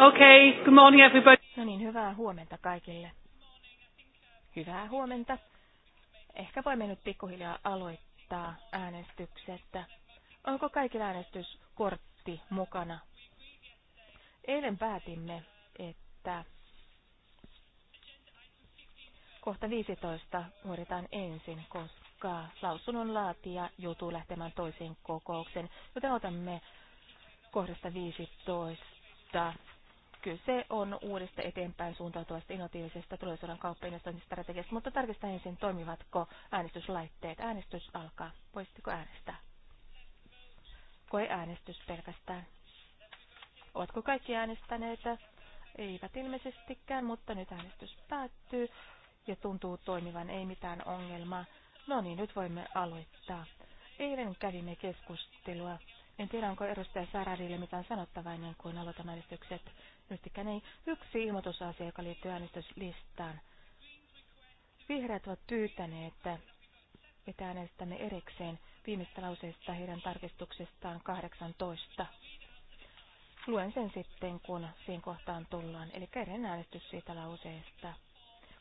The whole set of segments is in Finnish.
Okay, good morning everybody. No niin, hyvää huomenta kaikille. Hyvää huomenta. Ehkä voimme nyt pikkuhiljaa aloittaa äänestykset. Onko kaikilla äänestyskortti mukana? Eilen päätimme, että kohta 15 hoidetaan ensin, koska lausunnon laatija joutuu lähtemään toiseen kokoukseen, joten otamme kohdasta 15 se on uudesta eteenpäin suuntautuvasta innovatiivisesta tulevaisuuden strategiasta, mutta tarkistaa ensin toimivatko äänestyslaitteet. Äänestys alkaa. Voisitteko äänestää? Koe äänestys pelkästään. Ovatko kaikki äänestäneet? Eivät ilmeisestikään, mutta nyt äänestys päättyy ja tuntuu toimivan, ei mitään ongelmaa. No niin, nyt voimme aloittaa. Eilen kävimme keskustelua. En tiedä, onko edustaja Saradille mitään sanottavaa ennen kuin aloitan äänestykset. Mystikään niin, ei yksi ilmoitusasia, joka liittyy äänestyslistaan. Vihreät ovat pyytäneet, että äänestämme erikseen viimeistä lauseesta heidän tarkistuksestaan 18. Luen sen sitten, kun siihen kohtaan tullaan, eli kerran äänestys siitä lauseesta.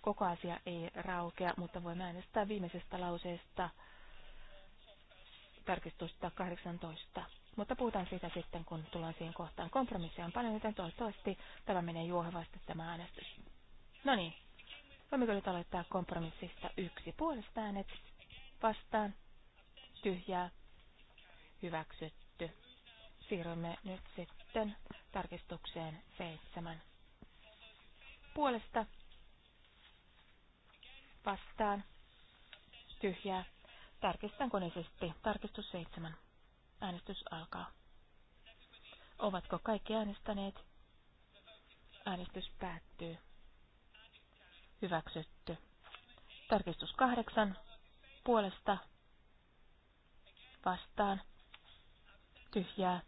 Koko asia ei raukea, mutta voi äänestää viimeisestä lauseesta tarkistusta 18. Mutta puhutaan siitä sitten, kun tullaan siihen kohtaan. Kompromissia on paljon, joten toivottavasti tämä menee juohevasti tämä äänestys. No niin, voimmeko nyt aloittaa kompromissista yksi puolesta äänet vastaan, tyhjää, hyväksytty. Siirrymme nyt sitten tarkistukseen seitsemän. Puolesta vastaan, tyhjää, tarkistan koneisesti, tarkistus seitsemän. Äänestys alkaa. Ovatko kaikki äänestäneet? Äänestys päättyy. Hyväksytty. Tarkistus kahdeksan. Puolesta. Vastaan. Tyhjää.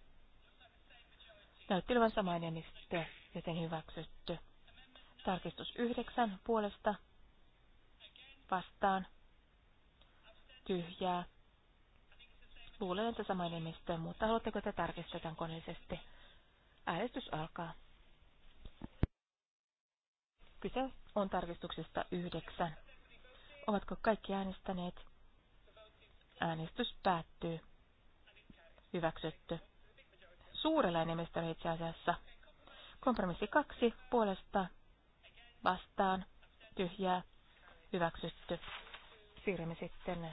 Näytti olevan sama enemmistö, joten hyväksytty. Tarkistus yhdeksän. Puolesta. Vastaan. Tyhjää. Luulen, että sama enemmistö, mutta haluatteko, että tarkistetaan koneellisesti? Äänestys alkaa. Kyse on tarkistuksesta yhdeksän. Ovatko kaikki äänestäneet? Äänestys päättyy. Hyväksytty. Suurella enemmistöllä itse asiassa. Kompromissi kaksi puolesta vastaan tyhjää hyväksytty. Siirrymme sitten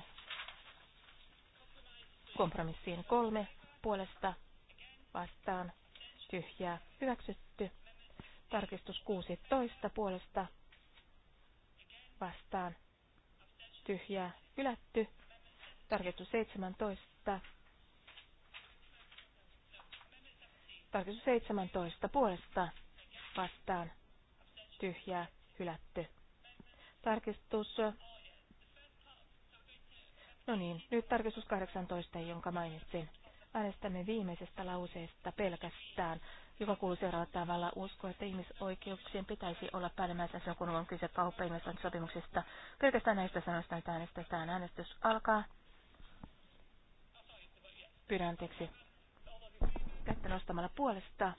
Kompromissiin kolme puolesta vastaan tyhjää hyväksytty. Tarkistus 16 puolesta vastaan tyhjää hylätty. Tarkistus 17. Tarkistus 17 puolesta vastaan tyhjää hylätty. Tarkistus No niin, nyt tarkistus 18, jonka mainitsin. Äänestämme viimeisestä lauseesta pelkästään, joka kuuluu seuraavalla tavalla. Usko, että ihmisoikeuksien pitäisi olla päällimmäisenä kun on kyse kauppa- sopimuksista. Pelkästään näistä sanoista että äänestetään. Äänestys alkaa. Pyydän anteeksi. Kättä nostamalla puolesta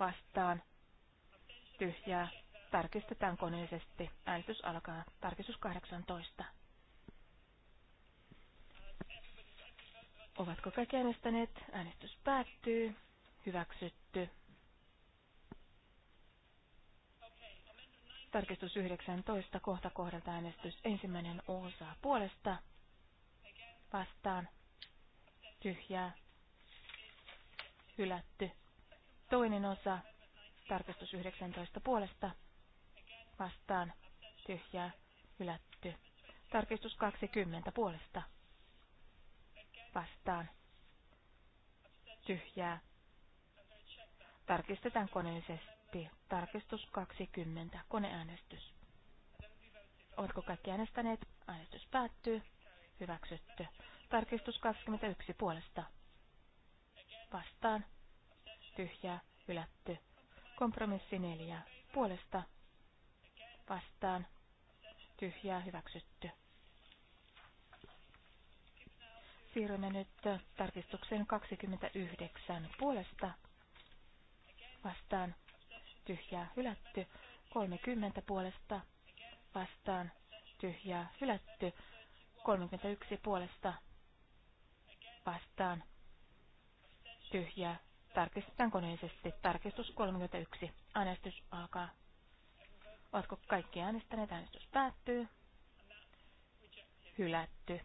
vastaan tyhjää. Tarkistetaan koneellisesti. Äänestys alkaa. Tarkistus 18. Ovatko kaikki äänestäneet? Äänestys päättyy. Hyväksytty. Tarkistus 19. Kohta kohdalta äänestys. Ensimmäinen osa puolesta. Vastaan. Tyhjää. Hylätty. Toinen osa. Tarkistus 19 puolesta. Vastaan. Tyhjää. Hylätty. Tarkistus 20 puolesta vastaan tyhjää. Tarkistetaan koneellisesti. Tarkistus 20. Koneäänestys. Oletko kaikki äänestäneet? Äänestys päättyy. Hyväksytty. Tarkistus 21 puolesta. Vastaan. Tyhjää. Hylätty. Kompromissi 4. Puolesta. Vastaan. Tyhjää. Hyväksytty. Siirrymme nyt tarkistukseen 29 puolesta vastaan tyhjää hylätty, 30 puolesta vastaan tyhjää hylätty, 31 puolesta vastaan tyhjää. Tarkistetaan koneisesti. Tarkistus 31. Äänestys alkaa. Oletko kaikki äänestäneet? Äänestys päättyy. Hylätty.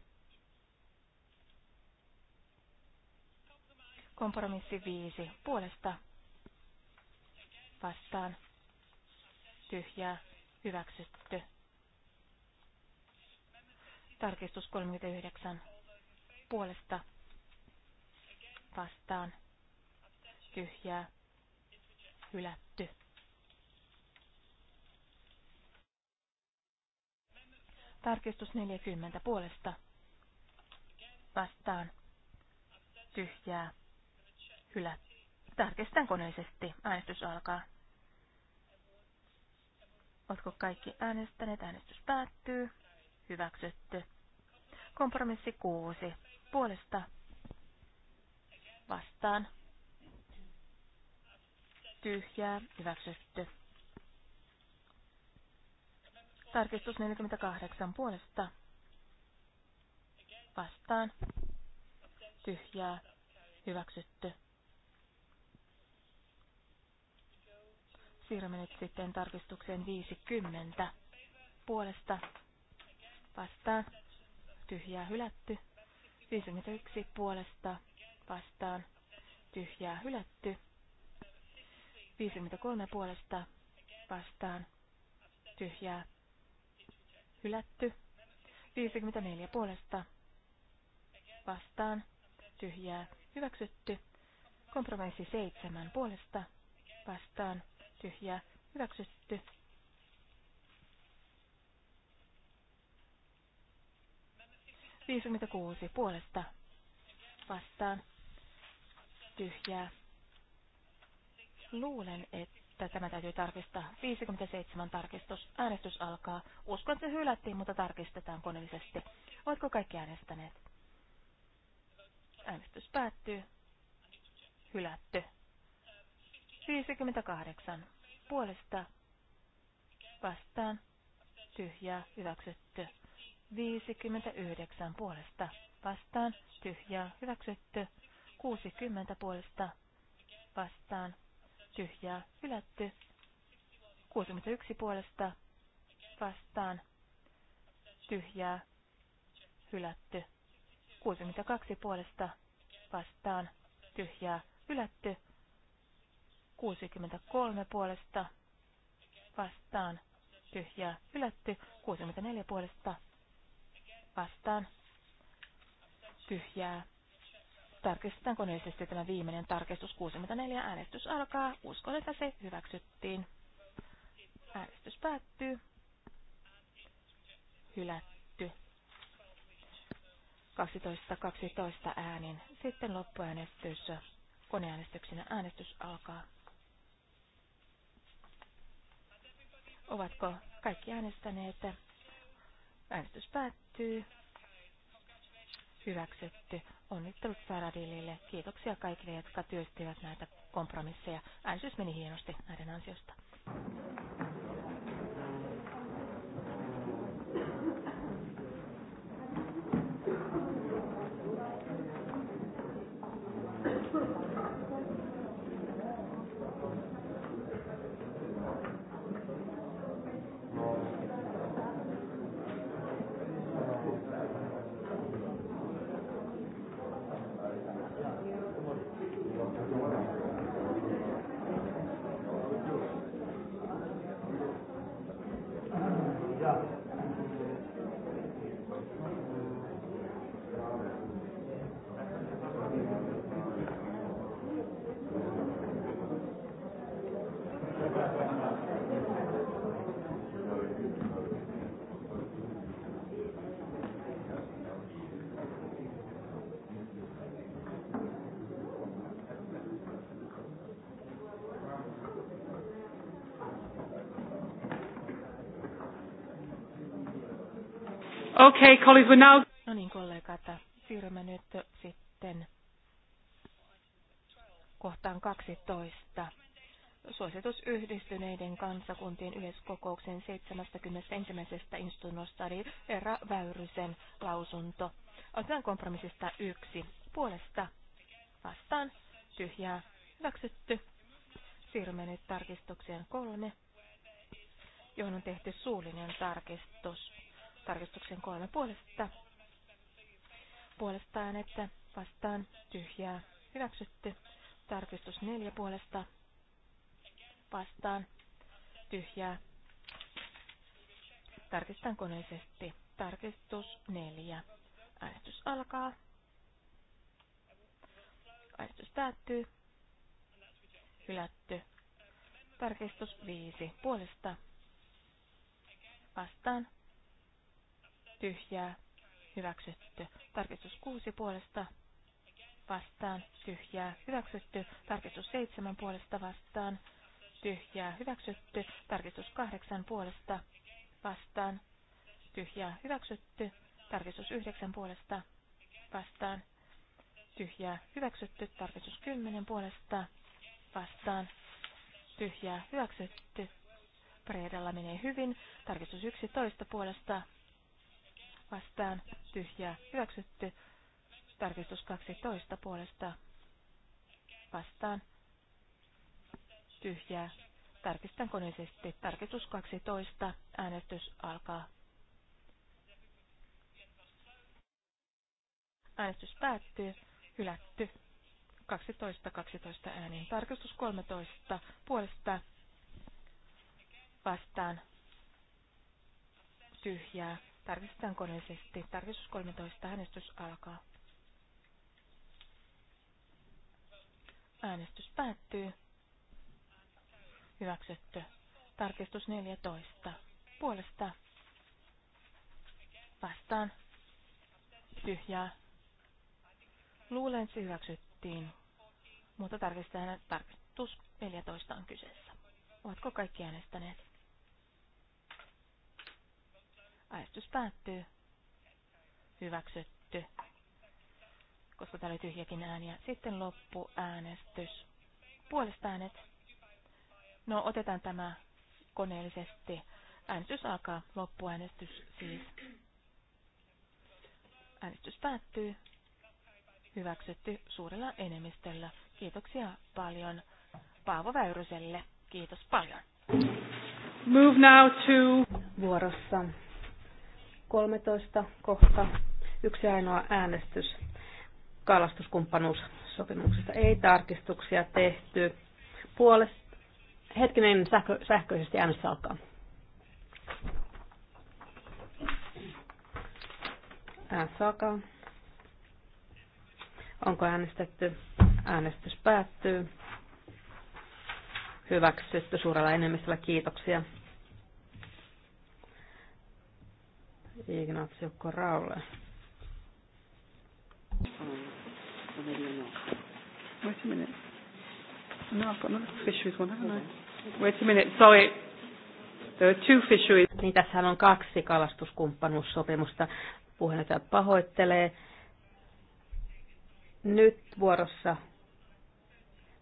Kompromissi viisi puolesta vastaan tyhjää hyväksytty. Tarkistus 39 puolesta vastaan tyhjää hylätty. Tarkistus 40 puolesta vastaan tyhjää Kyllä. Tarkistan koneisesti Äänestys alkaa. Oletko kaikki äänestäneet? Äänestys päättyy. Hyväksytty. Kompromissi 6. Puolesta vastaan. Tyhjää. Hyväksytty. Tarkistus 48 puolesta. Vastaan. Tyhjää. Hyväksytty. Siirrymme nyt sitten tarkistukseen 50. Puolesta vastaan. Tyhjää hylätty. 51 puolesta vastaan. Tyhjää hylätty. 53 puolesta vastaan. Tyhjää hylätty. 54 puolesta vastaan. Tyhjää hyväksytty. Kompromissi 7 puolesta vastaan tyhjää hyväksytty. kuusi puolesta vastaan tyhjää. Luulen, että tämä täytyy tarkistaa. 57 tarkistus. Äänestys alkaa. Uskon, että se hylättiin, mutta tarkistetaan koneellisesti. Oletko kaikki äänestäneet? Äänestys päättyy. Hylätty. 58. Puolesta vastaan tyhjää hyväksytty. 59 puolesta vastaan tyhjää hyväksytty. 60 puolesta vastaan tyhjää hylätty. 61 puolesta vastaan tyhjää hylätty. 62 puolesta vastaan tyhjää hylätty. 63 puolesta vastaan tyhjää hylätty. 64 puolesta vastaan tyhjää. Tarkistetaan koneellisesti tämä viimeinen tarkistus 64. Äänestys alkaa. Uskon, että se hyväksyttiin. Äänestys päättyy. Hylätty. 12, 12 äänin. Sitten loppuäänestys. Koneäänestyksenä äänestys alkaa. Ovatko kaikki äänestäneet? Äänestys päättyy. Hyväksytty. Onnittelut Saradilille. Kiitoksia kaikille, jotka työstivät näitä kompromisseja. Äänestys meni hienosti näiden ansiosta. Okay, colleagues, we're now... No niin, kollegat, siirrymme nyt sitten kohtaan 12. Suositus yhdistyneiden kansakuntien yleiskokouksen 71. instunnosta oli Erra Väyrysen lausunto. Otetaan kompromissista yksi. Puolesta vastaan tyhjää hyväksytty. Siirrymme nyt tarkistukseen kolme, johon on tehty suullinen tarkistus. Tarkistuksen kolme puolesta. Puolesta äänettä vastaan tyhjää hyväksytty. Tarkistus neljä puolesta vastaan tyhjää. Tarkistan koneisesti. Tarkistus neljä. Äänestys alkaa. Äänestys päättyy. Hylätty. Tarkistus 5. Puolesta. Vastaan tyhjää, hyväksytty. Tarkistus 6 puolesta vastaan, tyhjää, hyväksytty. Tarkistus 7 puolesta vastaan, tyhjää, hyväksytty. Tarkistus 8 puolesta vastaan, tyhjää, hyväksytty. Tarkistus 9 puolesta vastaan, tyhjää, hyväksytty. Tarkistus 10 puolesta vastaan, tyhjää, hyväksytty. Preedalla menee hyvin. Tarkistus 11 puolesta vastaan tyhjää hyväksytty. Tarkistus 12 puolesta vastaan tyhjää. Tarkistan koneisesti. Tarkistus 12. Äänestys alkaa. Äänestys päättyy. Hylätty. 12, 12 ääniin. Tarkistus 13. Puolesta vastaan tyhjää. Tarkistetaan koneellisesti. Tarkistus 13. Äänestys alkaa. Äänestys päättyy. Hyväksytty. Tarkistus 14. Puolesta. Vastaan. Tyhjää. Luulen, se hyväksyttiin, mutta tarkistetaan tarkistus 14 on kyseessä. Ovatko kaikki äänestäneet? Äänestys päättyy. Hyväksytty. Koska täällä oli tyhjäkin ääniä. Sitten loppuäänestys. Puolesta äänet. No, otetaan tämä koneellisesti. Äänestys alkaa. Loppuäänestys siis. Äänestys päättyy. Hyväksytty suurella enemmistöllä. Kiitoksia paljon Paavo Väyryselle. Kiitos paljon. Move now to... Vuorossa 13 kohta yksi ainoa äänestys kalastuskumppanuussopimuksesta. Ei tarkistuksia tehty. Puolest... hetkinen sähkö, sähköisesti äänestys alkaa. Äänestys alkaa. Onko äänestetty? Äänestys päättyy. Hyväksytty suurella enemmistöllä. Kiitoksia. Ignacio Corraulle. Wait a minute. No, I've got another fisheries one, haven't I? Wait a minute, sorry. There are two fisheries. Niin, tässähän on kaksi kalastuskumppanuussopimusta. Puheenjohtaja pahoittelee. Nyt vuorossa,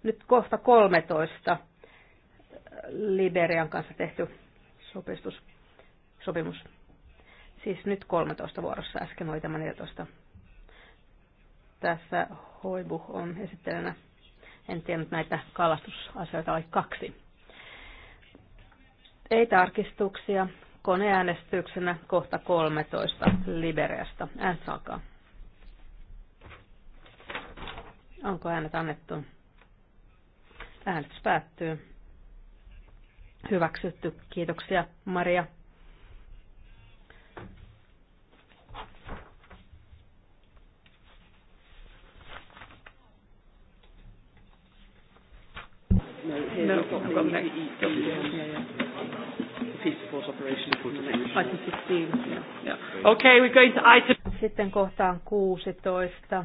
nyt kohta 13 Liberian kanssa tehty sopistus, sopimus. Siis nyt 13 vuorossa, äsken oli tämä 14. Tässä Hoibu on esittelenä. En tiennyt näitä kalastusasioita oli kaksi. Ei tarkistuksia. Koneäänestyksenä kohta 13 Libereasta. Äänet alkaa. Onko äänet annettu? Äänestys päättyy. Hyväksytty. Kiitoksia Maria. E e e. from Okay, we're going to item. Sitten kohtaan 16.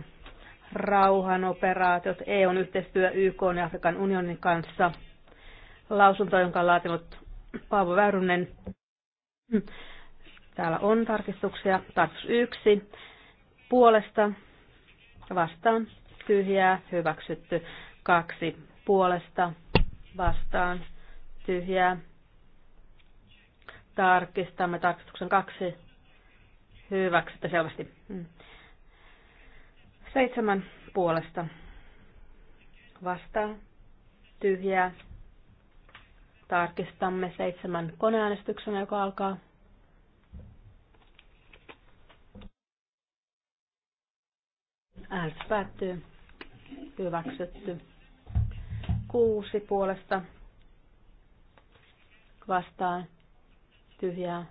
Rauhanoperaatiot EUn yhteistyö YK ja Afrikan unionin kanssa. Lausunto, jonka on laatinut Paavo Väyrynen. Täällä on tarkistuksia. Tarkistus yksi Puolesta vastaan tyhjää hyväksytty. kaksi Puolesta vastaan tyhjää. Tarkistamme tarkistuksen kaksi hyväksyttä selvästi. Mm. Seitsemän puolesta vastaan tyhjää. Tarkistamme seitsemän koneäänestyksen, joka alkaa. Äänestys päättyy. Hyväksytty kuusi puolesta vastaan tyhjää.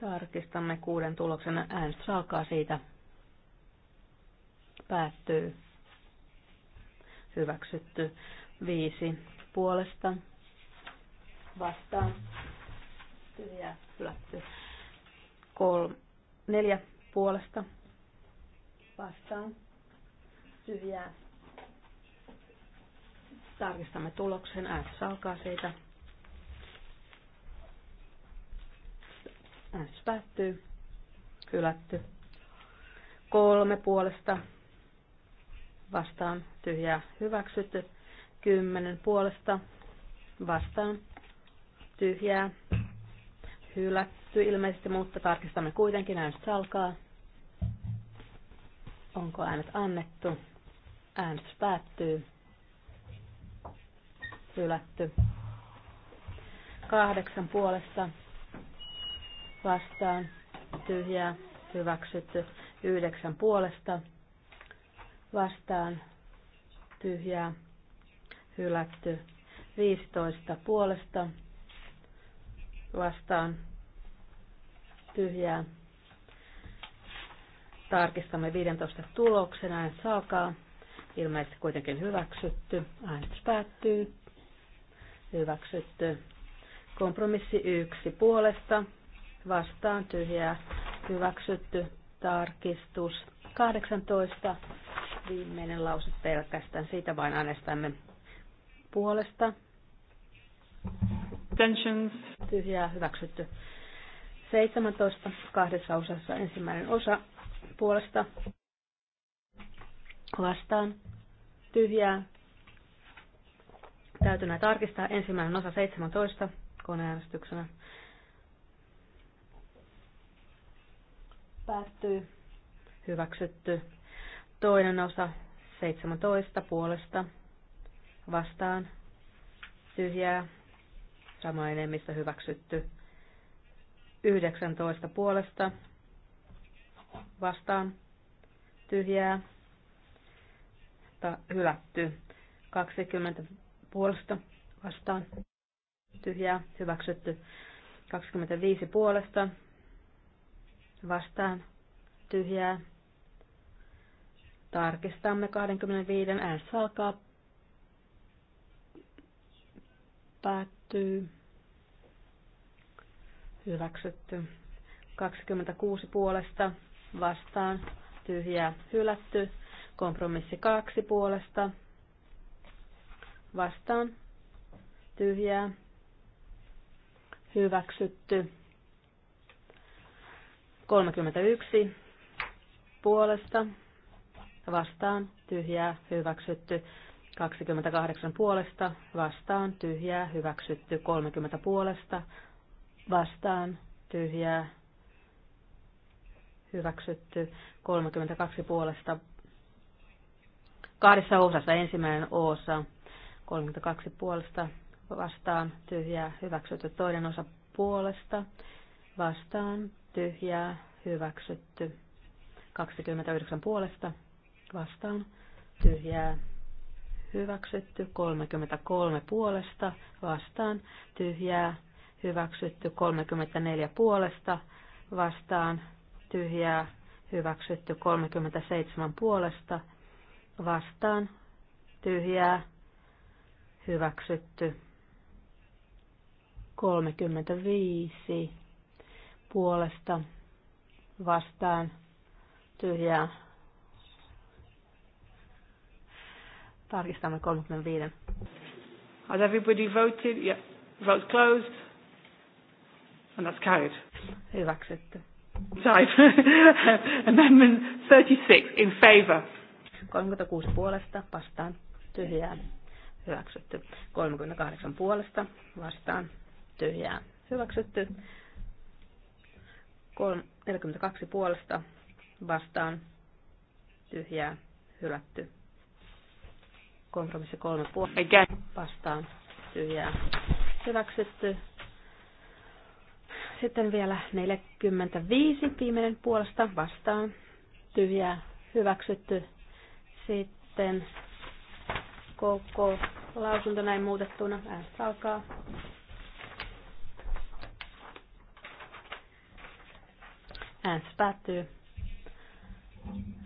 Tarkistamme kuuden tuloksen. Äänestys alkaa siitä. Päättyy. Hyväksytty. Viisi puolesta vastaan. Tyhjää. Hylätty. Kolm, Neljä puolesta vastaan. Tyhjää Tarkistamme tuloksen. S alkaa siitä. S päättyy. Hylätty. Kolme puolesta vastaan tyhjää hyväksytty. Kymmenen puolesta vastaan tyhjää hylätty ilmeisesti, mutta tarkistamme kuitenkin. Äänestys alkaa. Onko äänet annettu? Äänestys päättyy hylätty. Kahdeksan puolesta vastaan tyhjää hyväksytty. Yhdeksän puolesta vastaan tyhjää hylätty. 15 puolesta vastaan tyhjää. Tarkistamme 15 tuloksen. Äänestys saakaa. Ilmeisesti kuitenkin hyväksytty. Äänestys päättyy hyväksytty. Kompromissi yksi puolesta, vastaan tyhjää, hyväksytty, tarkistus 18, viimeinen lause pelkästään, siitä vain äänestämme puolesta. Tensions. Tyhjää, hyväksytty. 17, kahdessa osassa ensimmäinen osa puolesta vastaan, tyhjää, Täytyy tarkistaa. Ensimmäinen osa 17 koneäänestyksenä. Päättyy. Hyväksytty. Toinen osa 17 puolesta. Vastaan. Tyhjää. Sama enemmistö hyväksytty. 19 puolesta. Vastaan. Tyhjää. Ta- hylätty. 20 puolesta vastaan tyhjää hyväksytty. 25 puolesta vastaan tyhjää. Tarkistamme 25 äänestys alkaa. Päättyy. Hyväksytty. 26 puolesta vastaan tyhjää hylätty. Kompromissi 2 puolesta vastaan tyhjää hyväksytty 31 puolesta vastaan tyhjää hyväksytty 28 puolesta vastaan tyhjää hyväksytty 30 puolesta vastaan tyhjää hyväksytty 32 puolesta kahdessa osassa ensimmäinen osa 32 puolesta vastaan tyhjää hyväksytty. Toinen osa puolesta vastaan tyhjää hyväksytty. 29 puolesta vastaan tyhjää hyväksytty. 33 puolesta vastaan tyhjää hyväksytty. 34 puolesta vastaan tyhjää hyväksytty. 37 puolesta vastaan tyhjää hyväksytty. 35 puolesta vastaan tyhjää. Tarkistamme 35. Has everybody voted? Yeah. Vote closed. And that's carried. Hyväksytty. Sorry. Amendment 36 in favor. 36 puolesta vastaan tyhjää hyväksytty. 38 puolesta vastaan tyhjää hyväksytty. 42 puolesta vastaan tyhjää hylätty. Kompromissi 3 puolesta vastaan tyhjää hyväksytty. Sitten vielä 45 viimeinen puolesta vastaan tyhjää hyväksytty. Sitten koko lausunto näin muutettuna. Äänestys alkaa. Äänestys päättyy.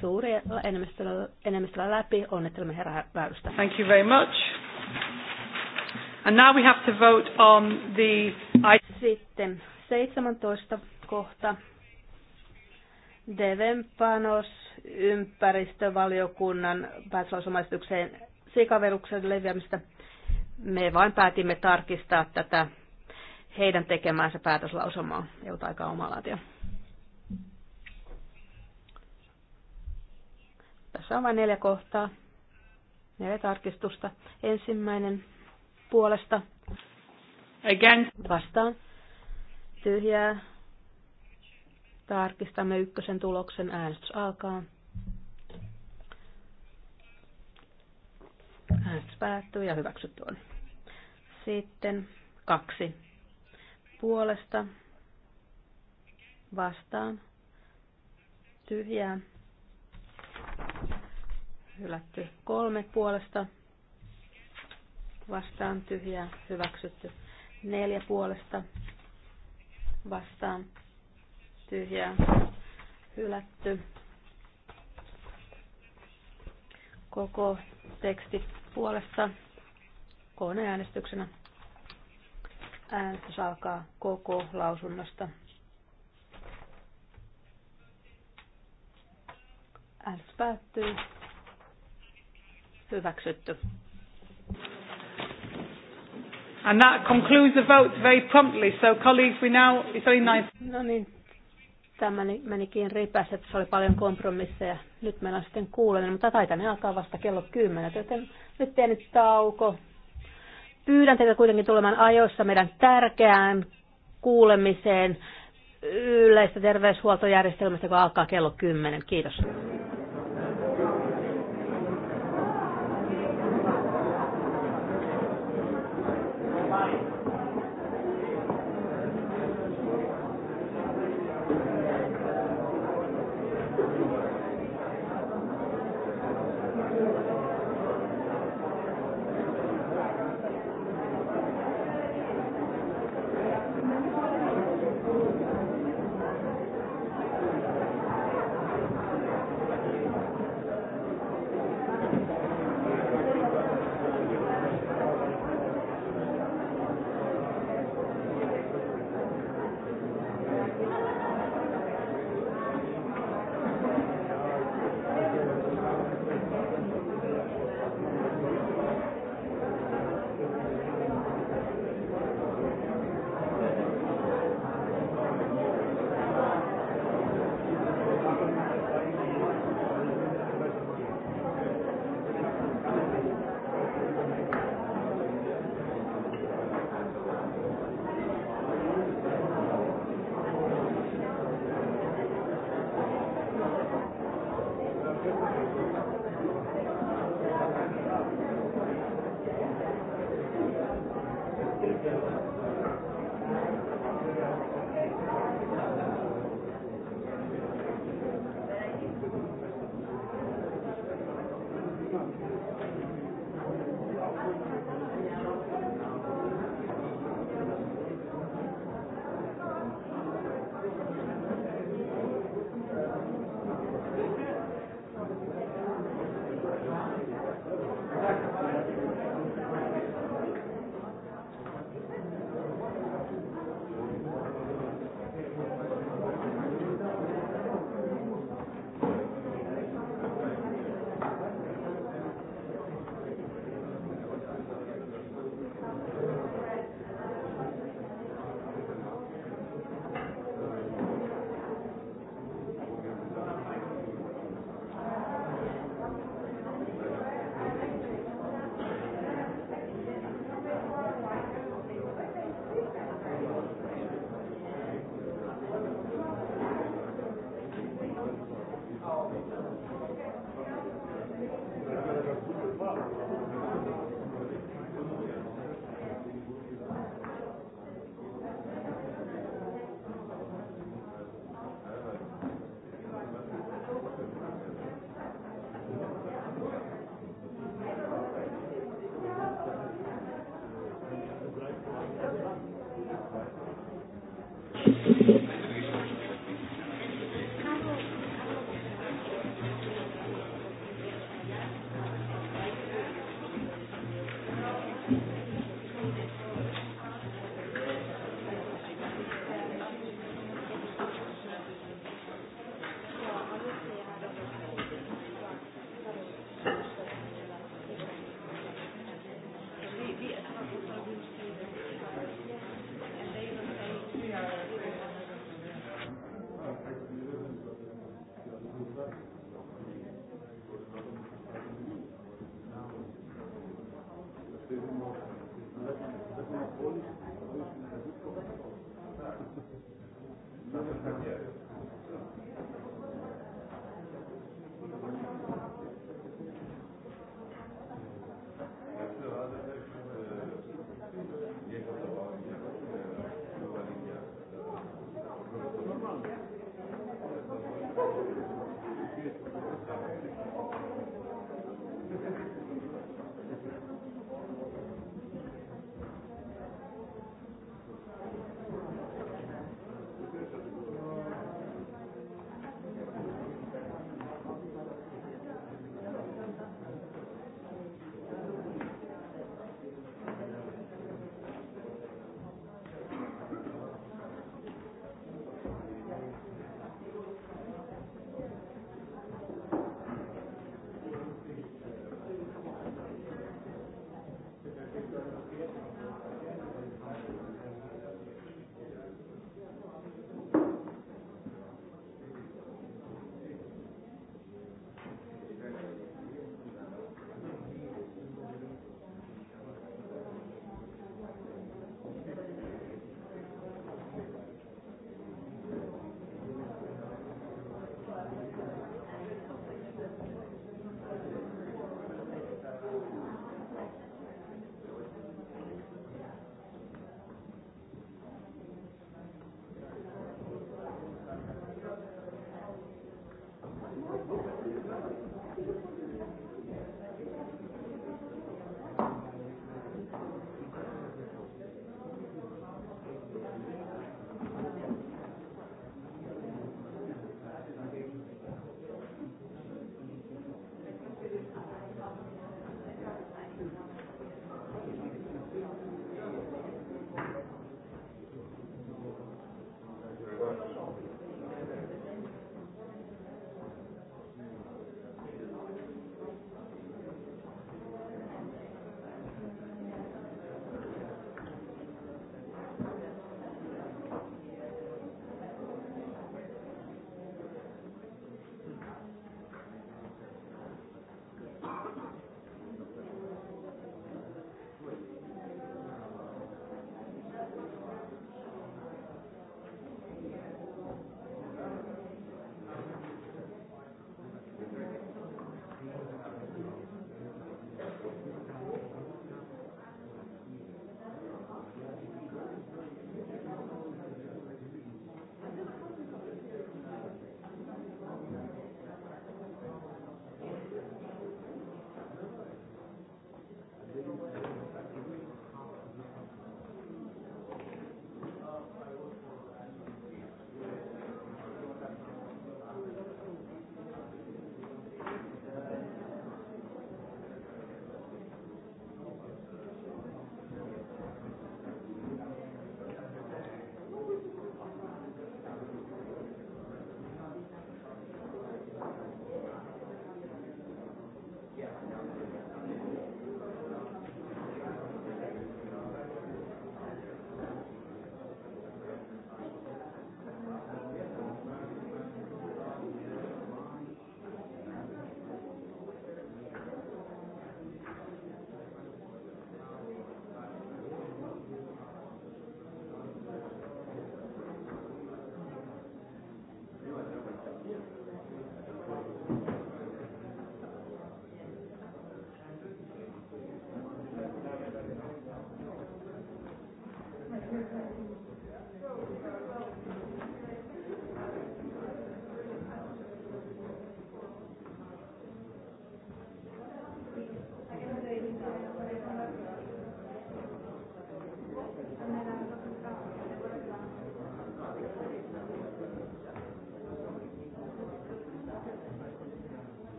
Suuri enemmistöllä, enemmistöllä läpi. Onnittelemme herra Väyrystä. Thank you very much. And now we have to vote on the... Sitten 17 kohta. Devenpanos ympäristövaliokunnan päätöslausumaisitykseen sikaveruksen leviämistä. Me vain päätimme tarkistaa tätä heidän tekemäänsä päätöslausumaa, eutaikaa omalaatio. Tässä on vain neljä kohtaa, neljä tarkistusta. Ensimmäinen puolesta. Again. Vastaan. Tyhjää. Tarkistamme ykkösen tuloksen. Äänestys alkaa. päättyy ja hyväksytty on. Sitten kaksi puolesta vastaan tyhjää hylätty kolme puolesta vastaan tyhjää hyväksytty neljä puolesta vastaan tyhjää hylätty koko teksti puolesta kooneäänestyksenä. Äänestys alkaa koko lausunnosta. Äänestys päättyy. Hyväksytty. And that concludes the votes very promptly. So colleagues, we now, it's only nice. No niin, Tämä menikin ripässä, että se oli paljon kompromisseja. Nyt meillä on sitten kuuleminen, mutta ne alkaa vasta kello 10, joten nyt teen nyt tauko. Pyydän teitä kuitenkin tulemaan ajoissa meidän tärkeään kuulemiseen yleistä terveyshuoltojärjestelmästä, joka alkaa kello 10. Kiitos.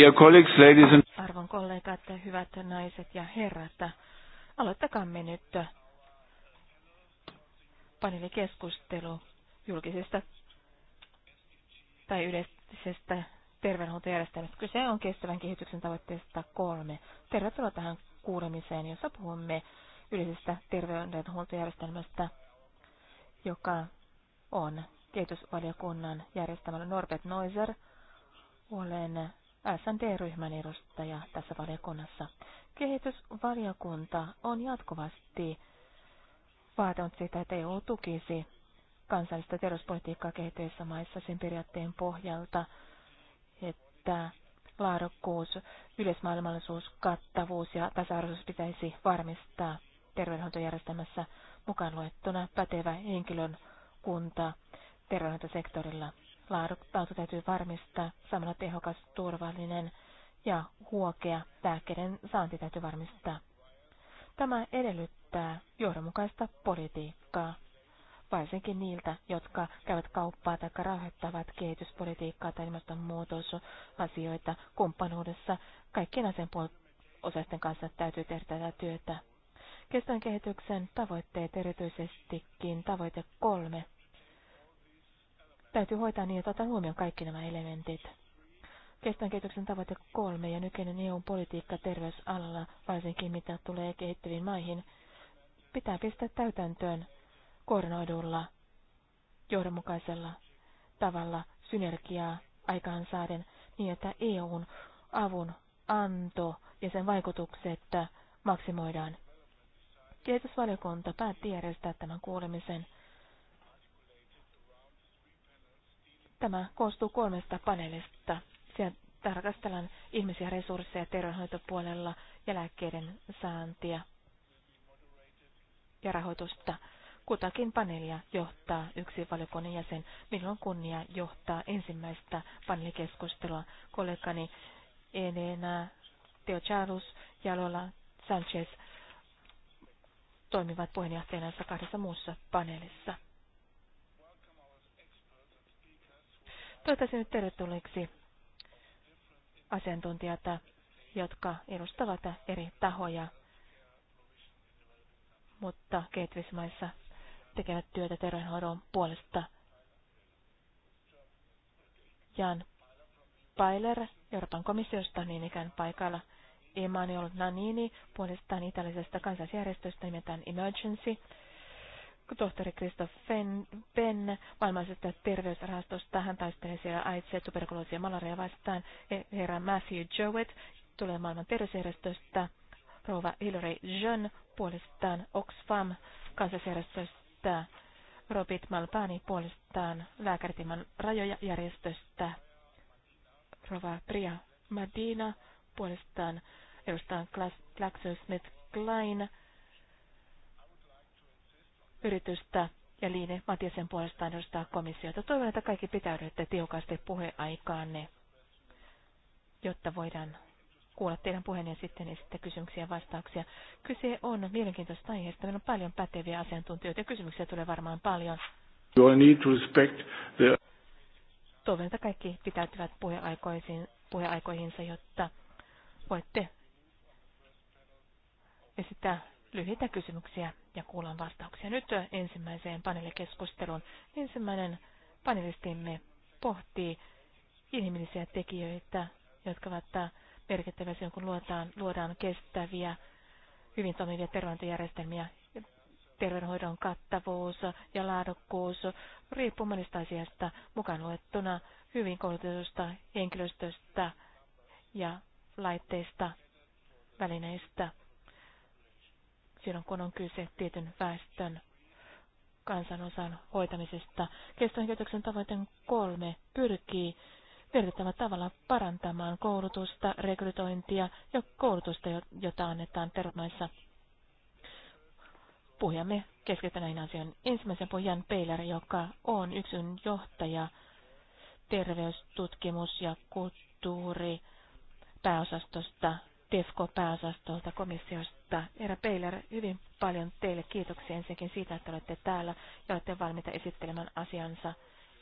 Dear colleagues, ladies and... Arvon kollegat, hyvät naiset ja herrat, aloittakamme nyt paneelikeskustelu julkisesta tai yleisestä terveydenhuoltojärjestelmästä. Kyse on kestävän kehityksen tavoitteesta kolme. Tervetuloa tähän kuulemiseen, jossa puhumme yleisestä terveydenhuoltojärjestelmästä, joka on kehitysvaliokunnan järjestämällä Norbert Noiser. Olen SND-ryhmän edustaja tässä valiokunnassa. Kehitysvaliokunta on jatkuvasti vaatinut sitä, että EU tukisi kansallista terveyspolitiikkaa kehittyvissä maissa sen periaatteen pohjalta, että laadukkuus, yleismaailmallisuus, kattavuus ja tasa-arvoisuus pitäisi varmistaa terveydenhuoltojärjestelmässä mukaan luettuna pätevä henkilön kunta terveydenhuoltosektorilla laatu täytyy varmistaa, samalla tehokas, turvallinen ja huokea lääkkeiden saanti täytyy varmistaa. Tämä edellyttää johdonmukaista politiikkaa, varsinkin niiltä, jotka käyvät kauppaa tai rahoittavat kehityspolitiikkaa tai ilmastonmuutosasioita kumppanuudessa. Kaikkien asianpuolisten kanssa täytyy tehdä tätä työtä. Kestävän kehityksen tavoitteet erityisestikin tavoite kolme – täytyy hoitaa niin, että otan huomioon kaikki nämä elementit. Kestävän kehityksen tavoite kolme ja nykyinen EUn politiikka terveysalalla, varsinkin mitä tulee kehittyviin maihin, pitää pistää täytäntöön koordinoidulla, johdonmukaisella tavalla synergiaa aikaan saaden niin, että EUn avun anto ja sen vaikutukset maksimoidaan. Kehitysvaliokunta päätti järjestää tämän kuulemisen Tämä koostuu kolmesta paneelista. Siellä tarkastellaan ihmisiä resursseja terveydenhoitopuolella ja lääkkeiden saantia ja rahoitusta. Kutakin paneelia johtaa yksi valiokunnan jäsen. Minulla on kunnia johtaa ensimmäistä paneelikeskustelua kollegani Elena Teocharus ja Lola Sanchez toimivat puheenjohtajansa kahdessa muussa paneelissa. Toivottavasti nyt tervetulleeksi asiantuntijat, jotka edustavat eri tahoja, mutta kehitysmaissa tekevät työtä terveydenhoidon puolesta. Jan Pailer Euroopan komissiosta niin ikään paikalla. Emmanuel Nanini puolestaan italialaisesta kansallisjärjestöstä nimeltään Emergency tohtori Kristoff Penn maailmallisesta terveysrahastosta. Hän taistelee siellä AIDS, tuberkuloosia ja malaria vastaan. Herra Matthew Jowett tulee maailman terveysjärjestöstä. Rouva Hillary John puolestaan Oxfam kansallisjärjestöstä. Robert Malpani puolestaan lääkäritimman rajoja järjestöstä. Rova Priya Madina puolestaan edustaan Klein yritystä ja Liine Matiasen puolestaan edustaa komissiota. Toivon, että kaikki pitäydytte tiukasti puheaikaanne, jotta voidaan kuulla teidän puheenne ja sitten esittää kysymyksiä ja vastauksia. Kyse on mielenkiintoista aiheesta. Meillä on paljon päteviä asiantuntijoita ja kysymyksiä tulee varmaan paljon. The... Toivon, että kaikki pitäytyvät puheaikoihin, puheaikoihinsa, jotta voitte esittää lyhyitä kysymyksiä ja kuullaan vastauksia. Nyt ensimmäiseen paneelikeskusteluun. Ensimmäinen panelistimme pohtii inhimillisiä tekijöitä, jotka ovat merkittäviä silloin, kun luodaan, luodaan kestäviä, hyvin toimivia terveydenhoitojärjestelmiä. Terveydenhoidon kattavuus ja laadukkuus riippuu monista asiasta mukaan luettuna hyvin koulutetusta henkilöstöstä ja laitteista, välineistä – silloin, kun on kyse tietyn väestön kansanosan hoitamisesta. Kestävän kehityksen tavoitteen kolme pyrkii merkittävällä tavalla parantamaan koulutusta, rekrytointia ja koulutusta, jota annetaan termaissa. Puhjamme keskitytään näihin asioihin. Ensimmäisen puhujan Peiler, joka on yksin johtaja terveystutkimus- ja kulttuuri pääosastosta, TEFCO-pääosastolta komissiosta mutta Eera Peiler, hyvin paljon teille kiitoksia ensinnäkin siitä, että olette täällä ja olette valmiita esittelemään asiansa.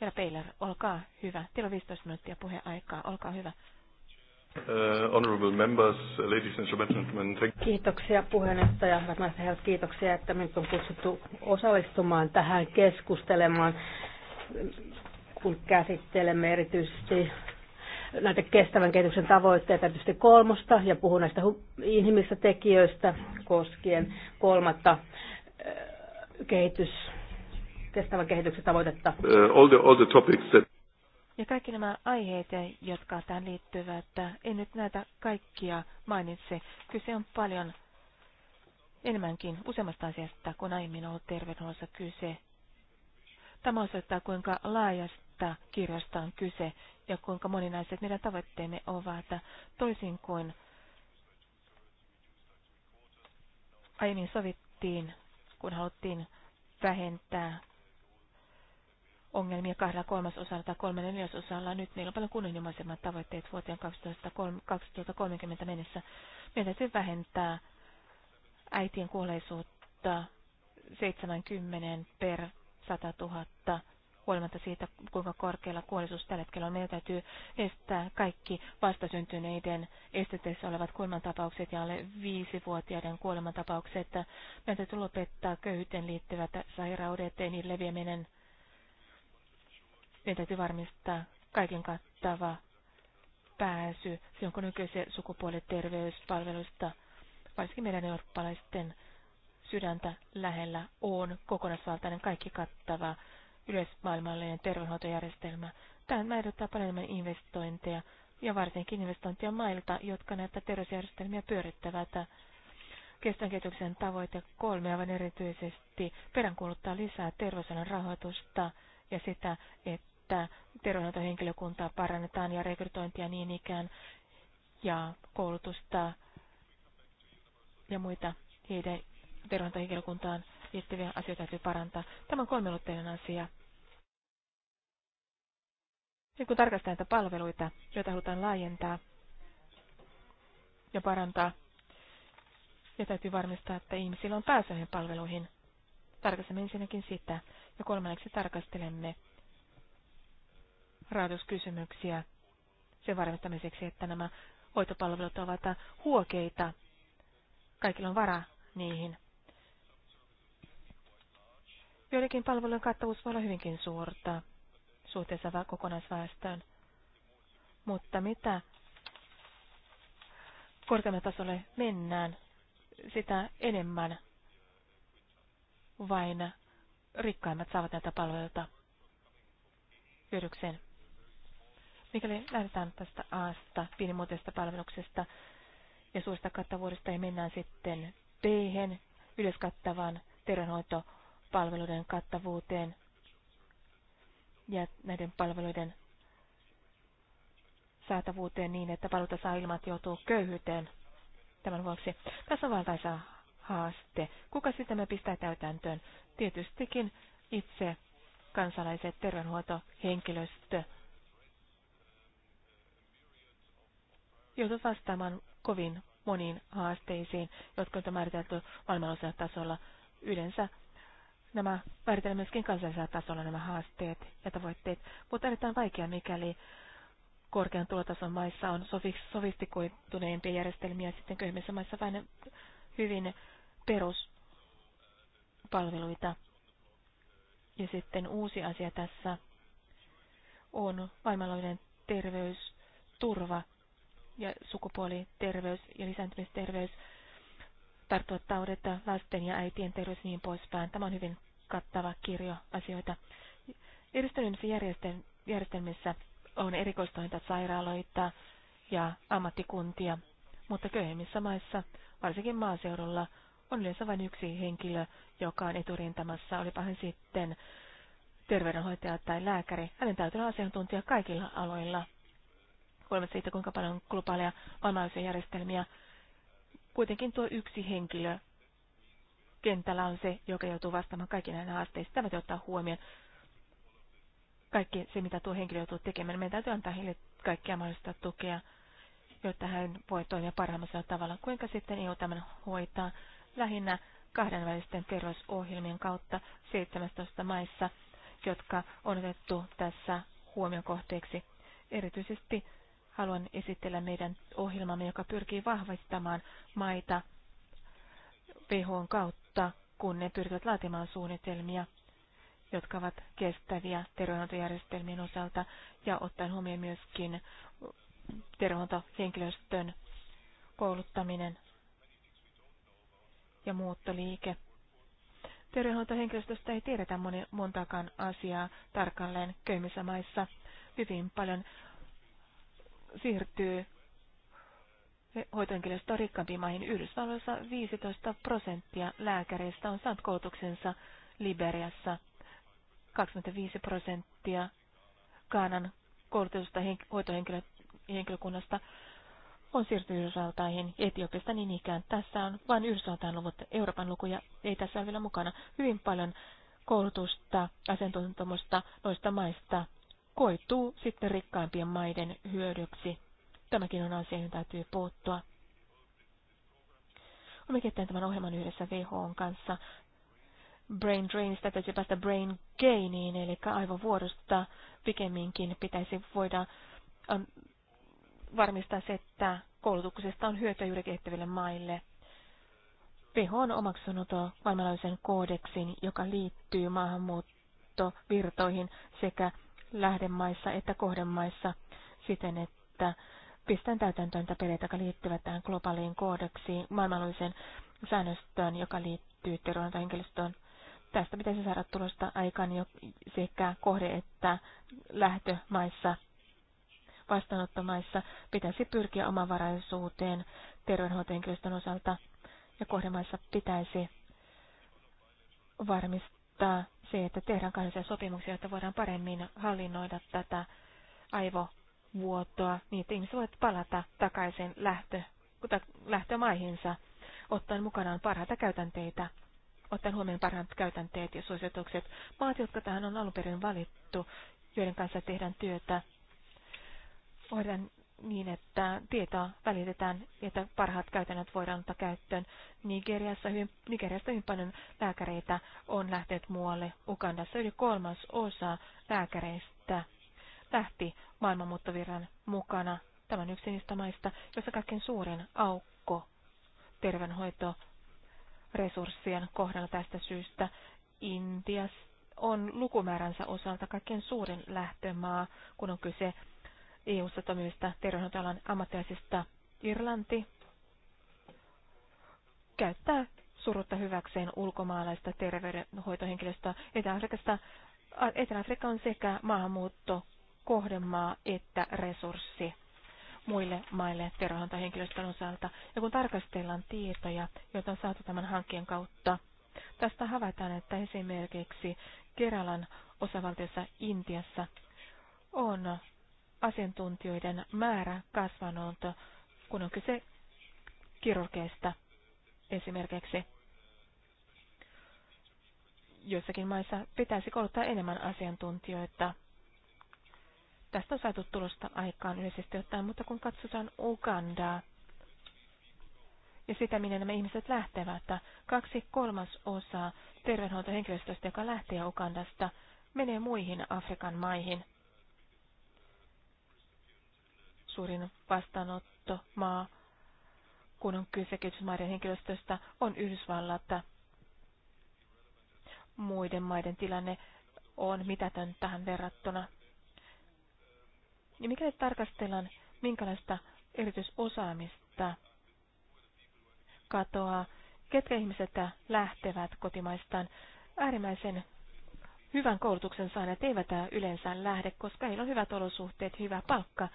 era Peiler, olkaa hyvä. Teillä on 15 minuuttia puheaikaa. Olkaa hyvä. Uh, honorable members, ladies and gentlemen, thank Kiitoksia puheenjohtaja, hyvät herrat, kiitoksia, että minut on kutsuttu osallistumaan tähän keskustelemaan, kun käsittelemme erityisesti näitä kestävän kehityksen tavoitteita, tietysti kolmosta, ja puhun näistä inhimillisistä tekijöistä koskien kolmatta eh, kehitys, kestävän kehityksen tavoitetta. Eh, all the, all the topics that... Ja kaikki nämä aiheet, jotka tähän liittyvät, en nyt näitä kaikkia mainitse. Kyse on paljon enemmänkin useammasta asiasta kuin aiemmin ollut terveydenhuollossa kyse. Tämä osoittaa, kuinka laajasti mistä kirjasta on kyse ja kuinka moninaiset meidän tavoitteemme ovat, toisin kuin aiemmin sovittiin, kun haluttiin vähentää ongelmia kahdella kolmasosalla tai kolmella neljäsosalla. Nyt niillä on paljon kunnianhimoisemmat tavoitteet vuoteen 2030 mennessä. Meidän täytyy vähentää äitien kuolleisuutta 70 per 100 000 huolimatta siitä, kuinka korkealla kuolisuus tällä hetkellä on. Meidän täytyy estää kaikki vastasyntyneiden esteteissä olevat kuolemantapaukset ja alle viisivuotiaiden kuolemantapaukset. Meidän täytyy lopettaa köyhyyteen liittyvät sairaudet ja niin leviäminen. Meidän täytyy varmistaa kaiken kattava pääsy, se onko nykyisen terveyspalveluista, varsinkin meidän eurooppalaisten sydäntä lähellä on kokonaisvaltainen kaikki kattava yleismaailmallinen terveydenhuoltojärjestelmä. Tämä edellyttää paljon enemmän investointeja ja varsinkin investointia mailta, jotka näitä terveysjärjestelmiä pyörittävät. Kestävän kehityksen tavoite kolme aivan erityisesti peräänkuuluttaa lisää terveysalan rahoitusta ja sitä, että terveydenhoitohenkilökuntaa parannetaan ja rekrytointia niin ikään ja koulutusta ja muita heidän terveydenhoitohenkilökuntaan liittyviä asioita täytyy parantaa. Tämä on kolmeulotteinen asia. Ja kun tarkastetaan näitä palveluita, joita halutaan laajentaa ja parantaa, ja täytyy varmistaa, että ihmisillä on pääsy näihin palveluihin. Tarkastamme ensinnäkin sitä, ja kolmanneksi tarkastelemme rahoituskysymyksiä sen varmistamiseksi, että nämä hoitopalvelut ovat huokeita. Kaikilla on vara niihin. Joidenkin palvelujen kattavuus voi olla hyvinkin suurta suhteessa kokonaisväestöön. Mutta mitä korkeammalle tasolle mennään, sitä enemmän vain rikkaimmat saavat näitä palveluita hyödykseen. Mikäli lähdetään tästä A-sta, pienimuotoisesta palveluksesta ja suurista kattavuudesta ja niin mennään sitten b yleiskattavan terveydenhoitopalveluiden kattavuuteen, ja näiden palveluiden saatavuuteen niin, että valuta saa ilman, joutuu köyhyyteen tämän vuoksi. Tässä on valtaisa haaste. Kuka sitä me pistää täytäntöön? Tietystikin itse kansalaiset, terveydenhuolto, henkilöstö vastaamaan kovin moniin haasteisiin, jotka on määritelty maailmanlaajuisella tasolla. Yleensä nämä määritellä myöskin kansallisella tasolla nämä haasteet ja tavoitteet, mutta erittäin vaikea, mikäli korkean tulotason maissa on sofistikoituneempia järjestelmiä, sitten köyhemmissä maissa vähän hyvin peruspalveluita. Ja sitten uusi asia tässä on maailmanlainen terveysturva ja sukupuoliterveys ja lisääntymisterveys tarttua taudet, lasten ja äitien terveys niin poispäin. Tämä on hyvin kattava kirjo asioita. Yhdistyneissä järjestelmissä on erikoistointa sairaaloita ja ammattikuntia, mutta köyhemmissä maissa, varsinkin maaseudulla, on yleensä vain yksi henkilö, joka on eturintamassa, olipa hän sitten terveydenhoitaja tai lääkäri. Hänen täytyy olla asiantuntija kaikilla aloilla. Kuulemme siitä, kuinka paljon globaaleja maailmanlaajuisia järjestelmiä Kuitenkin tuo yksi henkilö kentällä on se, joka joutuu vastaamaan kaikki näihin haasteisiin. Tämä ottaa huomioon kaikki se, mitä tuo henkilö joutuu tekemään. Meidän täytyy antaa heille kaikkia mahdollista tukea, jotta hän voi toimia parhaimmalla tavalla. Kuinka sitten EU tämän hoitaa? Lähinnä kahdenvälisten terveysohjelmien kautta 17 maissa, jotka on otettu tässä huomiokohteeksi. Erityisesti haluan esitellä meidän ohjelmamme, joka pyrkii vahvistamaan maita WHOn kautta, kun ne pyrkivät laatimaan suunnitelmia, jotka ovat kestäviä terveydenhoitojärjestelmien osalta ja ottaen huomioon myöskin terveydenhoitohenkilöstön kouluttaminen ja muuttoliike. Terveydenhoitohenkilöstöstä ei tiedetä moni, montaakaan asiaa tarkalleen köymissä maissa. Hyvin paljon siirtyy hoitohenkilöstöä rikkaampiin maihin. Yhdysvalloissa 15 prosenttia lääkäreistä on saanut koulutuksensa Liberiassa, 25 prosenttia Kaanan koulutusta hoitohenkilökunnasta on siirtynyt Yhdysvaltaihin Etiopista Etiopiasta niin ikään. Tässä on vain Yhdysvaltain luvut, Euroopan lukuja ei tässä ole vielä mukana. Hyvin paljon koulutusta, asiantuntemusta noista maista Koittuu sitten rikkaimpien maiden hyödyksi. Tämäkin on asia, johon täytyy puuttua. Olemme kehittäneet tämän ohjelman yhdessä WHOn kanssa. Brain drainista täytyy päästä brain gainiin, eli aivovuorosta, pikemminkin pitäisi voida ähm, varmistaa se, että koulutuksesta on hyötyä juuri kehittäville maille. WHO on omaksunut maailmanlaajuisen koodeksin, joka liittyy maahanmuuttovirtoihin sekä lähdemaissa että kohdemaissa siten, että pistetään täytäntöön peleitä, jotka liittyvät tähän globaaliin koodeksiin, maailmanlaajuiseen säännöstöön, joka liittyy terveydenhenkilöstöön. Tästä pitäisi saada tulosta aikaan jo sekä kohde- että lähtömaissa vastaanottomaissa pitäisi pyrkiä omavaraisuuteen terveydenhoitohenkilöstön osalta ja kohdemaissa pitäisi varmistaa se, että tehdään kansallisia sopimuksia, jotta voidaan paremmin hallinnoida tätä aivovuotoa, niin että ihmiset voivat palata takaisin lähtö, lähtömaihinsa, ottaen mukanaan parhaita käytänteitä, ottaen huomioon parhaat käytänteet ja suositukset. Maat, jotka tähän on alun perin valittu, joiden kanssa tehdään työtä, voidaan niin, että tietoa välitetään ja että parhaat käytännöt voidaan ottaa käyttöön. Nigeriassa hyvin, Nigeriasta hyvin paljon lääkäreitä on lähtenyt muualle. Ukandassa yli kolmas osa lääkäreistä lähti maailmanmuuttovirran mukana. Tämä on yksi niistä maista, jossa kaikkein suurin aukko terveydenhoitoresurssien kohdalla tästä syystä. Intiassa on lukumääränsä osalta kaikkein suurin lähtömaa, kun on kyse EU-ssa toimivista terveydenhoitoalan ammattilaisista Irlanti käyttää surutta hyväkseen ulkomaalaista terveydenhoitohenkilöstöä. Etelä-Afrikasta Etelä-Afrikka on sekä maahanmuutto kohdemaa että resurssi muille maille terveydenhoitohenkilöstön osalta. Ja kun tarkastellaan tietoja, joita on saatu tämän hankkeen kautta, tästä havaitaan, että esimerkiksi Keralan osavaltiossa Intiassa on asiantuntijoiden määrä kasvanut, kun on kyse kirurgeista esimerkiksi. Joissakin maissa pitäisi kouluttaa enemmän asiantuntijoita. Tästä on saatu tulosta aikaan yleisesti ottaen, mutta kun katsotaan Ugandaa ja sitä, minne nämä ihmiset lähtevät, kaksi kolmas osaa terveydenhuoltohenkilöstöstä, joka lähtee Ugandasta, menee muihin Afrikan maihin – suurin vastaanottomaa, kun on kyse kehitysmaiden henkilöstöstä, on Yhdysvallat. Muiden maiden tilanne on mitätön tähän verrattuna. Ja mikäli tarkastellaan, minkälaista erityisosaamista katoaa, ketkä ihmiset lähtevät kotimaistaan, äärimmäisen hyvän koulutuksen saaneet eivät yleensä lähde, koska heillä on hyvät olosuhteet, hyvä palkka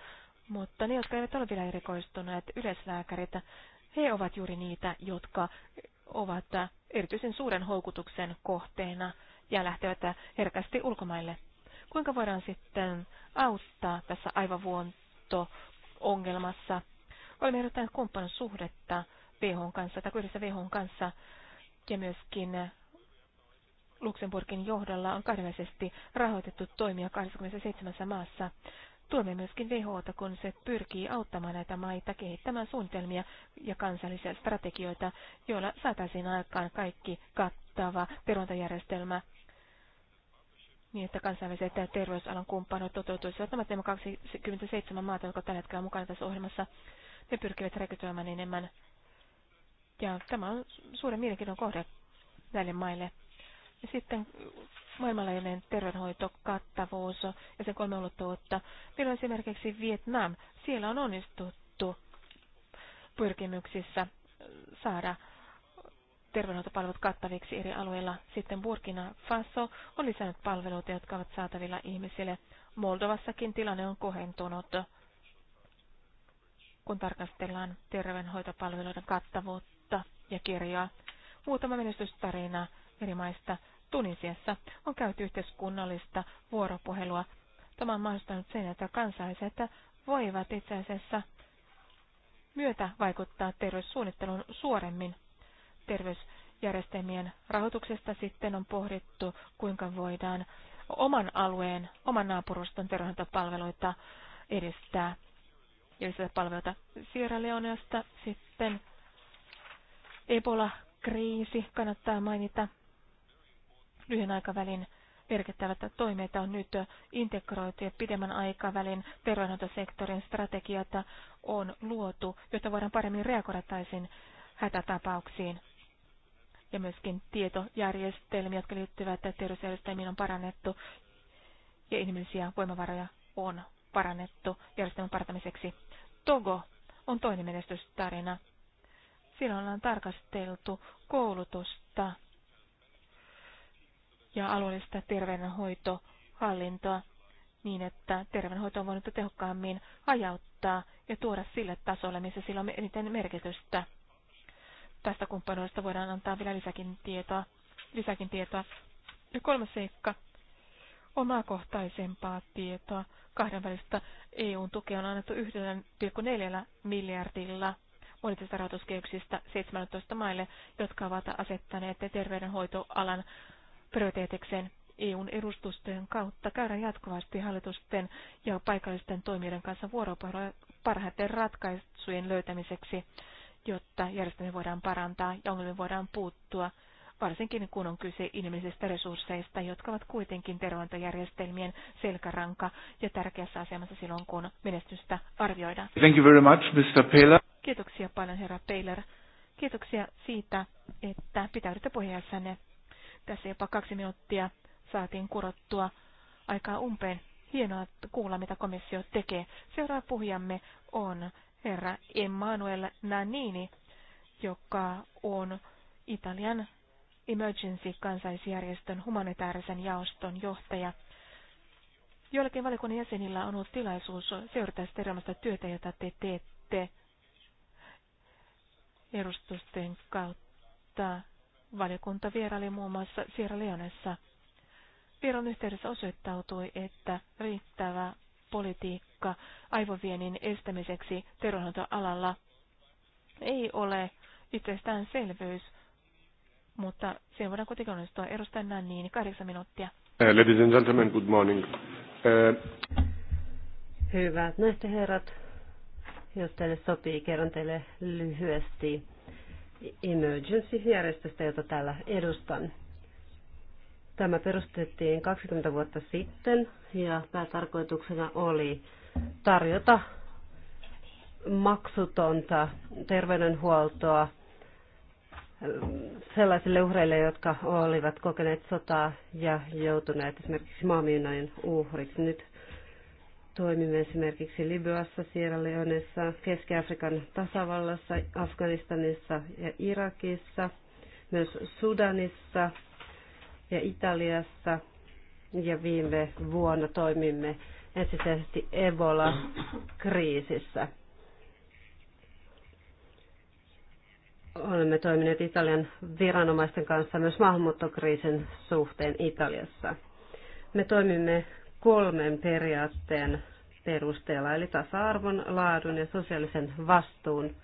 mutta ne, jotka eivät ole vielä erikoistuneet yleislääkärit, he ovat juuri niitä, jotka ovat erityisen suuren houkutuksen kohteena ja lähtevät herkästi ulkomaille. Kuinka voidaan sitten auttaa tässä aivovuonto-ongelmassa? Olemme ehdottaneet kumppanin suhdetta VHn kanssa, tai yhdessä VHn kanssa, ja myöskin Luxemburgin johdolla on kahdenvälisesti rahoitettu toimia 27 maassa. Tuemme myöskin WHOta, kun se pyrkii auttamaan näitä maita kehittämään suunnitelmia ja kansallisia strategioita, joilla saataisiin aikaan kaikki kattava perontajärjestelmä niin, että kansainväliset terveysalan kumppanit toteutuisivat. Nämä 27 maata, jotka tällä hetkellä mukana tässä ohjelmassa. Ne pyrkivät rekrytoimaan enemmän. Ja tämä on suuren mielenkiinnon kohde näille maille. Sitten maailmanlaajuinen terveydenhoitokattavuus ja sen kolme ulottuvuutta. Meillä on esimerkiksi Vietnam. Siellä on onnistuttu pyrkimyksissä saada terveydenhoitopalvelut kattaviksi eri alueilla. Sitten Burkina Faso on lisännyt palveluita, jotka ovat saatavilla ihmisille. Moldovassakin tilanne on kohentunut, kun tarkastellaan terveydenhoitopalveluiden kattavuutta ja kirjaa. Muutama menestystarina eri maista. Tunisiassa on käyty yhteiskunnallista vuoropuhelua. Tämä on mahdollistanut sen, että kansalaiset voivat itse asiassa myötä vaikuttaa terveyssuunnitteluun suoremmin. Terveysjärjestelmien rahoituksesta sitten on pohdittu, kuinka voidaan oman alueen, oman naapuruston terveydenhoitopalveluita edistää ja lisätä palveluita Sierra Leoneasta. Sitten Ebola-kriisi kannattaa mainita lyhyen aikavälin merkittävät toimet on nyt integroitu ja pidemmän aikavälin terveydenhoitosektorin strategiata on luotu, jotta voidaan paremmin reagoida taisin hätätapauksiin. Ja myöskin tietojärjestelmiä, jotka liittyvät terveysjärjestelmiin, on parannettu ja inhimillisiä voimavaroja on parannettu järjestelmän parantamiseksi. Togo on toinen menestystarina. Silloin ollaan tarkasteltu koulutusta ja alueellista terveydenhoitohallintoa niin, että terveydenhoito on voinut tehokkaammin ajauttaa ja tuoda sille tasolle, missä sillä on eniten merkitystä. Tästä kumppanuudesta voidaan antaa vielä lisäkin tietoa. Lisäkin tietoa. Ja kolmas seikka. Omakohtaisempaa tietoa. Kahdenvälistä EUn tukea on annettu 1,4 miljardilla monitista rahoituskehyksistä 17 maille, jotka ovat asettaneet terveydenhoitoalan prioriteetikseen. EUn edustustojen kautta käydään jatkuvasti hallitusten ja paikallisten toimijoiden kanssa vuoropuhelua parhaiten ratkaisujen löytämiseksi, jotta järjestelmiä voidaan parantaa ja ongelmiin voidaan puuttua, varsinkin kun on kyse inhimillisistä resursseista, jotka ovat kuitenkin terveydenjärjestelmien selkäranka ja tärkeässä asemassa silloin, kun menestystä arvioidaan. Thank you very much, Mr. Peler. Kiitoksia paljon, herra Peiler. Kiitoksia siitä, että pitäydytte puheessanne. Tässä jopa kaksi minuuttia saatiin kurottua aikaa umpeen. Hienoa kuulla, mitä komissio tekee. Seuraava puhujamme on herra Emmanuel Nanini, joka on Italian Emergency kansaisjärjestön humanitaarisen jaoston johtaja. Joillakin valiokunnan jäsenillä on ollut tilaisuus seurata sitä työtä, jota te teette edustusten kautta Valiokunta vieraili muun muassa Sierra Leonessa. Vieron yhteydessä osoittautui, että riittävä politiikka aivovienin estämiseksi terveydenhoitoalalla ei ole itsestäänselvyys, mutta siihen voidaan kuitenkin onnistua. näin niin kahdeksan minuuttia. Uh, ladies and gentlemen, good morning. Uh... Hyvät naiset herrat, jos teille sopii, kerron teille lyhyesti Emergency-järjestöstä, jota täällä edustan. Tämä perustettiin 20 vuotta sitten ja päätarkoituksena oli tarjota maksutonta terveydenhuoltoa mm, sellaisille uhreille, jotka olivat kokeneet sotaa ja joutuneet esimerkiksi maamiinojen uhriksi. Nyt Toimimme esimerkiksi Libyassa, Sierra Leoneessa, Keski-Afrikan tasavallassa, Afganistanissa ja Irakissa, myös Sudanissa ja Italiassa. Ja viime vuonna toimimme ensisijaisesti Ebola-kriisissä. Olemme toimineet Italian viranomaisten kanssa myös maahanmuuttokriisin suhteen Italiassa. Me toimimme kolmen periaatteen perusteella, eli tasa-arvon, laadun ja sosiaalisen vastuun.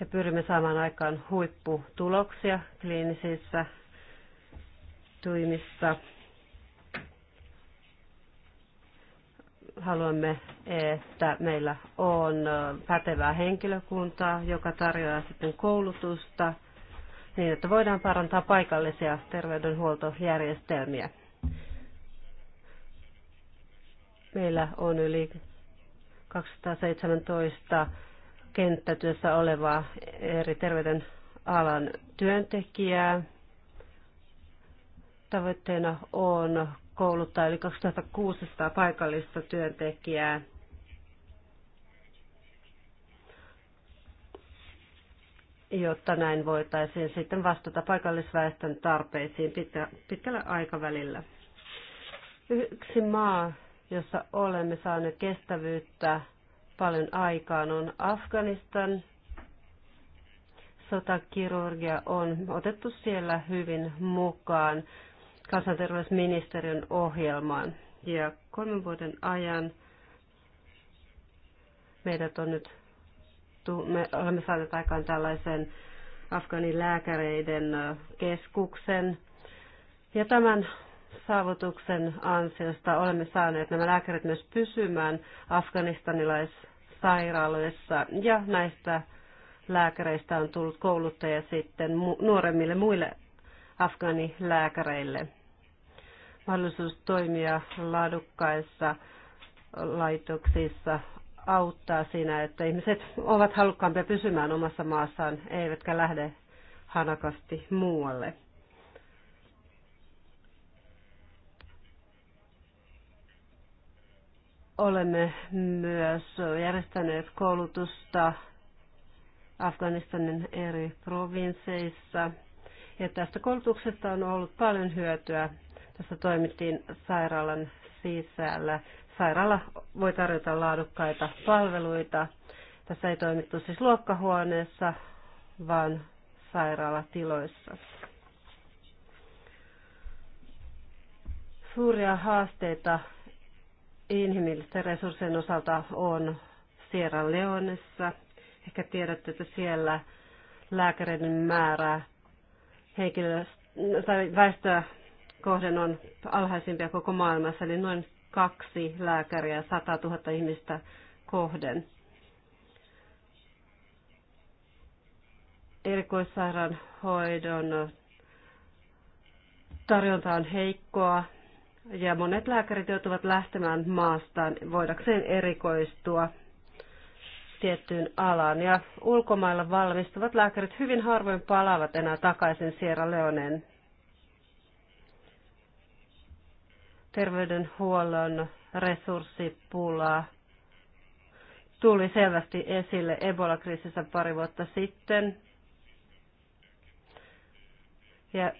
Ja pyrimme saamaan aikaan huipputuloksia kliinisissä tuimissa. Haluamme, että meillä on pätevää henkilökuntaa, joka tarjoaa sitten koulutusta niin, että voidaan parantaa paikallisia terveydenhuoltojärjestelmiä. Meillä on yli 217 kenttätyössä olevaa eri terveydenalan työntekijää. Tavoitteena on kouluttaa yli 2600 paikallista työntekijää. jotta näin voitaisiin sitten vastata paikallisväestön tarpeisiin pitkällä aikavälillä. Yksi maa, jossa olemme saaneet kestävyyttä paljon aikaan, on Afganistan. Sotakirurgia on otettu siellä hyvin mukaan kansanterveysministeriön ohjelmaan. Ja kolmen vuoden ajan meidät on nyt, me olemme saaneet aikaan tällaisen Afganin lääkäreiden keskuksen. Ja tämän saavutuksen ansiosta olemme saaneet nämä lääkärit myös pysymään afganistanilaissairaaloissa ja näistä lääkäreistä on tullut kouluttaja sitten nuoremmille muille afganilääkäreille. Mahdollisuus toimia laadukkaissa laitoksissa auttaa siinä, että ihmiset ovat halukkaampia pysymään omassa maassaan, eivätkä lähde hanakasti muualle. Olemme myös järjestäneet koulutusta Afganistanin eri provinseissa. Ja tästä koulutuksesta on ollut paljon hyötyä. Tässä toimittiin sairaalan sisällä. Sairaala voi tarjota laadukkaita palveluita. Tässä ei toimittu siis luokkahuoneessa, vaan sairaalatiloissa. Suuria haasteita inhimillisten resurssien osalta on Sierra Leonessa. Ehkä tiedätte, että siellä lääkäreiden määrä tai väestöä kohden on alhaisimpia koko maailmassa, eli noin kaksi lääkäriä 100 000 ihmistä kohden. Erikoissairaanhoidon tarjonta on heikkoa ja monet lääkärit joutuvat lähtemään maastaan voidakseen erikoistua tiettyyn alaan. Ja ulkomailla valmistuvat lääkärit hyvin harvoin palaavat enää takaisin Sierra Leoneen. Terveydenhuollon resurssipulaa tuli selvästi esille Ebola-kriisissä pari vuotta sitten. Ja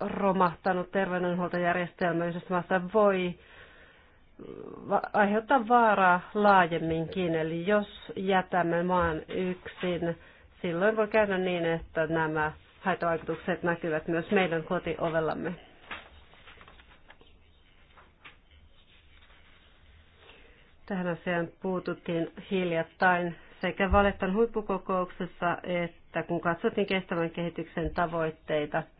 romahtanut terveydenhuoltojärjestelmä jossa maassa voi mm, aiheuttaa vaaraa laajemminkin. Eli jos jätämme maan yksin, silloin voi käydä niin, että nämä haitovaikutukset näkyvät myös meidän kotiovellamme. Tähän asiaan puututtiin hiljattain sekä Valettan huippukokouksessa että kun katsottiin kestävän kehityksen tavoitteita –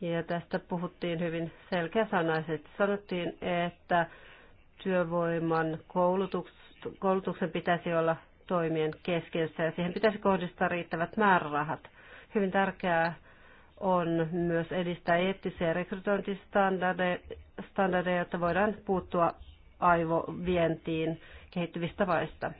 ja tästä puhuttiin hyvin selkeäsanaisesti. Sanottiin, että työvoiman koulutuksen pitäisi olla toimien keskiössä ja siihen pitäisi kohdistaa riittävät määrärahat. Hyvin tärkeää on myös edistää eettisiä rekrytointistandardeja, jotta voidaan puuttua aivovientiin kehittyvistä vaista.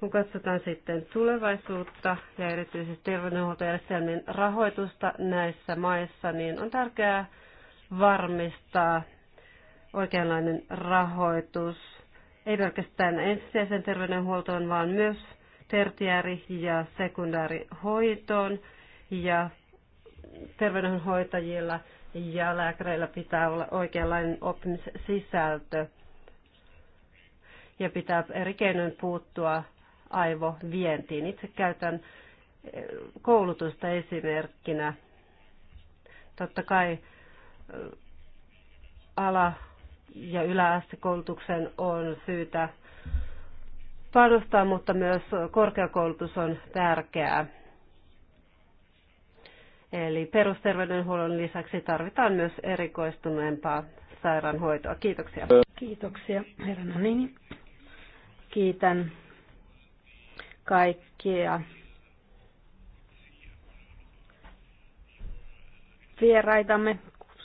Kun katsotaan sitten tulevaisuutta ja erityisesti terveydenhuoltojärjestelmien rahoitusta näissä maissa, niin on tärkeää varmistaa oikeanlainen rahoitus ei pelkästään ensisijaisen terveydenhuoltoon, vaan myös tertiäri- ja sekundäärihoitoon. Ja terveydenhoitajilla ja lääkäreillä pitää olla oikeanlainen oppimissisältö ja pitää eri keinoin puuttua aivovientiin. Itse käytän eh, koulutusta esimerkkinä. Totta kai eh, ala- ja yläastekoulutuksen on syytä panostaa, mutta myös korkeakoulutus on tärkeää. Eli perusterveydenhuollon lisäksi tarvitaan myös erikoistuneempaa sairaanhoitoa. Kiitoksia. Kiitoksia, herra Nanini. Kiitän kaikkia vieraitamme.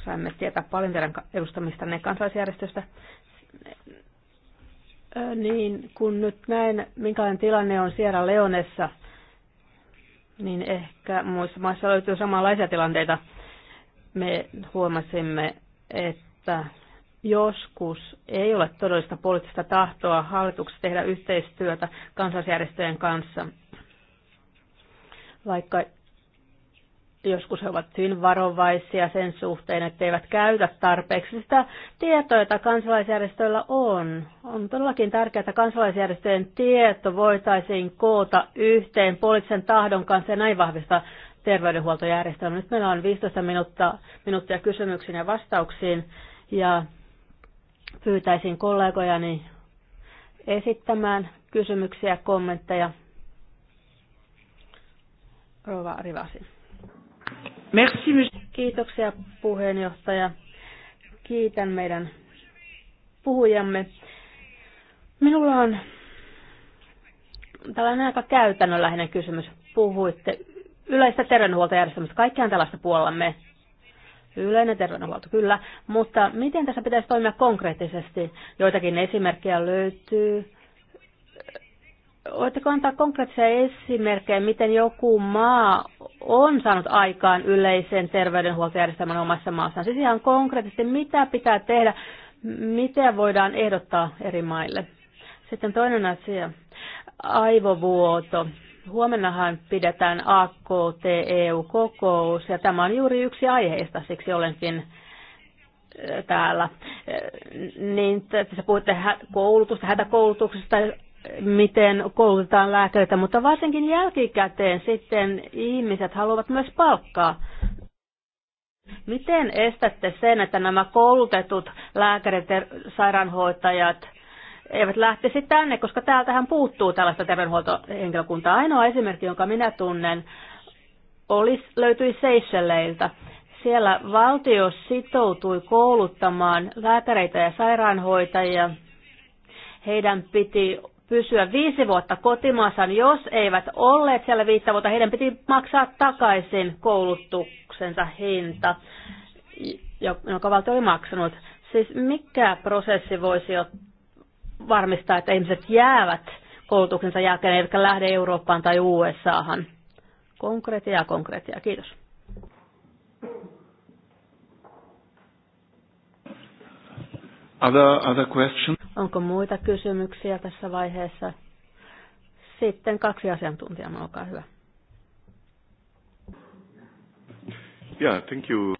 Saimme tietää paljon teidän edustamistanne kansalaisjärjestöstä. Niin kun nyt näin, minkälainen tilanne on siellä Leonessa, niin ehkä muissa maissa löytyy samanlaisia tilanteita. Me huomasimme, että joskus ei ole todellista poliittista tahtoa hallituksessa tehdä yhteistyötä kansalaisjärjestöjen kanssa, vaikka joskus he ovat hyvin varovaisia sen suhteen, että eivät käytä tarpeeksi sitä tietoa, jota kansalaisjärjestöillä on. On todellakin tärkeää, että kansalaisjärjestöjen tieto voitaisiin koota yhteen poliittisen tahdon kanssa ja näin vahvistaa terveydenhuoltojärjestelmä. Nyt meillä on 15 minuuttia, minuuttia kysymyksiin ja vastauksiin ja Pyytäisin kollegojani esittämään kysymyksiä ja kommentteja. Rova Rivasi. Merci. Kiitoksia puheenjohtaja. Kiitän meidän puhujamme. Minulla on tällainen aika käytännönläheinen kysymys. Puhuitte yleistä terveydenhuoltojärjestelmästä. Kaikkiaan tällaista me Yleinen terveydenhuolto, kyllä. Mutta miten tässä pitäisi toimia konkreettisesti? Joitakin esimerkkejä löytyy. Voitteko antaa konkreettisia esimerkkejä, miten joku maa on saanut aikaan yleisen terveydenhuoltojärjestelmän omassa maassaan? Siis ihan konkreettisesti, mitä pitää tehdä, mitä voidaan ehdottaa eri maille? Sitten toinen asia, aivovuoto. Huomennahan pidetään AKT-EU-kokous ja tämä on juuri yksi aiheista, siksi olenkin täällä. Niin tässä puhutte koulutusta, hätäkoulutuksesta, miten koulutetaan lääkäreitä, mutta varsinkin jälkikäteen sitten ihmiset haluavat myös palkkaa. Miten estätte sen, että nämä koulutetut lääkärit ja sairaanhoitajat – eivät lähtisi tänne, koska täältähän puuttuu tällaista terveydenhuoltohenkilökuntaa. Ainoa esimerkki, jonka minä tunnen, olisi, löytyi Seychelleiltä. Siellä valtio sitoutui kouluttamaan lääkäreitä ja sairaanhoitajia. Heidän piti pysyä viisi vuotta kotimaassaan. Jos eivät olleet siellä viittä vuotta, heidän piti maksaa takaisin koulutuksensa hinta, jonka valtio oli maksanut. Siis mikä prosessi voisi ottaa? varmistaa, että ihmiset jäävät koulutuksensa jälkeen, eivätkä lähde Eurooppaan tai USAhan. Konkreettia konkreettia. Kiitos. Other, other question? Onko muita kysymyksiä tässä vaiheessa? Sitten kaksi asiantuntijaa, olkaa hyvä. Yeah, thank you.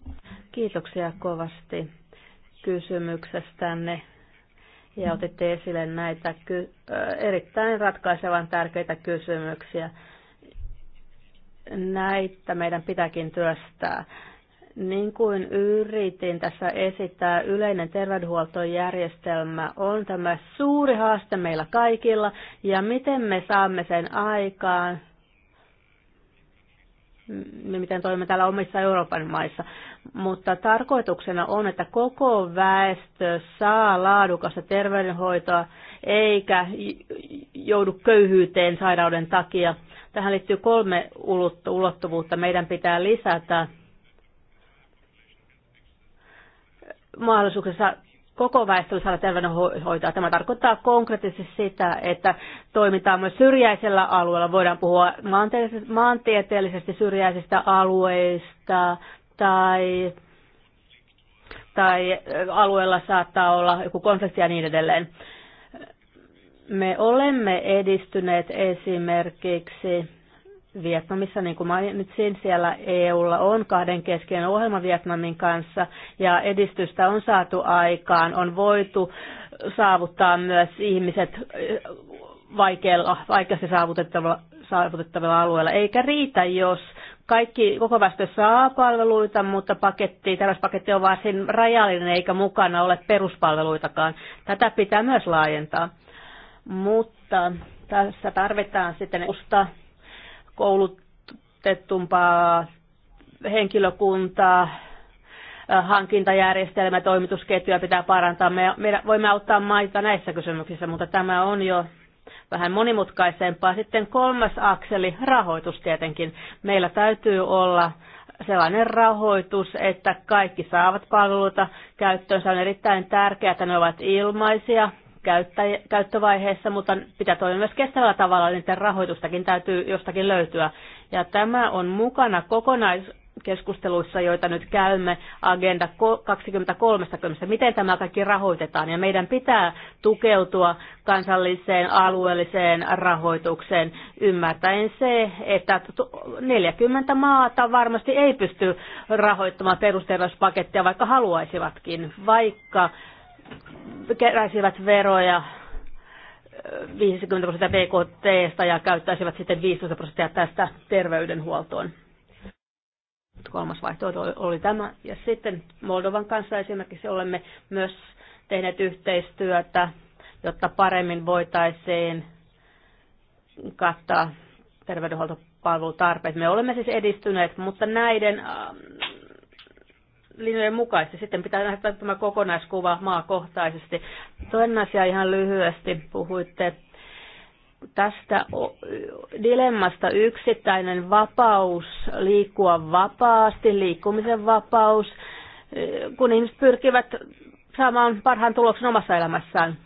Kiitoksia kovasti kysymyksestänne ja otitte esille näitä erittäin ratkaisevan tärkeitä kysymyksiä. Näitä meidän pitääkin työstää. Niin kuin yritin tässä esittää, yleinen terveydenhuoltojärjestelmä on tämä suuri haaste meillä kaikilla ja miten me saamme sen aikaan, miten toimimme täällä omissa Euroopan maissa mutta tarkoituksena on, että koko väestö saa laadukasta terveydenhoitoa eikä joudu köyhyyteen sairauden takia. Tähän liittyy kolme ulottuvuutta. Meidän pitää lisätä mahdollisuuksia koko väestöllä saada terveydenhoitoa. Tämä tarkoittaa konkreettisesti sitä, että toimitaan myös syrjäisellä alueella. Voidaan puhua maantieteellisesti syrjäisistä alueista tai, tai alueella saattaa olla joku konflikti ja niin edelleen. Me olemme edistyneet esimerkiksi Vietnamissa, niin kuin mainitsin, siellä EUlla on kahden keskeinen ohjelma Vietnamin kanssa ja edistystä on saatu aikaan. On voitu saavuttaa myös ihmiset vaikeilla, vaikeasti saavutettavilla, saavutettavilla alueilla, eikä riitä, jos kaikki koko väestö saa palveluita, mutta paketti, terveyspaketti on varsin rajallinen eikä mukana ole peruspalveluitakaan. Tätä pitää myös laajentaa. Mutta tässä tarvitaan sitten usta koulutettumpaa henkilökuntaa, äh, hankintajärjestelmä, toimitusketjuja pitää parantaa. Me, me voimme auttaa maita näissä kysymyksissä, mutta tämä on jo vähän monimutkaisempaa. Sitten kolmas akseli, rahoitus tietenkin. Meillä täytyy olla sellainen rahoitus, että kaikki saavat palveluita käyttöönsä. On erittäin tärkeää, että ne ovat ilmaisia käyttövaiheessa, mutta pitää toimia myös kestävällä tavalla, niin rahoitustakin täytyy jostakin löytyä. Ja tämä on mukana kokonais, keskusteluissa, joita nyt käymme, Agenda 2030, miten tämä kaikki rahoitetaan. Ja meidän pitää tukeutua kansalliseen alueelliseen rahoitukseen, ymmärtäen se, että 40 maata varmasti ei pysty rahoittamaan perusterveyspakettia, vaikka haluaisivatkin, vaikka keräisivät veroja 50 eh, prosenttia BKT ja käyttäisivät sitten 15 prosenttia tästä terveydenhuoltoon kolmas vaihtoehto oli, oli tämä. Ja sitten Moldovan kanssa esimerkiksi olemme myös tehneet yhteistyötä, jotta paremmin voitaisiin kattaa terveydenhuoltopalvelutarpeet. Me olemme siis edistyneet, mutta näiden ähm, linjojen mukaisesti. Sitten pitää nähdä tämä kokonaiskuva maakohtaisesti. Toinen asia ihan lyhyesti. Puhuitte tästä dilemmasta yksittäinen vapaus liikkua vapaasti, liikkumisen vapaus, eh, kun ihmiset pyrkivät saamaan parhaan tuloksen omassa elämässään.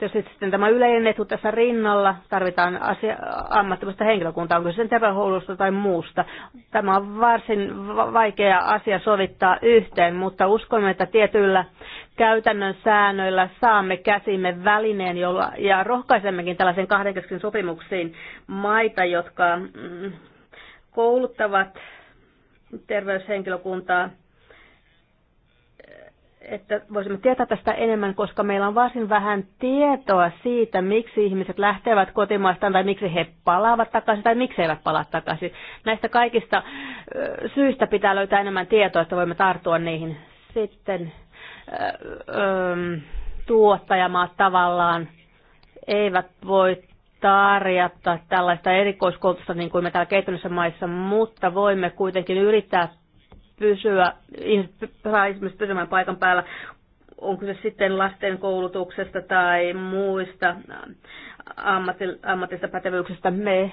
Tietysti sitten tämä yleinen etu tässä rinnalla, tarvitaan asia, ammattimaista henkilökuntaa, onko se sen terveydenhuollosta tai muusta. Tämä on varsin vaikea asia sovittaa yhteen, mutta uskomme, että tietyillä käytännön säännöillä saamme käsimme välineen jolla, ja rohkaisemmekin tällaisen kahdenkeskin sopimuksiin maita, jotka mm, kouluttavat terveyshenkilökuntaa että voisimme tietää tästä enemmän, koska meillä on varsin vähän tietoa siitä, miksi ihmiset lähtevät kotimaastaan tai miksi he palaavat takaisin tai miksi he eivät palaa takaisin. Näistä kaikista syistä pitää löytää enemmän tietoa, että voimme tarttua niihin. Sitten tuottajamaat tavallaan eivät voi tarjata tällaista erikoiskoulutusta niin kuin me täällä kehittyneissä maissa, mutta voimme kuitenkin yrittää pysyä, saa ihmiset pysymään paikan päällä, onko se sitten lasten koulutuksesta tai muista ammatista pätevyyksistä. Me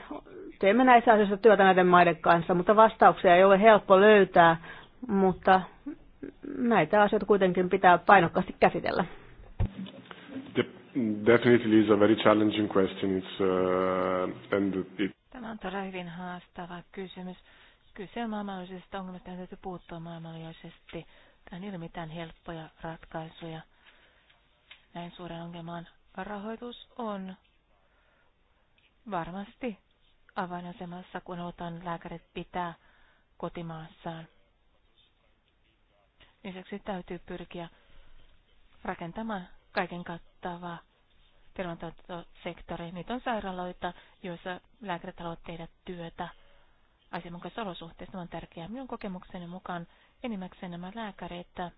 teemme näissä asioissa työtä näiden maiden kanssa, mutta vastauksia ei ole helppo löytää, mutta näitä asioita kuitenkin pitää painokkaasti käsitellä. Definitely is a very challenging question. It's, uh, and it... Tämä on todella hyvin haastava kysymys. Kyse on maailmanlaajuisesta ongelmasta, johon täytyy puuttua maailmanlaajuisesti. Tämä ei ole mitään helppoja ratkaisuja. Näin suuren ongelman rahoitus on varmasti avainasemassa, kun halutaan lääkärit pitää kotimaassaan. Lisäksi täytyy pyrkiä rakentamaan kaiken kattavaa terveydenhuoltosektori. Niitä on sairaaloita, joissa lääkärit haluavat tehdä työtä asianmukaisissa olosuhteissa. Tämä on tärkeää. Minun kokemukseni mukaan enimmäkseen nämä lääkäreitä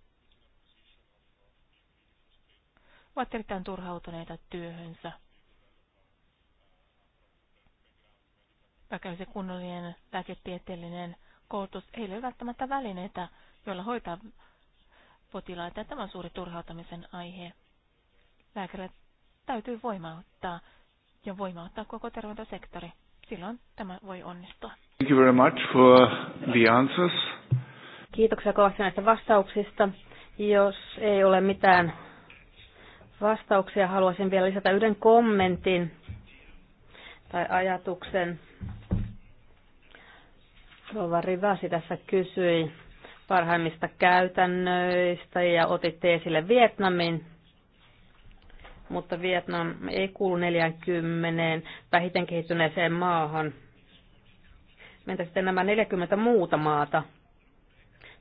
ovat erittäin turhautuneita työhönsä. Vaikka se kunnollinen lääketieteellinen koulutus ei ole välttämättä välineitä, joilla hoitaa potilaita. Tämä on suuri turhautamisen aihe. Lääkärille täytyy voimauttaa ja voimauttaa koko terveydensektori. Silloin tämä voi onnistua. Thank you very much for the answers. Kiitoksia kovasti näistä vastauksista. Jos ei ole mitään vastauksia, haluaisin vielä lisätä yhden kommentin tai ajatuksen. Rova Rivasi tässä kysyi parhaimmista käytännöistä ja otitte esille Vietnamin, mutta Vietnam ei kuulu 40 vähiten kehittyneeseen maahan – Mentä sitten nämä 40 muuta maata?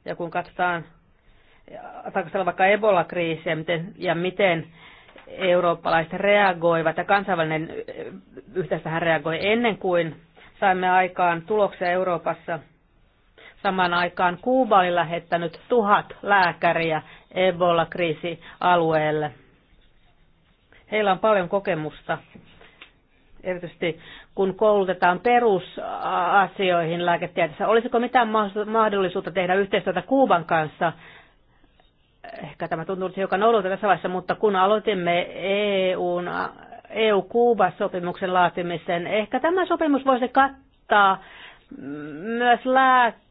Ja kun katsotaan, tarkastellaan vaikka Ebola-kriisiä miten, ja miten eurooppalaiset reagoivat ja kansainvälinen yhteistähän reagoi ennen kuin saimme aikaan tuloksia Euroopassa. Samaan aikaan Kuuba oli lähettänyt tuhat lääkäriä ebola alueelle Heillä on paljon kokemusta, erityisesti kun koulutetaan perusasioihin lääketieteessä. Olisiko mitään mahdollisuutta tehdä yhteistyötä Kuuban kanssa? Ehkä tämä tuntuu hiukan oudolta tässä vaiheessa, mutta kun aloitimme EUn, EU-Kuuba-sopimuksen laatimisen, ehkä tämä sopimus voisi kattaa myös lääkkeet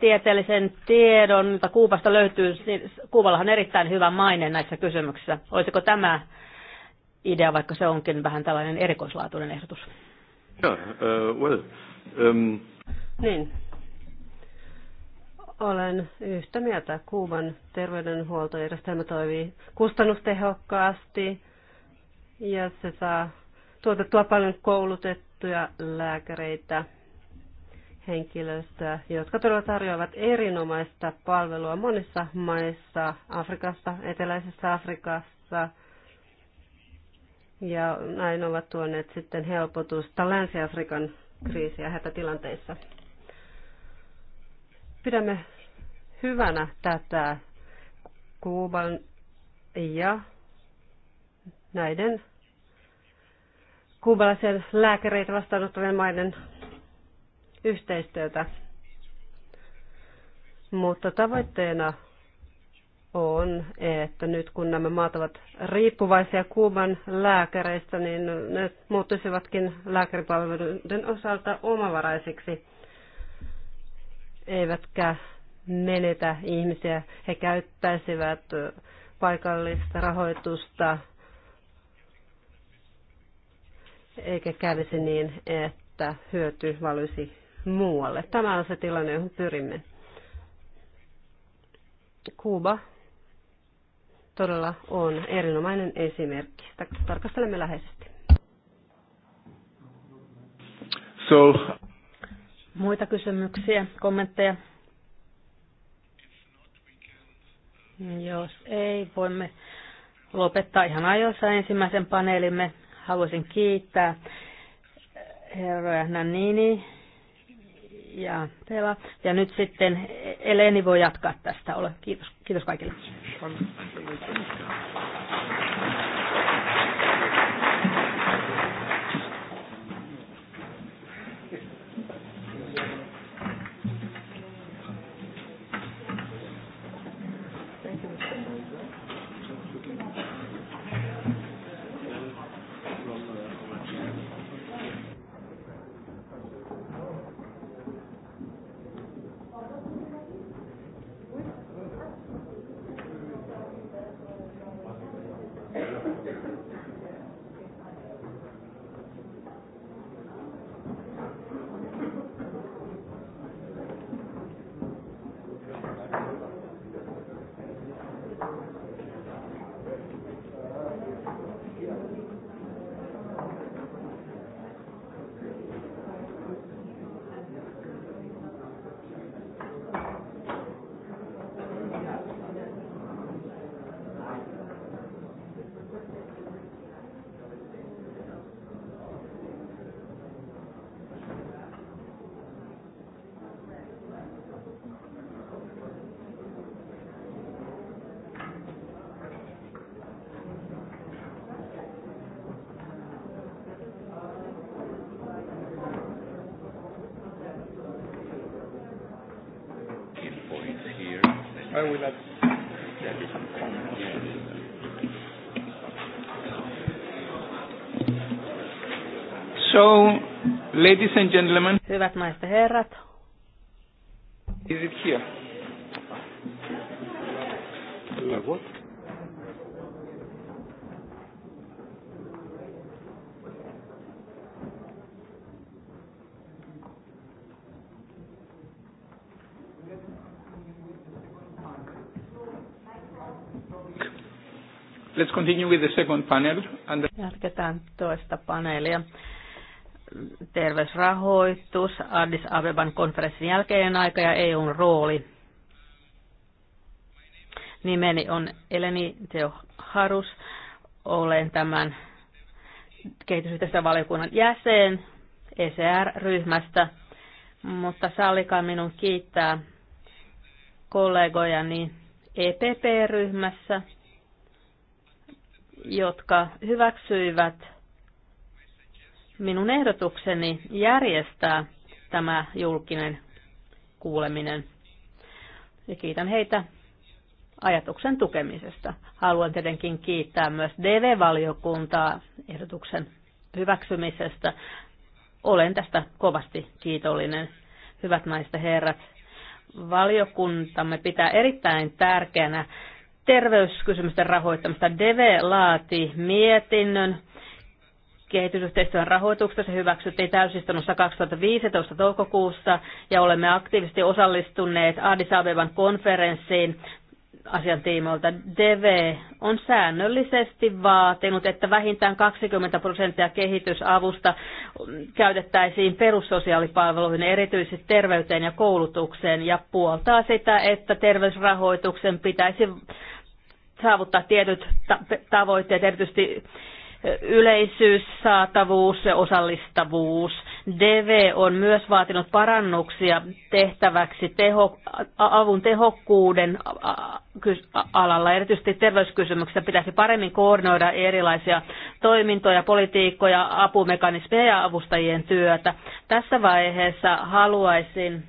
tieteellisen tiedon, jota Kuubasta löytyy, niin Kuuballahan on erittäin hyvä maine näissä kysymyksissä. Olisiko tämä idea, vaikka se onkin vähän tällainen erikoislaatuinen ehdotus. Yeah, äh, uh, well, um... Niin. Olen yhtä mieltä. Kuuban terveydenhuoltojärjestelmä toimii kustannustehokkaasti ja se saa tuotettua paljon koulutettuja lääkäreitä henkilöstöä, jotka todella tarjoavat erinomaista palvelua monissa maissa, Afrikassa, eteläisessä Afrikassa – ja näin ovat tuoneet sitten helpotusta Länsi-Afrikan kriisiä hätätilanteissa. Pidämme hyvänä tätä Kuuban ja näiden kuubalaisen lääkäreitä vastaanottavien maiden yhteistyötä. Mutta tavoitteena on, että nyt kun nämä maat ovat riippuvaisia Kuuban lääkäreistä, niin ne muuttuisivatkin lääkäripalveluiden osalta omavaraisiksi, eivätkä menetä ihmisiä. He käyttäisivät paikallista rahoitusta, eikä kävisi niin, että hyöty valuisi muualle. Tämä on se tilanne, johon pyrimme. Kuuba todella on erinomainen esimerkki. Sitä tarkastelemme läheisesti. So. Muita kysymyksiä, kommentteja? Jos ei, voimme lopettaa ihan ajoissa ensimmäisen paneelimme. Haluaisin kiittää herroja Nannini ja Tela. Ja nyt sitten Eleni voi jatkaa tästä. Ole. Kiitos, kiitos kaikille. So, ladies and gentlemen. Hyvät naiset ja herrat. Is it here? what? Let's continue with the second panel. And Jatketaan toista paneelia terveysrahoitus, Addis Abeban konferenssin jälkeinen aika ja EUn rooli. Nimeni on Eleni Teo Harus. Olen tämän kehitysyhteistyövaliokunnan jäsen ECR-ryhmästä, mutta sallikaa minun kiittää kollegojani EPP-ryhmässä, jotka hyväksyivät Minun ehdotukseni järjestää tämä julkinen kuuleminen. Ja kiitän heitä ajatuksen tukemisesta. Haluan tietenkin kiittää myös DV-valiokuntaa ehdotuksen hyväksymisestä. Olen tästä kovasti kiitollinen. Hyvät naiset herrat, valiokuntamme pitää erittäin tärkeänä terveyskysymysten rahoittamista. DV laati mietinnön kehitysyhteistyön rahoituksesta. Se hyväksyttiin täysistunnossa 2015 toukokuussa ja olemme aktiivisesti osallistuneet Addis Abeban konferenssiin asiantiimoilta. DV on säännöllisesti vaatinut, että vähintään 20 prosenttia kehitysavusta käytettäisiin perussosiaalipalveluihin, erityisesti terveyteen ja koulutukseen, ja puoltaa sitä, että terveysrahoituksen pitäisi saavuttaa tietyt tavoitteet, erityisesti yleisyys, saatavuus ja osallistavuus. DV on myös vaatinut parannuksia tehtäväksi teho, avun tehokkuuden alalla. Erityisesti terveyskysymyksissä pitäisi paremmin koordinoida erilaisia toimintoja, politiikkoja, apumekanismeja ja avustajien työtä. Tässä vaiheessa haluaisin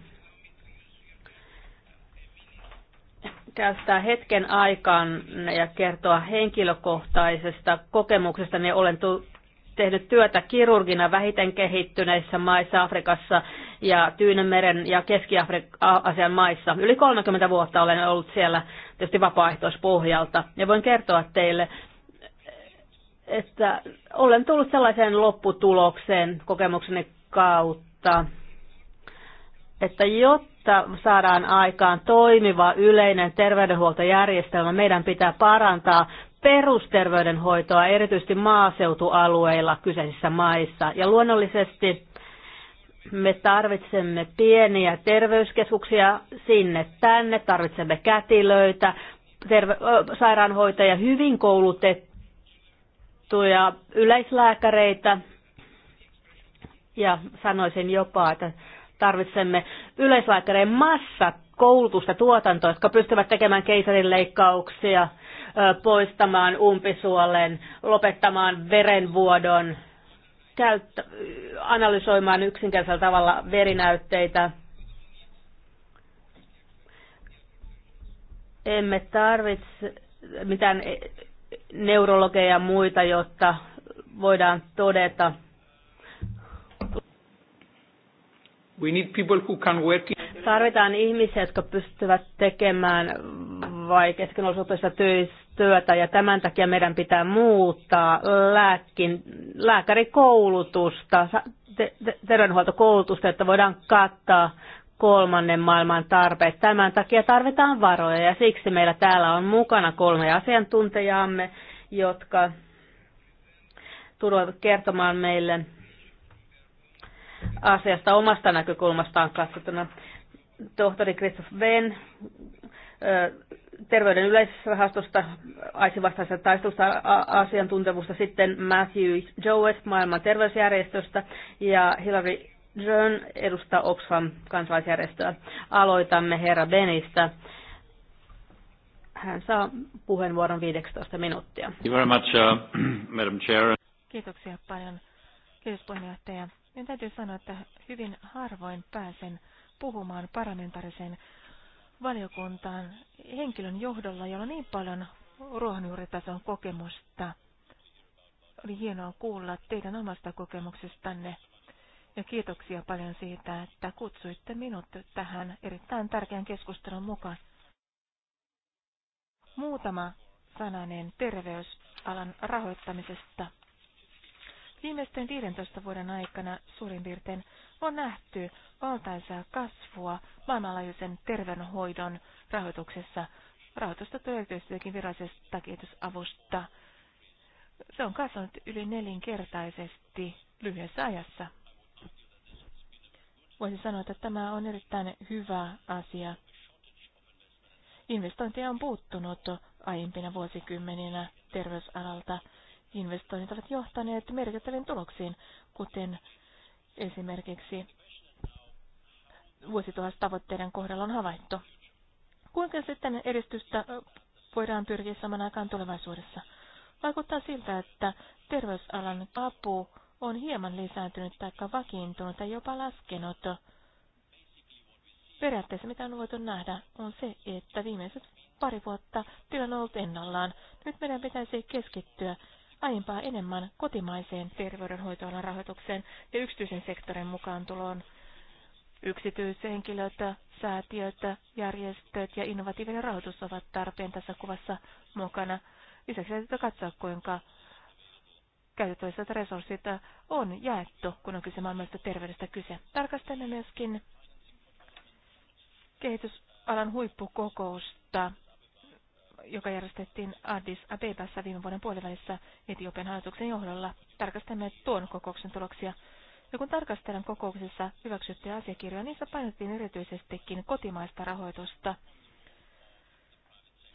käyttää hetken aikaan ja kertoa henkilökohtaisesta kokemuksesta. Niin olen tehnyt työtä kirurgina vähiten kehittyneissä maissa Afrikassa ja Tyynemeren ja keski afrikan maissa. Yli 30 vuotta olen ollut siellä tietysti vapaaehtoispohjalta ja voin kertoa teille, että olen tullut sellaiseen lopputulokseen kokemukseni kautta, että jotta jotta saadaan aikaan toimiva yleinen terveydenhuoltojärjestelmä, meidän pitää parantaa perusterveydenhoitoa erityisesti maaseutualueilla kyseisissä maissa. Ja luonnollisesti me tarvitsemme pieniä terveyskeskuksia sinne tänne, tarvitsemme kätilöitä, terve- sairaanhoitajia, hyvin koulutettuja yleislääkäreitä ja sanoisin jopa, että tarvitsemme yleislääkäreen massa koulutusta tuotantoa, jotka pystyvät tekemään keisarinleikkauksia, poistamaan umpisuolen, lopettamaan verenvuodon, käyttä, analysoimaan yksinkertaisella tavalla verinäytteitä. Emme tarvitse mitään e-, neurologeja ja muita, jotta voidaan todeta We need people who can work in... Tarvitaan ihmisiä, jotka pystyvät tekemään vaikeaskin olosuhteissa työtä ja tämän takia meidän pitää muuttaa lääkin, lääkärikoulutusta, te, te, terveydenhuoltokoulutusta, että voidaan kattaa kolmannen maailman tarpeet. Tämän takia tarvitaan varoja ja siksi meillä täällä on mukana kolme asiantuntijaamme, jotka tulevat kertomaan meille asiasta omasta näkökulmastaan katsottuna. Tohtori Christoph Venn terveyden yleisrahastosta, aisivastaisesta taistelusta asiantuntemusta, sitten Matthew Jowett maailman terveysjärjestöstä ja Hillary John edustaa Oxfam kansalaisjärjestöä. Aloitamme herra Benistä. Hän saa puheenvuoron 15 minuuttia. Thank you very much, uh, Madam Chair. Kiitoksia paljon. Kiitos puheenjohtaja. Minun niin täytyy sanoa, että hyvin harvoin pääsen puhumaan parlamentaariseen valiokuntaan henkilön johdolla, jolla on niin paljon ruohonjuuritason kokemusta. Oli hienoa kuulla teidän omasta kokemuksestanne ja kiitoksia paljon siitä, että kutsuitte minut tähän erittäin tärkeän keskustelun mukaan. Muutama sananen terveysalan rahoittamisesta. Viimeisten 15 vuoden aikana suurin piirtein on nähty valtaisaa kasvua maailmanlaajuisen terveydenhoidon rahoituksessa. Rahoitusta todennäköisestikin virallisesta kehitysavusta. Se on kasvanut yli nelinkertaisesti lyhyessä ajassa. Voisi sanoa, että tämä on erittäin hyvä asia. Investointia on puuttunut aiempina vuosikymmeninä terveysalalta investoinnit ovat johtaneet merkittäviin tuloksiin, kuten esimerkiksi vuosituhastavoitteiden kohdalla on havaittu. Kuinka sitten edistystä voidaan pyrkiä saman aikaan tulevaisuudessa? Vaikuttaa siltä, että terveysalan apu on hieman lisääntynyt tai vakiintunut tai jopa laskenut. Periaatteessa mitä on voitu nähdä on se, että viimeiset pari vuotta tilanne on ollut ennallaan. Nyt meidän pitäisi keskittyä aiempaa enemmän kotimaiseen terveydenhoitoalan rahoitukseen ja yksityisen sektorin mukaan tuloon. Yksityishenkilöt, säätiöt, järjestöt ja innovatiivinen rahoitus ovat tarpeen tässä kuvassa mukana. Lisäksi täytyy katsoa, kuinka käytettävissä resurssit on jaettu, kun on kyse maailmasta terveydestä kyse. Tarkastelemme myöskin kehitysalan huippukokousta joka järjestettiin Addis Abebassa viime vuoden puolivälissä Etiopian hallituksen johdolla. Tarkastamme tuon kokouksen tuloksia. Ja kun tarkastelen kokouksessa hyväksyttyjä asiakirjoja, niissä painottiin erityisestikin kotimaista rahoitusta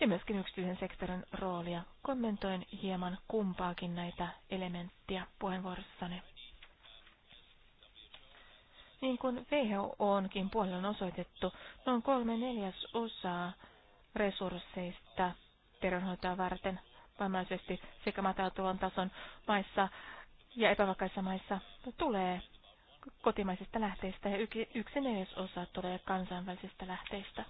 ja myöskin yksityisen sektorin roolia. Kommentoin hieman kumpaakin näitä elementtiä puheenvuorossani. Niin kuin WHO onkin puolella on osoitettu, noin kolme neljäs osaa resursseista terveydenhoitoa varten vammaisesti sekä matalatulon tason maissa ja epävakaissa maissa tulee kotimaisista lähteistä ja yksi neljäsosa tulee kansainvälisistä lähteistä.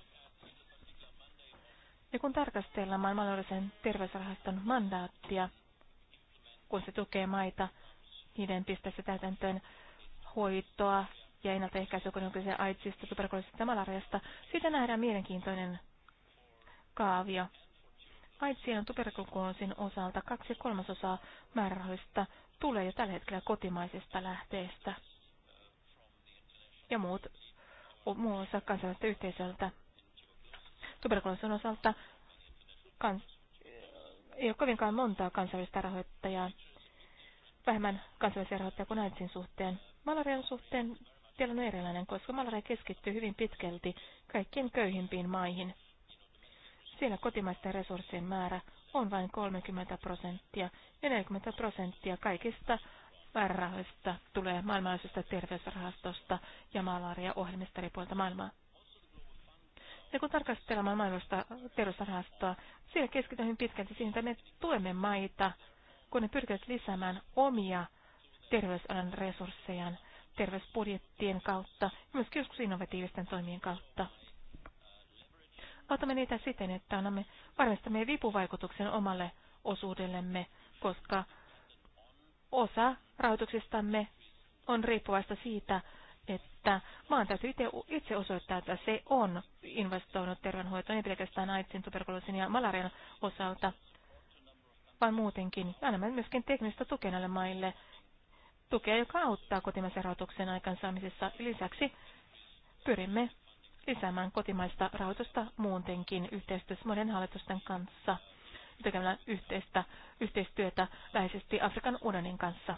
Ja kun tarkastellaan maailmanlaajuisen terveysrahaston mandaattia, kun se tukee maita niiden pisteessä täytäntöön hoitoa ja ennaltaehkäisyä, kun on kyse AIDSista, tuberkuloisista ja malariasta, siitä nähdään mielenkiintoinen kaavio. Aitsien tuberkuloosin osalta kaksi kolmasosaa määrärahoista tulee jo tällä hetkellä kotimaisesta lähteestä ja muut muun muassa kansainväliseltä yhteisöltä. Tuberkuloosin osalta kan, ei ole kovinkaan montaa kansainvälistä rahoittajaa, vähemmän kansainvälisiä rahoittajia kuin aitsin suhteen. Malarian suhteen tilanne on erilainen, koska malaria keskittyy hyvin pitkälti kaikkien köyhimpiin maihin – siellä kotimaisten resurssien määrä on vain 30 prosenttia. ja 40 prosenttia kaikista määrärahoista tulee maailmallisesta terveysrahastosta ja malaria-ohjelmista eri puolilta maailmaa. Ja kun tarkastellaan maailmasta terveysrahastoa, siellä keskitytään hyvin pitkälti siihen, että me tuemme maita, kun ne pyrkivät lisäämään omia terveysalan resurssejaan terveysbudjettien kautta ja myös joskus innovatiivisten toimien kautta. Autamme niitä siten, että annamme, varmistamme vipuvaikutuksen omalle osuudellemme, koska osa rahoituksistamme on riippuvaista siitä, että maan täytyy itse, itse osoittaa, että se on investoinut terveydenhoitoon, ei pelkästään AIDSin, tuberkuloosin ja malarian osalta, vaan muutenkin. Annamme myöskin teknistä tukea näille maille, tukea, joka auttaa kotimaisen rahoituksen aikansaamisessa Lisäksi pyrimme lisäämään kotimaista rahoitusta muutenkin yhteistyössä monen hallitusten kanssa tekemällä yhteistä, yhteistyötä läheisesti Afrikan unionin kanssa.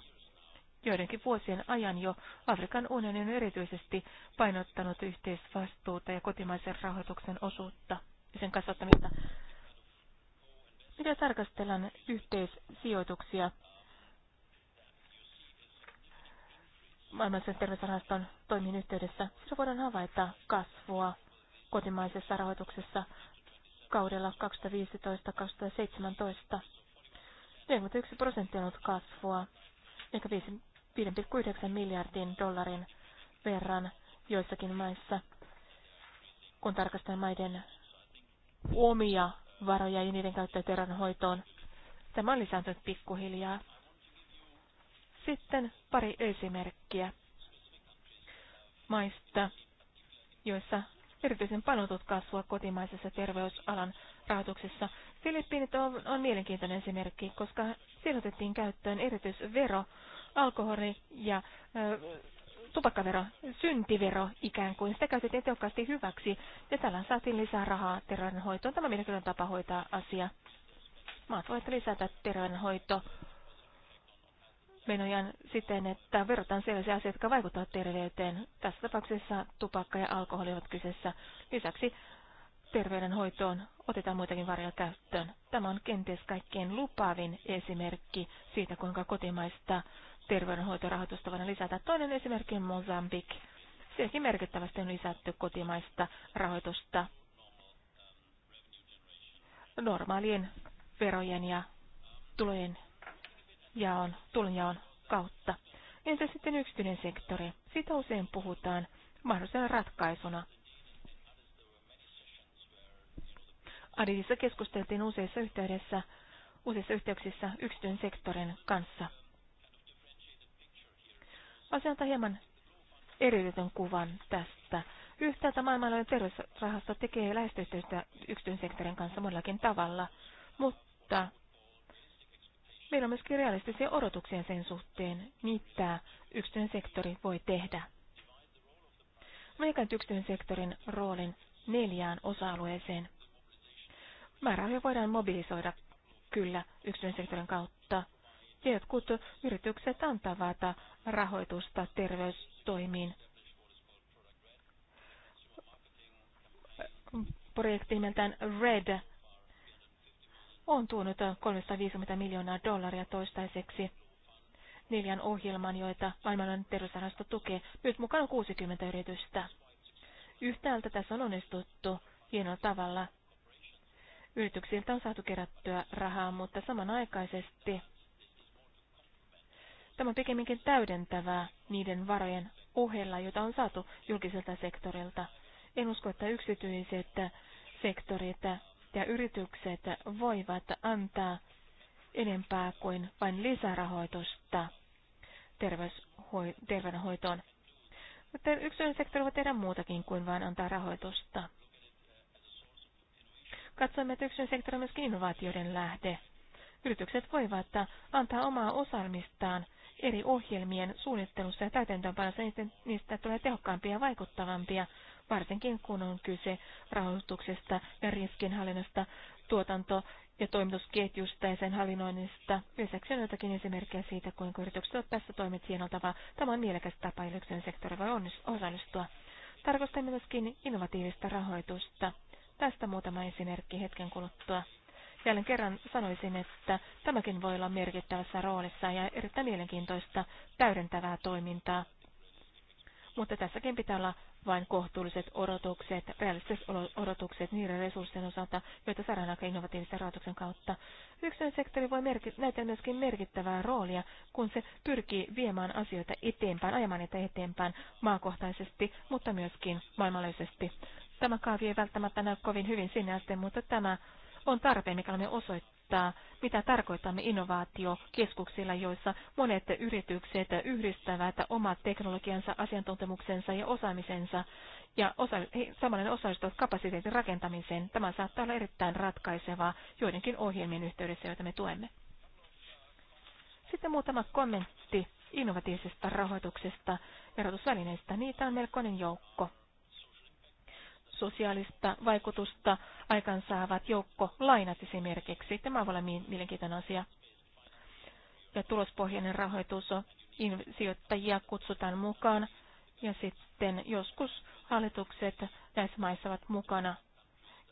Joidenkin vuosien ajan jo Afrikan unioni on erityisesti painottanut yhteisvastuuta ja kotimaisen rahoituksen osuutta ja sen kasvattamista. Mitä tarkastellaan yhteissijoituksia maailmallisen terveysrahaston toimin yhteydessä. Sillä voidaan havaita kasvua kotimaisessa rahoituksessa kaudella 2015-2017. 41 prosenttia on ollut kasvua, ehkä 5,9 miljardin dollarin verran joissakin maissa, kun tarkastetaan maiden omia varoja ja niiden käyttöä terveydenhoitoon. Tämä on lisääntynyt pikkuhiljaa. Sitten pari esimerkkiä maista, joissa erityisen panotut kasvua kotimaisessa terveysalan rahoituksessa. Filippiinit on, on mielenkiintoinen esimerkki, koska siellä otettiin käyttöön erityisvero, alkoholi ja ö, tupakkavero, syntivero ikään kuin. Sitä käytettiin tehokkaasti hyväksi ja tällä saatiin lisää rahaa terveydenhoitoon. Tämä on tapa hoitaa asia. Maat voivat lisätä terveydenhoito menojaan siten, että verrataan sellaisia asioita, jotka vaikuttavat terveyteen. Tässä tapauksessa tupakka ja alkoholi ovat kyseessä. Lisäksi terveydenhoitoon otetaan muitakin varjoja käyttöön. Tämä on kenties kaikkein lupaavin esimerkki siitä, kuinka kotimaista terveydenhoitorahoitusta voidaan lisätä. Toinen esimerkki on Mozambik. Sielläkin merkittävästi on lisätty kotimaista rahoitusta normaalien verojen ja tulojen jaon, tulonjaon kautta. Entä sitten yksityinen sektori? Sitä usein puhutaan mahdollisena ratkaisuna. Adidissa keskusteltiin useissa yhteydessä, useissa yhteyksissä yksityisen sektorin kanssa. Asia antaa hieman eriytetyn kuvan tästä. Yhtäältä maailmanlainen terveysrahasto tekee lähestyyhteistyötä yksityisen sektorin kanssa monellakin tavalla, mutta Meillä on myöskin realistisia odotuksia sen suhteen, mitä yksityinen sektori voi tehdä. Meidän yksityisen sektorin roolin neljään osa-alueeseen. Määrärahoja voidaan mobilisoida kyllä yksityisen sektorin kautta. jotkut yritykset antavat rahoitusta terveystoimiin. Projekti nimeltään RED on tuonut 350 miljoonaa dollaria toistaiseksi neljän ohjelman, joita maailman terveysrahasto tukee, nyt mukana 60 yritystä. Yhtäältä tässä on onnistuttu hienolla tavalla. Yrityksiltä on saatu kerättyä rahaa, mutta samanaikaisesti tämä on pikemminkin täydentävää niiden varojen ohella, joita on saatu julkiselta sektorilta. En usko, että yksityiset sektorit ja yritykset voivat antaa enempää kuin vain lisärahoitusta terveydenhoitoon. Mutta yksityinen sektori voi tehdä muutakin kuin vain antaa rahoitusta. Katsomme, että yksityinen sektori on myöskin innovaatioiden lähde. Yritykset voivat antaa omaa osaamistaan eri ohjelmien suunnittelussa ja täytäntöönpanossa, niistä tulee tehokkaampia ja vaikuttavampia varsinkin kun on kyse rahoituksesta ja riskinhallinnasta, tuotanto- ja toimitusketjusta ja sen hallinnoinnista. Lisäksi on jotakin esimerkkejä siitä, kuinka yritykset ovat tässä toimet hienoltavaa. Tämä on mielekäs tapa, yksityinen sektori voi osallistua. Tarkoitamme myöskin innovatiivista rahoitusta. Tästä muutama esimerkki hetken kuluttua. Jälleen kerran sanoisin, että tämäkin voi olla merkittävässä roolissa ja erittäin mielenkiintoista täydentävää toimintaa. Mutta tässäkin pitää olla vain kohtuulliset odotukset, realistiset odotukset niiden resurssien osalta, joita saadaan aika innovatiivisen rahoituksen kautta. Yksityinen sektori voi merkit- näyttää myöskin merkittävää roolia, kun se pyrkii viemään asioita eteenpäin, ajamaan niitä eteenpäin maakohtaisesti, mutta myöskin maailmanlaajuisesti. Tämä kaavi ei välttämättä näy kovin hyvin sinne asti, mutta tämä on tarpeen, mikä olemme osoittaneet osoittaa, mitä tarkoitamme innovaatiokeskuksilla, joissa monet yritykset yhdistävät omat teknologiansa, asiantuntemuksensa ja osaamisensa ja osa, samanlainen osallistuvat kapasiteetin rakentamiseen. Tämä saattaa olla erittäin ratkaisevaa joidenkin ohjelmien yhteydessä, joita me tuemme. Sitten muutama kommentti innovatiivisesta rahoituksesta, verotusvälineistä. Niitä on melkoinen joukko sosiaalista vaikutusta aikansaavat lainat esimerkiksi. Tämä voi olla mielenkiintoinen asia. Ja tulospohjainen rahoitus, on sijoittajia kutsutaan mukaan ja sitten joskus hallitukset näissä maissa ovat mukana.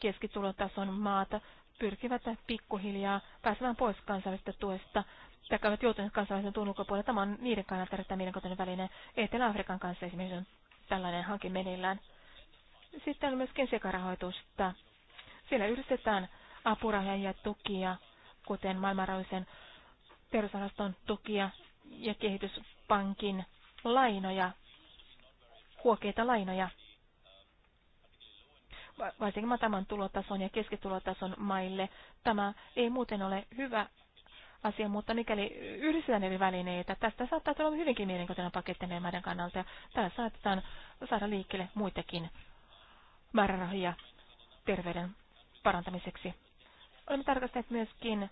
Keskitulotason maata pyrkivät pikkuhiljaa pääsemään pois kansallisesta tuesta tai ovat joutuneet kansainvälisen tuon ulkopuolelle. Tämä on niiden kannalta erittäin mielenkiintoinen väline. Etelä-Afrikan kanssa esimerkiksi on tällainen hanke meneillään. Sitten on myöskin sekarahoitusta. Siellä yhdistetään apurahoja ja tukia, kuten maailmanrahoisen perusrahaston tukia ja kehityspankin lainoja, huokeita lainoja. Varsinkin mataman tulotason ja keskitulotason maille tämä ei muuten ole hyvä asia, mutta mikäli yhdistetään eri välineitä, tästä saattaa tulla hyvinkin mielenkiintoinen paketti meidän kannalta ja täällä saatetaan saada liikkeelle muitakin määrärahoja terveyden parantamiseksi. Olemme tarkastaneet myöskin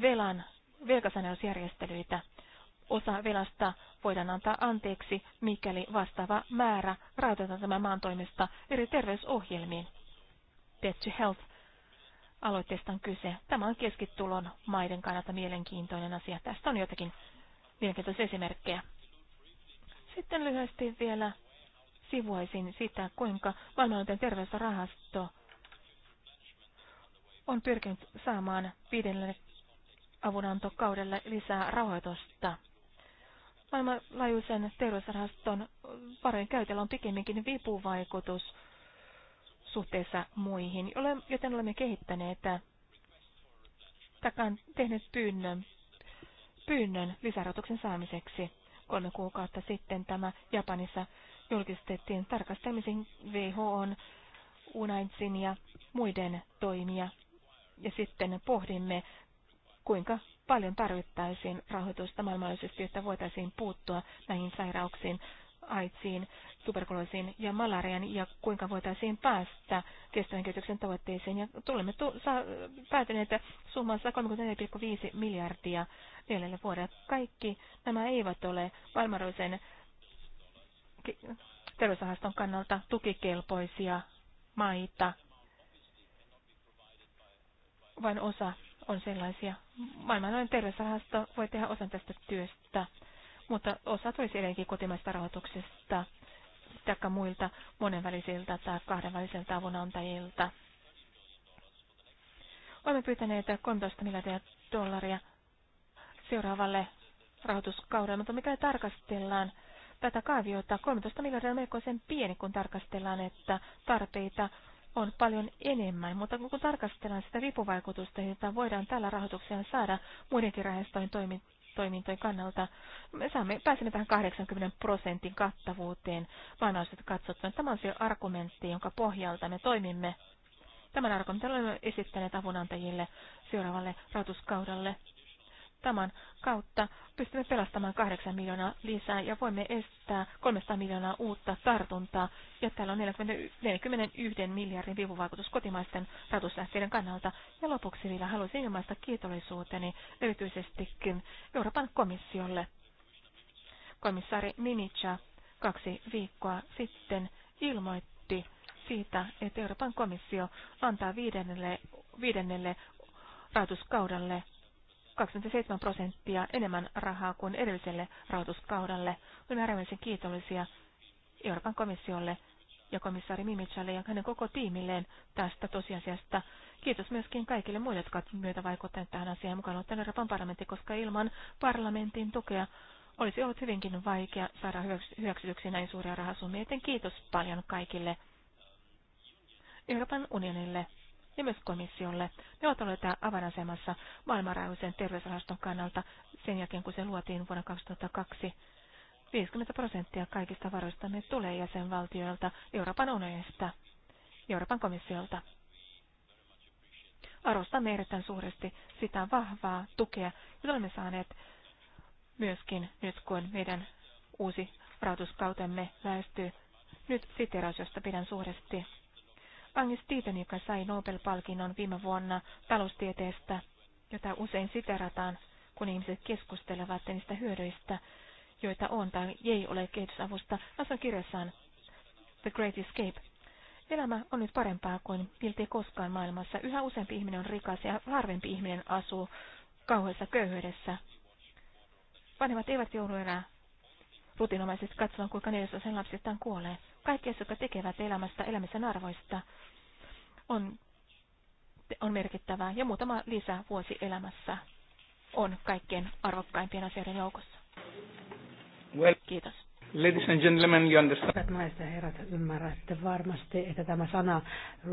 velan velkasaneusjärjestelyitä. Osa velasta voidaan antaa anteeksi, mikäli vastaava määrä rahoitetaan tämän maan toimesta eri terveysohjelmiin. Debt to Health aloitteesta on kyse. Tämä on keskitulon maiden kannalta mielenkiintoinen asia. Tästä on jotakin mielenkiintoisia esimerkkejä. Sitten lyhyesti vielä sivuaisin sitä, kuinka maailmanlaajuinen terveysrahasto on pyrkinyt saamaan viidelle avunantokaudelle lisää rahoitusta. Maailmanlaajuisen terveysrahaston varojen käytöllä on pikemminkin vipuvaikutus suhteessa muihin, joten olemme kehittäneet takan tehneet pyynnön, pyynnön lisärahoituksen saamiseksi. Kolme kuukautta sitten tämä Japanissa julkistettiin tarkastamisen WHOn, UNAIDSin ja muiden toimia. Ja sitten pohdimme, kuinka paljon tarvittaisiin rahoitusta maailmallisesti, että voitaisiin puuttua näihin sairauksiin, AIDSiin, tuberkuloisiin ja malariaan, ja kuinka voitaisiin päästä kestävän kehityksen tavoitteisiin. Ja tulemme tu- saa, päätyneet summassa 34,5 miljardia neljälle vuodelle. Kaikki nämä eivät ole maailmanlaajuisen terveysrahaston kannalta tukikelpoisia maita. Vain osa on sellaisia. Maailmanlainen terveysrahasto voi tehdä osan tästä työstä, mutta osa tulisi edelleenkin kotimaista rahoituksesta taikka muilta monenvälisiltä tai kahdenvälisiltä avunantajilta. Olemme pyytäneet 13 miljardia dollaria seuraavalle rahoituskaudelle, mutta mikä tarkastellaan tätä kaaviota. 13 miljardia on melkoisen pieni, kun tarkastellaan, että tarpeita on paljon enemmän, mutta kun tarkastellaan sitä vipuvaikutusta, jota voidaan tällä rahoituksella saada muidenkin rahastojen toimintojen kannalta, me saamme, pääsemme tähän 80 prosentin kattavuuteen vanhaiset katsottuna. Tämä on se argumentti, jonka pohjalta me toimimme. Tämän argumentin olemme esittäneet avunantajille seuraavalle rahoituskaudelle. Tämän kautta pystymme pelastamaan 8 miljoonaa lisää ja voimme estää 300 miljoonaa uutta tartuntaa. Ja täällä on 41 miljardin vivuvaikutus kotimaisten ratuslähteiden kannalta. Ja lopuksi vielä haluaisin ilmaista kiitollisuuteni erityisestikin Euroopan komissiolle. Komissaari Mimica kaksi viikkoa sitten ilmoitti siitä, että Euroopan komissio antaa viidennelle, viidennelle rahoituskaudelle 27 prosenttia enemmän rahaa kuin edelliselle rahoituskaudelle. Olemme äärimmäisen kiitollisia Euroopan komissiolle ja komissaari Mimicalle ja hänen koko tiimilleen tästä tosiasiasta. Kiitos myöskin kaikille muille, jotka myötä vaikuttaneet tähän asiaan mukaan ottaen Euroopan parlamentti, koska ilman parlamentin tukea olisi ollut hyvinkin vaikea saada hyväksytyksi näin suuria rahasummia, joten kiitos paljon kaikille Euroopan unionille ja myös komissiolle. Ne ovat olleet avainasemassa maailmanlaajuisen terveysrahaston kannalta sen jälkeen, kun se luotiin vuonna 2002. 50 prosenttia kaikista varoistamme tulee jäsenvaltioilta, Euroopan unionista, Euroopan komissiolta. Arvostamme erittäin suuresti sitä vahvaa tukea, jota olemme saaneet myöskin nyt, kun meidän uusi rahoituskautemme lähestyy. Nyt siteraus, josta pidän suuresti. Angus Deaton, joka sai Nobel-palkinnon viime vuonna taloustieteestä, jota usein siterataan, kun ihmiset keskustelevat niistä hyödyistä, joita on tai ei ole kehitysavusta, asun kirjassaan The Great Escape. Elämä on nyt parempaa kuin miltei koskaan maailmassa. Yhä useampi ihminen on rikas ja harvempi ihminen asuu kauheassa köyhyydessä. Vanhemmat eivät joudu enää rutinomaisesti katsomaan, kuinka neljäsosan lapsistaan kuolee. Kaikki, jotka tekevät elämästä elämisen arvoista, on, on merkittävää. Ja muutama lisä vuosi elämässä on kaikkien arvokkaimpien asioiden joukossa. Well, Kiitos. Ladies and gentlemen, you understand. Hyvät naiset ja herrat, ymmärrätte varmasti, että tämä sana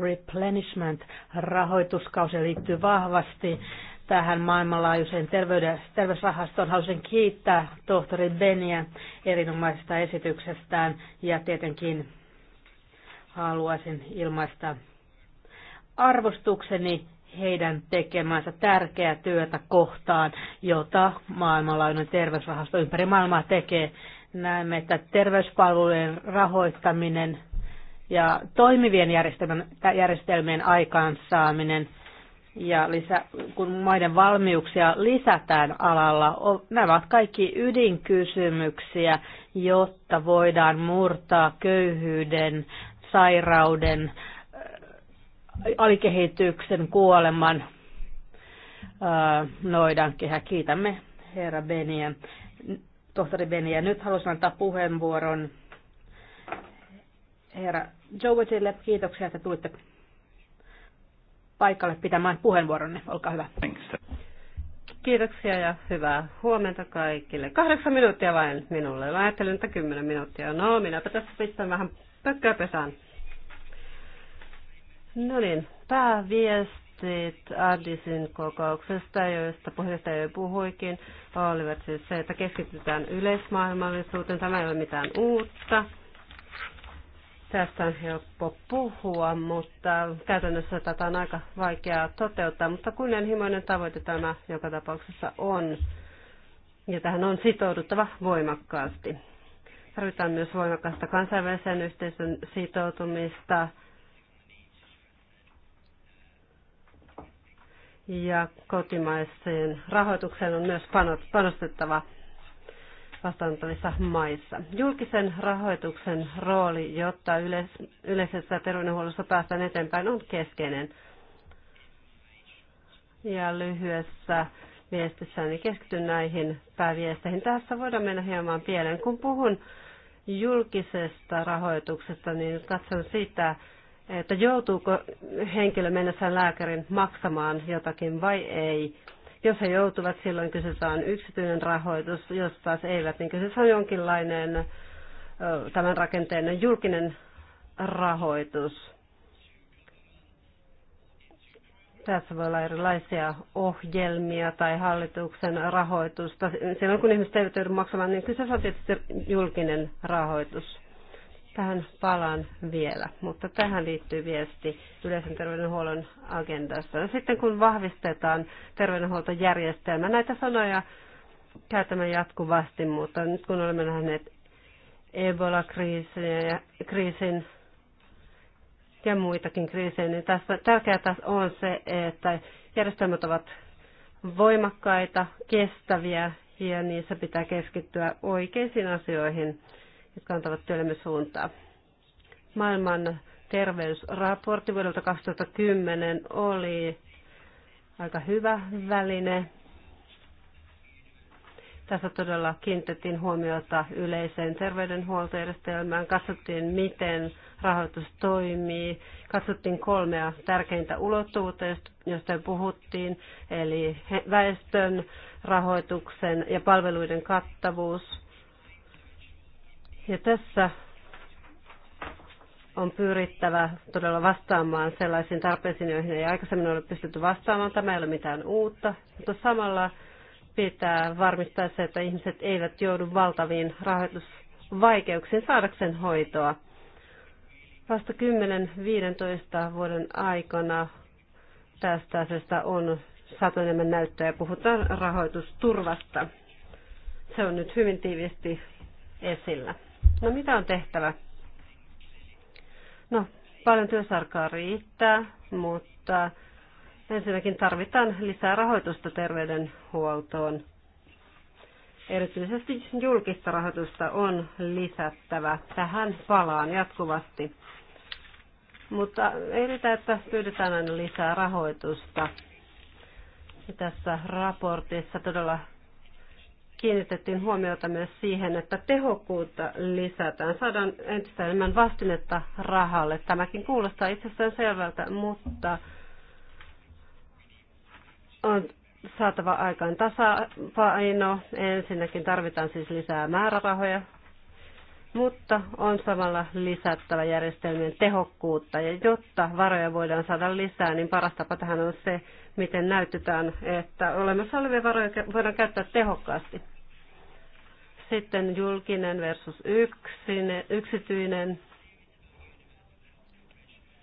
replenishment rahoituskausi liittyy vahvasti tähän maailmanlaajuiseen terveysrahastoon. Haluaisin kiittää tohtori Beniä erinomaisesta esityksestään ja tietenkin haluaisin ilmaista arvostukseni heidän tekemänsä tärkeää työtä kohtaan, jota maailmanlaajuinen terveysrahasto ympäri maailmaa tekee. Näemme, että terveyspalvelujen rahoittaminen ja toimivien järjestelmien, järjestelmien aikaansaaminen ja lisä, kun maiden valmiuksia lisätään alalla, nämä ovat kaikki ydinkysymyksiä, jotta voidaan murtaa köyhyyden, sairauden, äh, alikehityksen, kuoleman äh, noidankehä. Kiitämme herra Beniä, tohtori Beniä. Nyt haluaisin antaa puheenvuoron herra Jovetille. Kiitoksia, että tulitte paikalle pitämään puheenvuoronne. Olkaa hyvä. Kiitoksia ja hyvää huomenta kaikille. Kahdeksan minuuttia vain minulle. Mä ajattelin, että kymmenen minuuttia. No, minäpä tässä pistän vähän pökköä pesään. No niin, pääviestit Addisin kokouksesta, joista puheenjohtaja jo puhuikin, olivat siis se, että keskitytään yleismaailmallisuuteen. Tämä ei ole mitään uutta. Tästä on helppo puhua, mutta käytännössä tätä on aika vaikeaa toteuttaa, mutta kunnianhimoinen tavoite tämä joka tapauksessa on. Ja tähän on sitouduttava voimakkaasti. Tarvitaan myös voimakasta kansainvälisen yhteisön sitoutumista ja kotimaiseen rahoitukseen on myös panostettava vastaanottavissa maissa. Julkisen rahoituksen rooli, jotta yleis yleisessä terveydenhuollossa päästään eteenpäin, on keskeinen. Ja lyhyessä viestissäni niin keskityn näihin pääviesteihin. Tässä voidaan mennä hieman pieleen. Kun puhun julkisesta rahoituksesta, niin katson sitä, että joutuuko henkilö mennessään lääkärin maksamaan jotakin vai ei jos he joutuvat, silloin kyseessä on yksityinen rahoitus. Jos taas eivät, niin kyseessä on jonkinlainen tämän rakenteen julkinen rahoitus. Tässä voi olla erilaisia ohjelmia tai hallituksen rahoitusta. Silloin kun ihmiset eivät joudu maksamaan, niin kyseessä on tietysti julkinen rahoitus. Tähän palaan vielä, mutta tähän liittyy viesti yleisen terveydenhuollon agendasta. No sitten kun vahvistetaan terveydenhuoltojärjestelmä, näitä sanoja käytämme jatkuvasti, mutta nyt kun olemme nähneet Ebola-kriisin ja, kriisin ja muitakin kriisejä, niin tässä tärkeää tässä on se, että järjestelmät ovat voimakkaita, kestäviä ja niissä pitää keskittyä oikeisiin asioihin jotka antavat työllemme suuntaa. Maailman terveysraportti vuodelta 2010 oli aika hyvä väline. Tässä todella kiinnitettiin huomiota yleiseen terveydenhuoltojärjestelmään, katsottiin miten rahoitus toimii, katsottiin kolmea tärkeintä ulottuvuutta, joista puhuttiin, eli väestön, rahoituksen ja palveluiden kattavuus – ja tässä on pyrittävä todella vastaamaan sellaisiin tarpeisiin, joihin ei aikaisemmin ole pystytty vastaamaan. Tämä ei ole mitään uutta, mutta samalla pitää varmistaa se, että ihmiset eivät joudu valtaviin rahoitusvaikeuksiin saadakseen hoitoa. Vasta 10-15 vuoden aikana tästä asiasta on saatu enemmän näyttöä ja puhutaan rahoitusturvasta. Se on nyt hyvin tiiviisti esillä. No mitä on tehtävä? No, paljon työsarkaa riittää, mutta ensinnäkin tarvitaan lisää rahoitusta terveydenhuoltoon. Erityisesti julkista rahoitusta on lisättävä. Tähän palaan jatkuvasti. Mutta ei riitä, että pyydetään aina lisää rahoitusta. Ja tässä raportissa todella kiinnitettiin huomiota myös siihen, että tehokkuutta lisätään, saadaan entistä enemmän vastinetta rahalle. Tämäkin kuulostaa itsestään selvältä, mutta on saatava aikaan tasapaino. Ensinnäkin tarvitaan siis lisää määrärahoja mutta on samalla lisättävä järjestelmien tehokkuutta. Ja jotta varoja voidaan saada lisää, niin paras tapa tähän on se, miten näytetään, että olemassa olevia varoja voidaan käyttää tehokkaasti. Sitten julkinen versus yksine, yksityinen.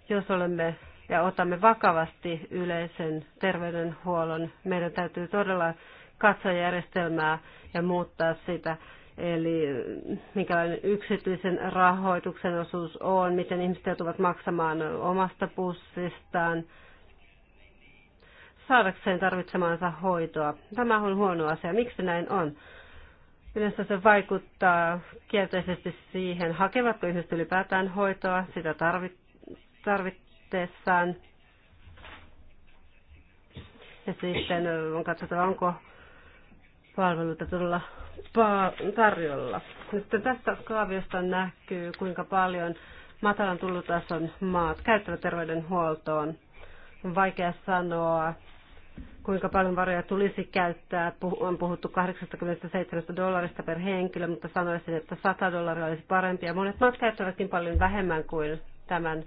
Jos olemme ja otamme vakavasti yleisen terveydenhuollon, meidän täytyy todella katsoa järjestelmää ja muuttaa sitä eli mm, minkälainen yksityisen rahoituksen osuus on, miten ihmiset joutuvat maksamaan omasta pussistaan saadakseen tarvitsemaansa hoitoa. Tämä on huono asia. Miksi näin on? Yleensä se vaikuttaa kielteisesti siihen, hakevatko ihmiset ylipäätään hoitoa sitä tarvitteessaan. Ja sitten on katsotaan, onko palveluita todella tarjolla. Nyt tästä kaaviosta näkyy, kuinka paljon matalan tulotason maat käyttävät terveydenhuoltoon. On vaikea sanoa, kuinka paljon varoja tulisi käyttää. On puhuttu 87 dollarista per henkilö, mutta sanoisin, että 100 dollaria olisi parempi. Ja monet maat käyttävätkin niin paljon vähemmän kuin tämän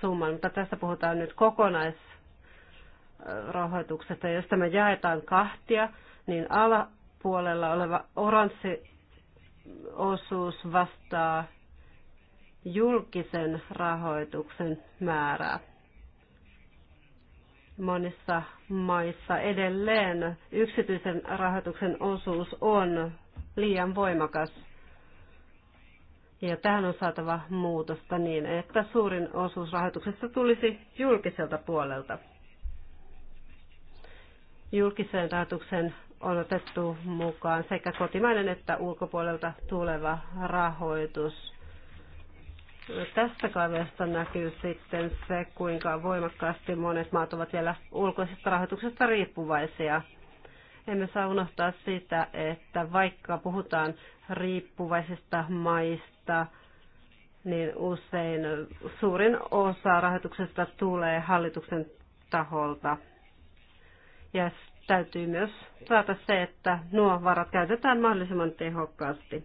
summan, mutta tässä puhutaan nyt kokonaisrahoituksesta. Jos tämä jaetaan kahtia, niin ala, puolella oleva oranssi osuus vastaa julkisen rahoituksen määrää. Monissa maissa edelleen yksityisen rahoituksen osuus on liian voimakas. Ja tähän on saatava muutosta niin, että suurin osuus rahoituksesta tulisi julkiselta puolelta. Julkisen rahoituksen on otettu mukaan sekä kotimainen että ulkopuolelta tuleva rahoitus. Tästä kaivesta näkyy sitten se, kuinka voimakkaasti monet maat ovat vielä ulkoisesta rahoituksesta riippuvaisia. Emme saa unohtaa sitä, että vaikka puhutaan riippuvaisista maista, niin usein suurin osa rahoituksesta tulee hallituksen taholta. Ja täytyy myös taata se, että nuo varat käytetään mahdollisimman tehokkaasti.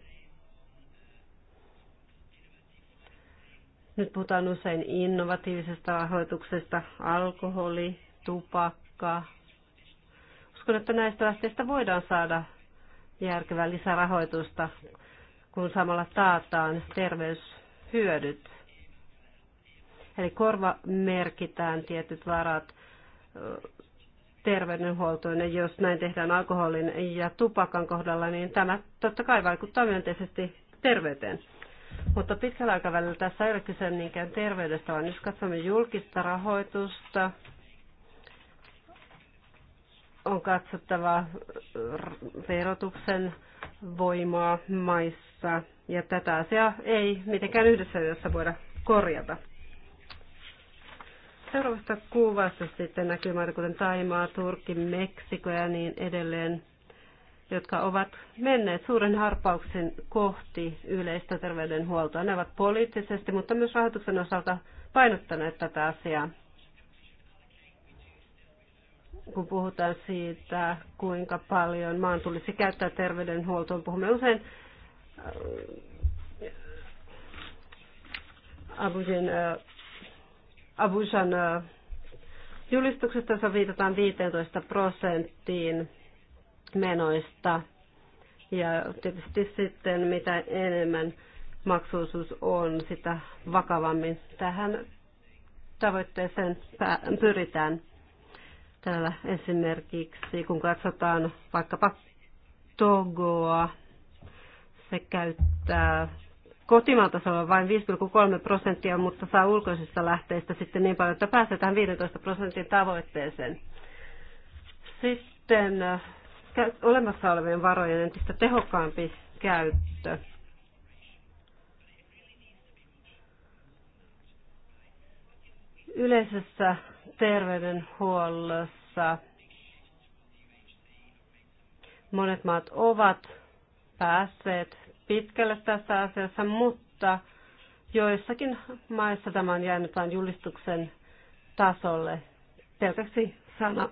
Nyt puhutaan usein innovatiivisesta rahoituksesta, alkoholi, tupakka. Uskon, että näistä lähteistä voidaan saada järkevää lisärahoitusta, kun samalla taataan terveyshyödyt. Eli korva merkitään tietyt varat terveydenhuoltoon. Ja jos näin tehdään alkoholin ja tupakan kohdalla, niin tämä totta kai vaikuttaa myönteisesti terveyteen. Mutta pitkällä aikavälillä tässä ei ole kyse niinkään terveydestä, vaan jos katsomme julkista rahoitusta, on katsottava verotuksen voimaa maissa. Ja tätä asiaa ei mitenkään yhdessä yössä voida korjata seuraavassa kuvassa sitten näkyy maita kuten Taimaa, Turkki, Meksiko ja niin edelleen, jotka ovat menneet suuren harppauksen kohti yleistä terveydenhuoltoa. Ne ovat poliittisesti, mutta myös rahoituksen osalta painottaneet tätä asiaa. Kun puhutaan siitä, kuinka paljon maan tulisi käyttää terveydenhuoltoon, puhumme usein äh, Abujen äh, Abujan julistuksesta, jossa viitataan 15 prosenttiin menoista. Ja tietysti sitten mitä enemmän maksuosuus on, sitä vakavammin tähän tavoitteeseen pyritään. Täällä esimerkiksi, kun katsotaan vaikkapa Togoa, se käyttää se on vain 5,3 prosenttia, mutta saa ulkoisista lähteistä sitten niin paljon, että pääsee tähän 15 prosentin tavoitteeseen. Sitten äh, olemassa olevien varojen entistä tehokkaampi käyttö. Yleisessä terveydenhuollossa monet maat ovat päässeet pitkälle tässä asiassa, mutta joissakin maissa tämä on jäänyt vain julistuksen tasolle pelkäksi sana,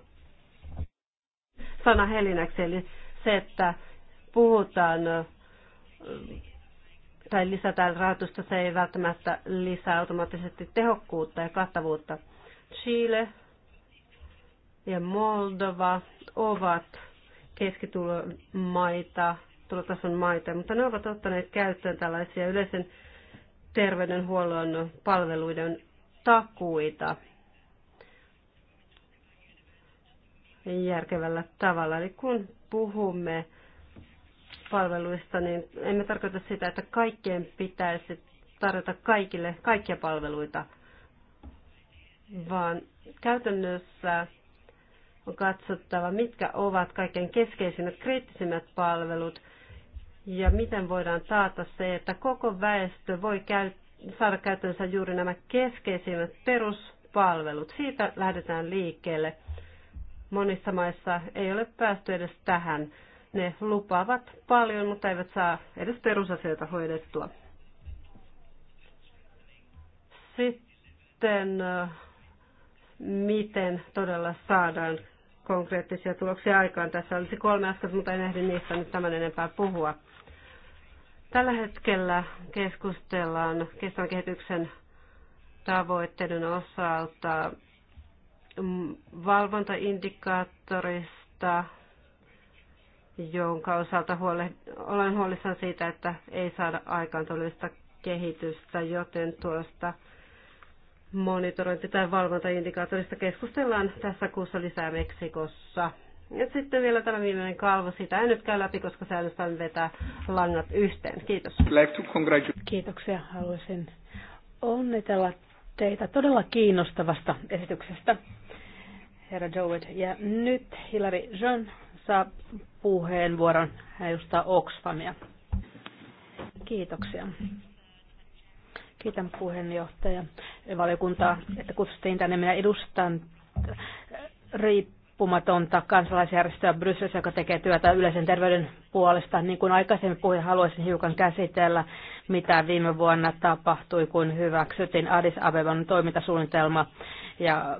sana helinäksi. Eli se, että puhutaan tai lisätään rahoitusta, se ei välttämättä lisää automaattisesti tehokkuutta ja kattavuutta. Chile ja Moldova ovat keskitulomaita, tulotason maita, mutta ne ovat ottaneet käyttöön tällaisia yleisen terveydenhuollon palveluiden takuita järkevällä tavalla. Eli kun puhumme palveluista, niin emme tarkoita sitä, että kaikkien pitäisi tarjota kaikille kaikkia palveluita, vaan käytännössä on katsottava, mitkä ovat kaikkein keskeisimmät kriittisimmät palvelut ja miten voidaan taata se, että koko väestö voi saada käytönsä juuri nämä keskeisimmät peruspalvelut. Siitä lähdetään liikkeelle. Monissa maissa ei ole päästy edes tähän. Ne lupaavat paljon, mutta eivät saa edes perusasioita hoidettua. Sitten äh, miten todella saadaan konkreettisia tuloksia aikaan. Tässä olisi kolme askelta mutta en ehdi niistä nyt tämän enempää puhua. Tällä hetkellä keskustellaan kestävän kehityksen tavoitteiden osalta valvontaindikaattorista, jonka osalta huole, olen huolissaan siitä, että ei saada aikaan todellista kehitystä, joten tuosta monitorointi- tai valvontaindikaattorista keskustellaan tässä kuussa lisää Meksikossa. Ja sitten vielä tämä viimeinen kalvo, sitä en nyt käy läpi, koska se ainoastaan vetää langat yhteen. Kiitos. Kiitoksia, haluaisin onnitella teitä todella kiinnostavasta esityksestä, herra Jowett. Ja nyt Hilary John saa puheenvuoron. Hän edustaa Oxfamia. Kiitoksia. Kiitän puheenjohtaja ja valiokuntaa, että kutsuttiin tänne. Minä edustan riippuen riippumatonta kansalaisjärjestöä Brysselissä, joka tekee työtä yleisen terveyden puolesta. Niin kuin aikaisemmin puhuin, haluaisin hiukan käsitellä, mitä viime vuonna tapahtui, kun hyväksyttiin Addis Abeban toimintasuunnitelma ja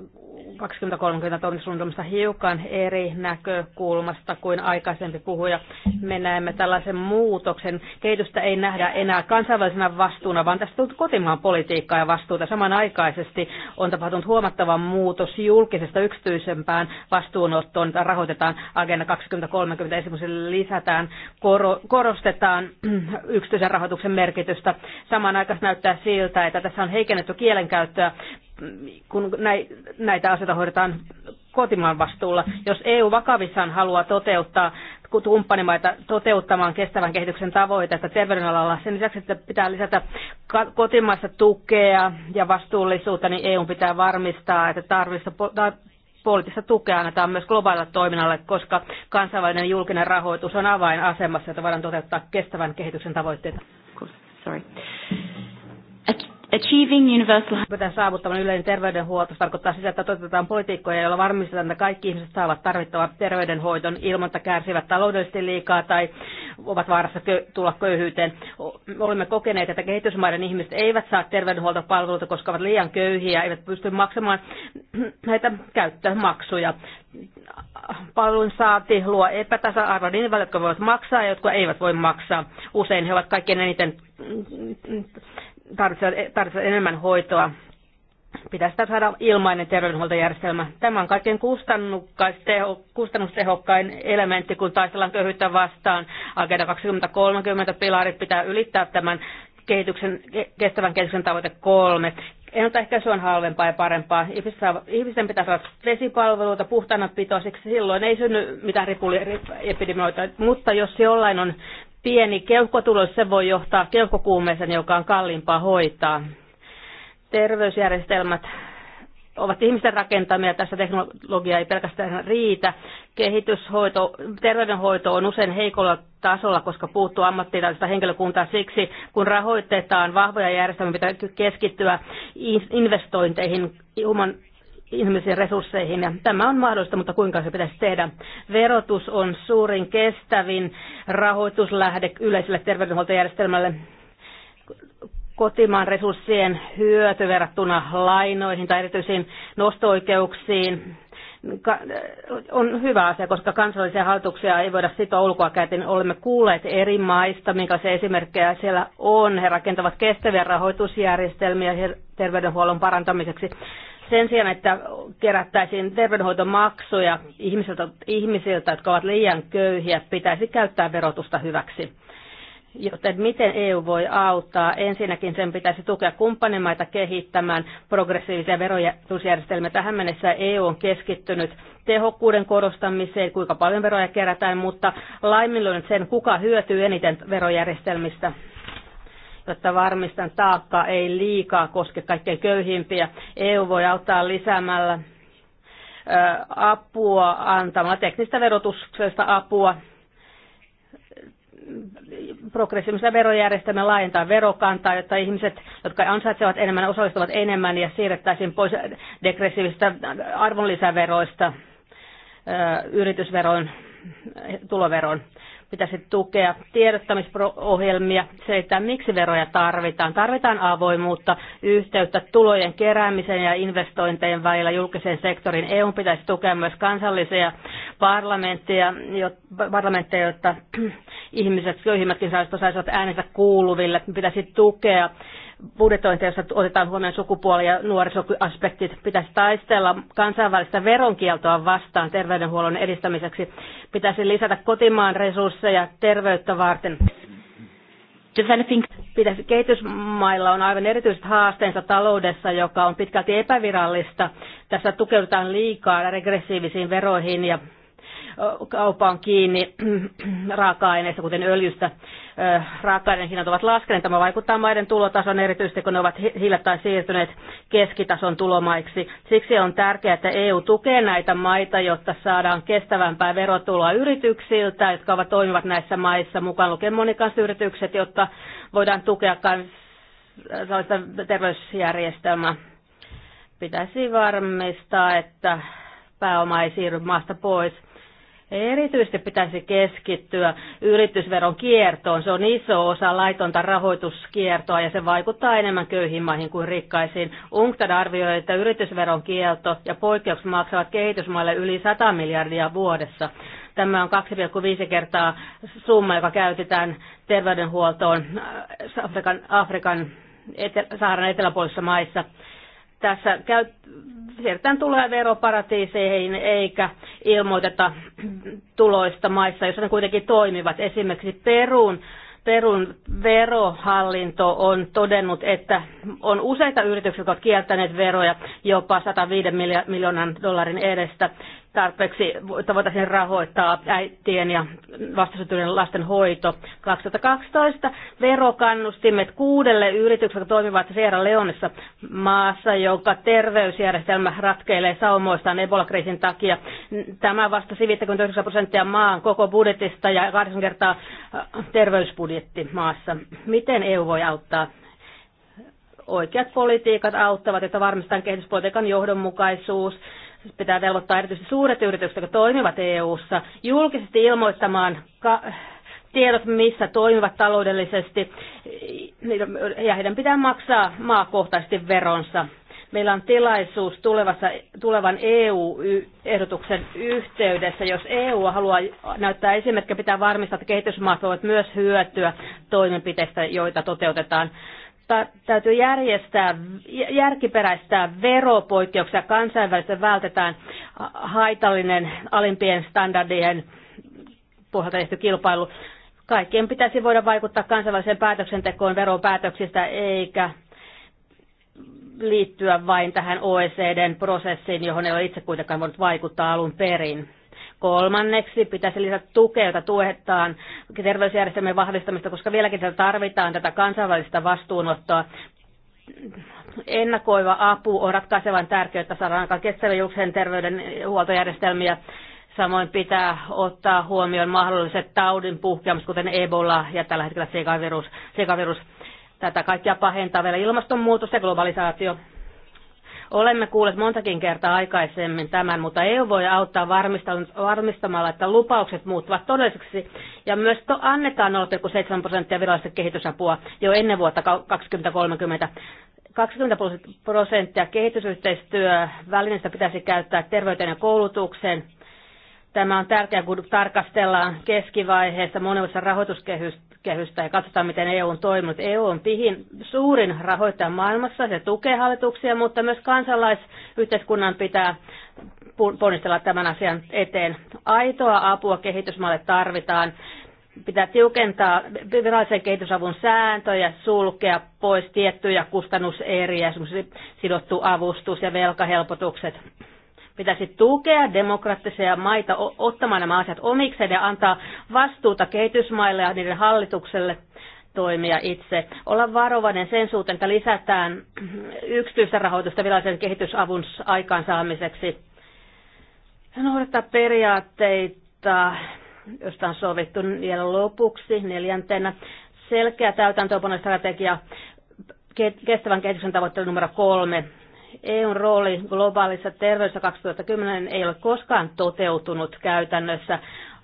2030 toimintasuunnitelmasta hiukan eri näkökulmasta kuin aikaisempi puhuja. Me näemme tällaisen muutoksen. Kehitystä ei nähdä enää kansainvälisenä vastuuna, vaan tästä tullut kotimaan politiikkaa ja vastuuta. Samanaikaisesti on tapahtunut huomattava muutos julkisesta yksityisempään vastuunottoon, rahoitetaan Agenda 2030. Esimerkiksi lisätään, korostetaan yksityisen rahoituksen merkitystä. Samanaikaisesti näyttää siltä, että tässä on heikennetty kielenkäyttöä kun näitä asioita hoidetaan kotimaan vastuulla. Jos EU vakavissaan haluaa toteuttaa kumppanimaita toteuttamaan kestävän kehityksen tavoitetta terveydenalalla, sen lisäksi, että pitää lisätä kotimaista tukea ja vastuullisuutta, niin EU pitää varmistaa, että tarvista poliittista tukea annetaan myös globaalilla toiminnalle, koska kansainvälinen julkinen rahoitus on avainasemassa, että voidaan toteuttaa kestävän kehityksen tavoitteita. Sorry. Achieving universal... Pitää saavuttamaan yleinen terveydenhuolto tarkoittaa sitä, että toteutetaan politiikkoja, joilla varmistetaan, että kaikki ihmiset saavat tarvittavan terveydenhoidon ilman, että kärsivät taloudellisesti liikaa tai ovat vaarassa tulla köyhyyteen. Olemme kokeneet, että kehitysmaiden ihmiset eivät saa terveydenhuoltopalveluita, koska ovat liian köyhiä, eivät pysty maksamaan näitä käyttömaksuja. Palvelun saati luo epätasa-arvoa niin välillä, jotka voivat maksaa ja jotka eivät voi maksaa. Usein he ovat kaikkein eniten tarvitsevat, tarvitsevat enemmän hoitoa. Pitäisi saada ilmainen terveydenhuoltojärjestelmä. Tämä on kaikkein kustannustehokkain elementti, kun taistellaan köyhyyttä vastaan. Agenda 2030 pilarit pitää ylittää tämän kehityksen, kestävän kehityksen tavoite kolme. Ennaltaehkäisy on halvempaa ja parempaa. Ihmisten pitää saada vesipalveluita puhtaana pitoisiksi. Silloin ei synny mitään ripuliepidemioita, mutta jos jollain on pieni keuhkotulos, se voi johtaa keuhkokuumeeseen, joka on kalliimpaa hoitaa. Terveysjärjestelmät ovat ihmisten rakentamia, tässä teknologia ei pelkästään riitä. Kehityshoito, terveydenhoito on usein heikolla tasolla, koska puuttuu ammattitaitoista henkilökuntaa siksi, kun rahoitetaan vahvoja järjestelmiä, pitää keskittyä investointeihin human ihmisiin resursseihin ja tämä on mahdollista, mutta kuinka se pitäisi tehdä? Verotus on suurin kestävin rahoituslähde yleiselle terveydenhuoltojärjestelmälle kotimaan resurssien hyöty verrattuna lainoihin tai erityisiin nosto-oikeuksiin on hyvä asia, koska kansallisia hallituksia ei voida sitoa ulkoa käytin. Olemme kuulleet eri maista, minkälaisia esimerkkejä siellä on. He rakentavat kestäviä rahoitusjärjestelmiä terveydenhuollon parantamiseksi. Sen sijaan, että kerättäisiin terveydenhoitomaksuja ihmisiltä, ihmisiltä, jotka ovat liian köyhiä, pitäisi käyttää verotusta hyväksi. Joten miten EU voi auttaa? Ensinnäkin sen pitäisi tukea kumppanimaita kehittämään progressiivisia verojärjestelmiä. Tähän mennessä EU on keskittynyt tehokkuuden korostamiseen, kuinka paljon veroja kerätään, mutta laiminlyönyt sen, kuka hyötyy eniten verojärjestelmistä että varmistan taakka ei liikaa koske kaikkein köyhimpiä. EU voi auttaa lisäämällä apua antamalla teknistä verotuksesta apua progressiivisen verojärjestelmän laajentaa verokantaa, jotta ihmiset, jotka ansaitsevat enemmän, osallistuvat enemmän ja siirrettäisiin pois degressiivisistä arvonlisäveroista yritysveroin tuloveroon. Pitäisi tukea tiedottamisohjelmia, että miksi veroja tarvitaan. Tarvitaan avoimuutta, yhteyttä tulojen keräämisen ja investointeihin välillä julkisen sektorin. EU pitäisi tukea myös kansallisia parlamentteja, parlamentteja jotta ihmiset, köyhimmätkin saisivat äänensä kuuluville. Pitäisi tukea budjetointia, jossa otetaan huomioon sukupuoli- ja nuorisoaspektit. Pitäisi taistella kansainvälistä veronkieltoa vastaan terveydenhuollon edistämiseksi. Pitäisi lisätä kotimaan resursseja terveyttä varten. Pitäisi, kehitysmailla on aivan erityiset haasteensa taloudessa, joka on pitkälti epävirallista. Tässä tukeudutaan liikaa regressiivisiin veroihin ja kaupan kiinni raaka-aineista, kuten öljystä. Raaka-aineen hinnat ovat laskeneet. Tämä vaikuttaa maiden tulotason erityisesti, kun ne ovat hiljattain siirtyneet keskitason tulomaiksi. Siksi on tärkeää, että EU tukee näitä maita, jotta saadaan kestävämpää verotuloa yrityksiltä, jotka ovat toimivat näissä maissa, mukaan lukien monikansyritykset, jotta voidaan tukea kansallista terveysjärjestelmää. Pitäisi varmistaa, että pääoma ei siirry maasta pois. Erityisesti pitäisi keskittyä yritysveron kiertoon. Se on iso osa laitonta rahoituskiertoa ja se vaikuttaa enemmän köyhiin maihin kuin rikkaisiin. UNCTAD arvioi, että yritysveron kielto ja poikkeukset maksavat kehitysmaille yli 100 miljardia vuodessa. Tämä on 2,5 kertaa summa, joka käytetään terveydenhuoltoon äh, Afrikan, Afrikan etelä, Saharan eteläpuolisissa maissa. Tässä käy, siirretään tulee veroparatiiseihin eikä ilmoiteta tuloista maissa, joissa ne kuitenkin toimivat. Esimerkiksi Perun Perun verohallinto on todennut, että on useita yrityksiä, jotka ovat kieltäneet veroja jopa 105 miljoonan dollarin edestä tarpeeksi, että voitaisiin rahoittaa äitien ja vastasyntyneiden lasten hoito. 2012 verokannustimet kuudelle yritykselle toimivat Sierra Leonessa maassa, jonka terveysjärjestelmä ratkeilee saumoistaan Ebola-kriisin takia. Tämä vastasi 59 prosenttia maan koko budjetista ja kahdeksan kertaa äh, terveysbudjetti maassa. Miten EU voi auttaa? Oikeat politiikat auttavat, että varmistetaan kehityspolitiikan johdonmukaisuus, Siis pitää velvoittaa erityisesti suuret yritykset, jotka toimivat EU-ssa, julkisesti ilmoittamaan tiedot, missä toimivat taloudellisesti, ja heidän pitää maksaa maakohtaisesti veronsa. Meillä on tilaisuus tulevassa, tulevan EU-ehdotuksen yhteydessä, jos EU haluaa näyttää esimerkkiä, pitää varmistaa, että kehitysmaat voivat myös hyötyä toimenpiteistä, joita toteutetaan täytyy järjestää, järkiperäistää veropoikkeuksia. Kansainvälisesti vältetään haitallinen alimpien standardien pohjalta tehty kilpailu. Kaikkien pitäisi voida vaikuttaa kansainväliseen päätöksentekoon veropäätöksistä, eikä liittyä vain tähän OECDn prosessiin, johon ei ole itse kuitenkaan voinut vaikuttaa alun perin. Kolmanneksi pitäisi lisätä tukea, jota tuetaan terveysjärjestelmien vahvistamista, koska vieläkin tätä tarvitaan tätä kansainvälistä vastuunottoa. Ennakoiva apu on ratkaisevan tärkeää, että saadaan aikaan kestävä julkisen terveydenhuoltojärjestelmiä. Samoin pitää ottaa huomioon mahdolliset taudin puhkeamiset, kuten Ebola ja tällä hetkellä sekavirus. sekavirus. Tätä kaikkia pahentaa vielä ilmastonmuutos ja globalisaatio. Olemme kuulleet montakin kertaa aikaisemmin tämän, mutta EU voi auttaa varmistamalla, että lupaukset muuttuvat todelliseksi ja myös to annetaan 0,7 prosenttia virallista kehitysapua jo ennen vuotta 2030. 20 prosenttia kehitysyhteistyövälineistä pitäisi käyttää terveyteen ja koulutukseen, Tämä on tärkeää, kun tarkastellaan keskivaiheessa monivuotista rahoituskehystä ja katsotaan, miten EU on toiminut. EU on pihin, suurin rahoittaja maailmassa, se tukee hallituksia, mutta myös kansalaisyhteiskunnan pitää ponnistella tämän asian eteen. Aitoa apua kehitysmaalle tarvitaan. Pitää tiukentaa virallisen kehitysavun sääntöjä, sulkea pois tiettyjä kustannuseriä, sidottu avustus ja velkahelpotukset Pitäisi tukea demokraattisia maita ottamaan nämä asiat omikseen ja antaa vastuuta kehitysmaille ja niiden hallitukselle toimia itse. Olla varovainen sen suhteen, että lisätään yksityistä rahoitusta virallisen kehitysavun aikaansaamiseksi. Noudattaa periaatteita, josta on sovittu vielä lopuksi neljäntenä. Selkeä täytäntöönpanostrategia kestävän kehityksen tavoitteen numero kolme. EUn rooli globaalissa terveydessä 2010 ei ole koskaan toteutunut käytännössä.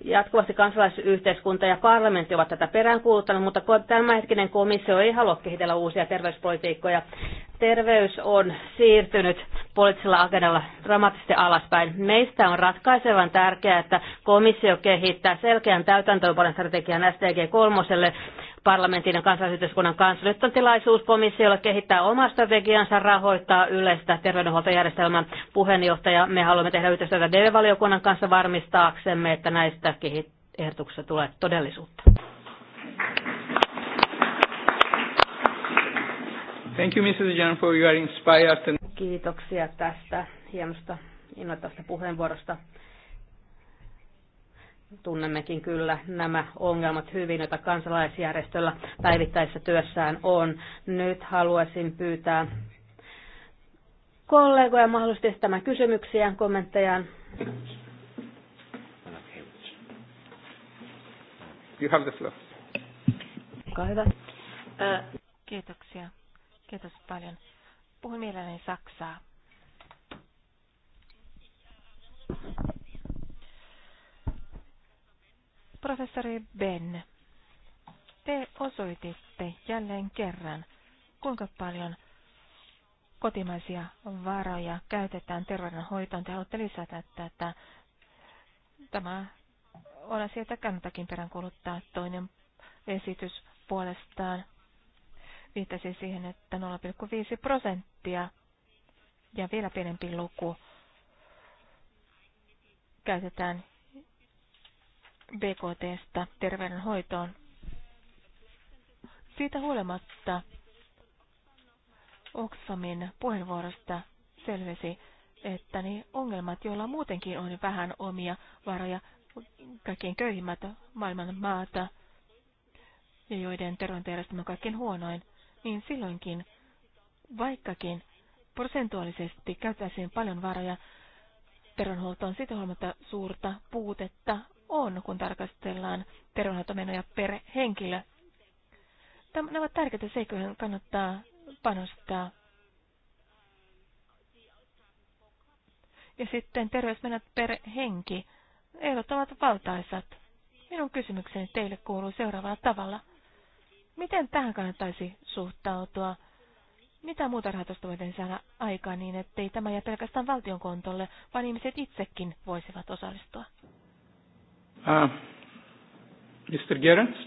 Jatkuvasti kansalaisyhteiskunta ja parlamentti ovat tätä peräänkuuluttaneet, mutta tämänhetkinen komissio ei halua kehitellä uusia terveyspolitiikkoja. Terveys on siirtynyt poliittisella agendalla dramaattisesti alaspäin. Meistä on ratkaisevan tärkeää, että komissio kehittää selkeän täytäntöönpanostrategian strategian STG 3 parlamentin ja kansallisyhteiskunnan kanssa. on tilaisuus komissiolle kehittää omaa strategiansa, rahoittaa yleistä terveydenhuoltojärjestelmän puheenjohtaja. Me haluamme tehdä yhteistyötä DV-valiokunnan kanssa varmistaaksemme, että näistä ehdotuksista tulee todellisuutta. Thank you, Mrs. Jan, for your inspired... Kiitoksia tästä hienosta innoittavasta puheenvuorosta tunnemmekin kyllä nämä ongelmat hyvin, joita kansalaisjärjestöllä päivittäisessä työssään on. Nyt haluaisin pyytää kollegoja mahdollisesti esittämään kysymyksiä, kommenttejaan. You have the floor. Olkaa hyvä. Äh. kiitoksia. Kiitos paljon. Puhun mielelläni Saksaa. Professori Ben, te osoititte jälleen kerran, kuinka paljon kotimaisia varoja käytetään terveydenhoitoon. Te haluatte lisätä tätä. Tämä on asia, että kannattakin peräänkuluttaa. Toinen esitys puolestaan viittasi siihen, että 0,5 prosenttia ja vielä pienempi luku käytetään BKTstä terveydenhoitoon. Siitä huolimatta Oksamin puheenvuorosta selvisi, että niin ongelmat, joilla muutenkin on vähän omia varoja, kaikkein köyhimmät maailman maata ja joiden terveydenjärjestelmä on kaikkein huonoin, niin silloinkin, vaikkakin prosentuaalisesti käytäisiin paljon varoja, terveydenhuoltoon siitä huolimatta suurta puutetta on, kun tarkastellaan terveydenhoitomenoja per henkilö. Tämä, nämä ovat tärkeitä seikkoja, joihin kannattaa panostaa. Ja sitten terveysmenot per henki. Ehdot ovat valtaisat. Minun kysymykseni teille kuuluu seuraavalla tavalla. Miten tähän kannattaisi suhtautua? Mitä muuta rahoitusta voitaisiin saada aikaan niin, ettei tämä jää pelkästään valtion kontolle, vaan ihmiset itsekin voisivat osallistua? Uh, Mr. Gerens.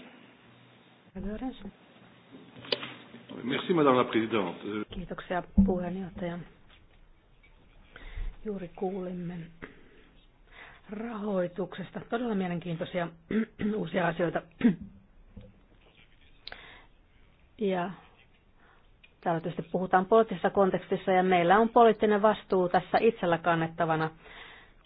Merci, Madame la Présidente. Kiitoksia puheenjohtaja. Juuri kuulimme rahoituksesta. Todella mielenkiintoisia uusia asioita. Ja täällä tietysti puhutaan poliittisessa kontekstissa ja meillä on poliittinen vastuu tässä itsellä kannettavana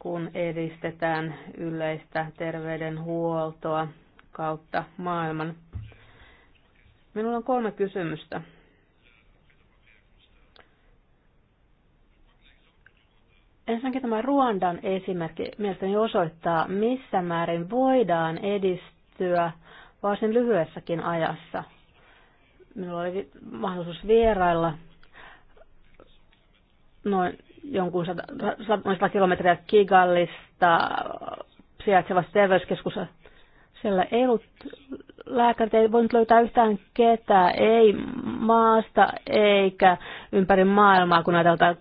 kun edistetään yleistä terveydenhuoltoa kautta maailman. Minulla on kolme kysymystä. Ensinnäkin tämä Ruandan esimerkki mielestäni osoittaa, missä määrin voidaan edistyä varsin lyhyessäkin ajassa. Minulla oli mahdollisuus vierailla noin jonkun 100, kilometriä Kigallista sijaitsevassa terveyskeskussa. Siellä ei ollut lääkärit, ei voinut löytää yhtään ketään, ei maasta eikä ympäri maailmaa, kun näitä äh,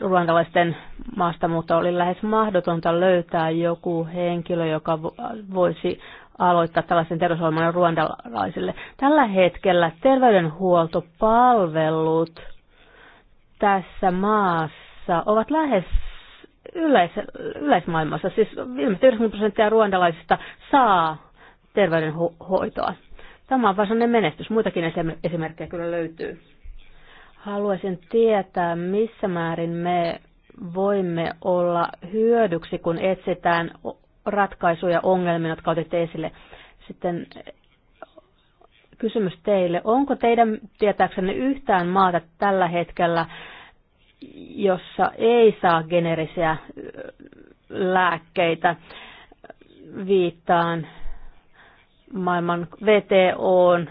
ruandalaisten maasta, mutta oli lähes mahdotonta löytää joku henkilö, joka voisi aloittaa tällaisen terveysohjelman ruandalaisille. Tällä hetkellä terveydenhuoltopalvelut tässä maassa Ruandassa ovat lähes yleis, yleismaailmassa. Siis 90 prosenttia ruandalaisista saa terveydenhoitoa. Tämä on varsinainen menestys. Muitakin esimerkkejä kyllä löytyy. Haluaisin tietää, missä määrin me voimme olla hyödyksi, kun etsitään ratkaisuja ongelmiin, jotka otitte esille. Sitten eh, kysymys teille. Onko teidän tietääksenne yhtään maata tällä hetkellä jossa ei saa generisiä lääkkeitä. Viittaan maailman VTOn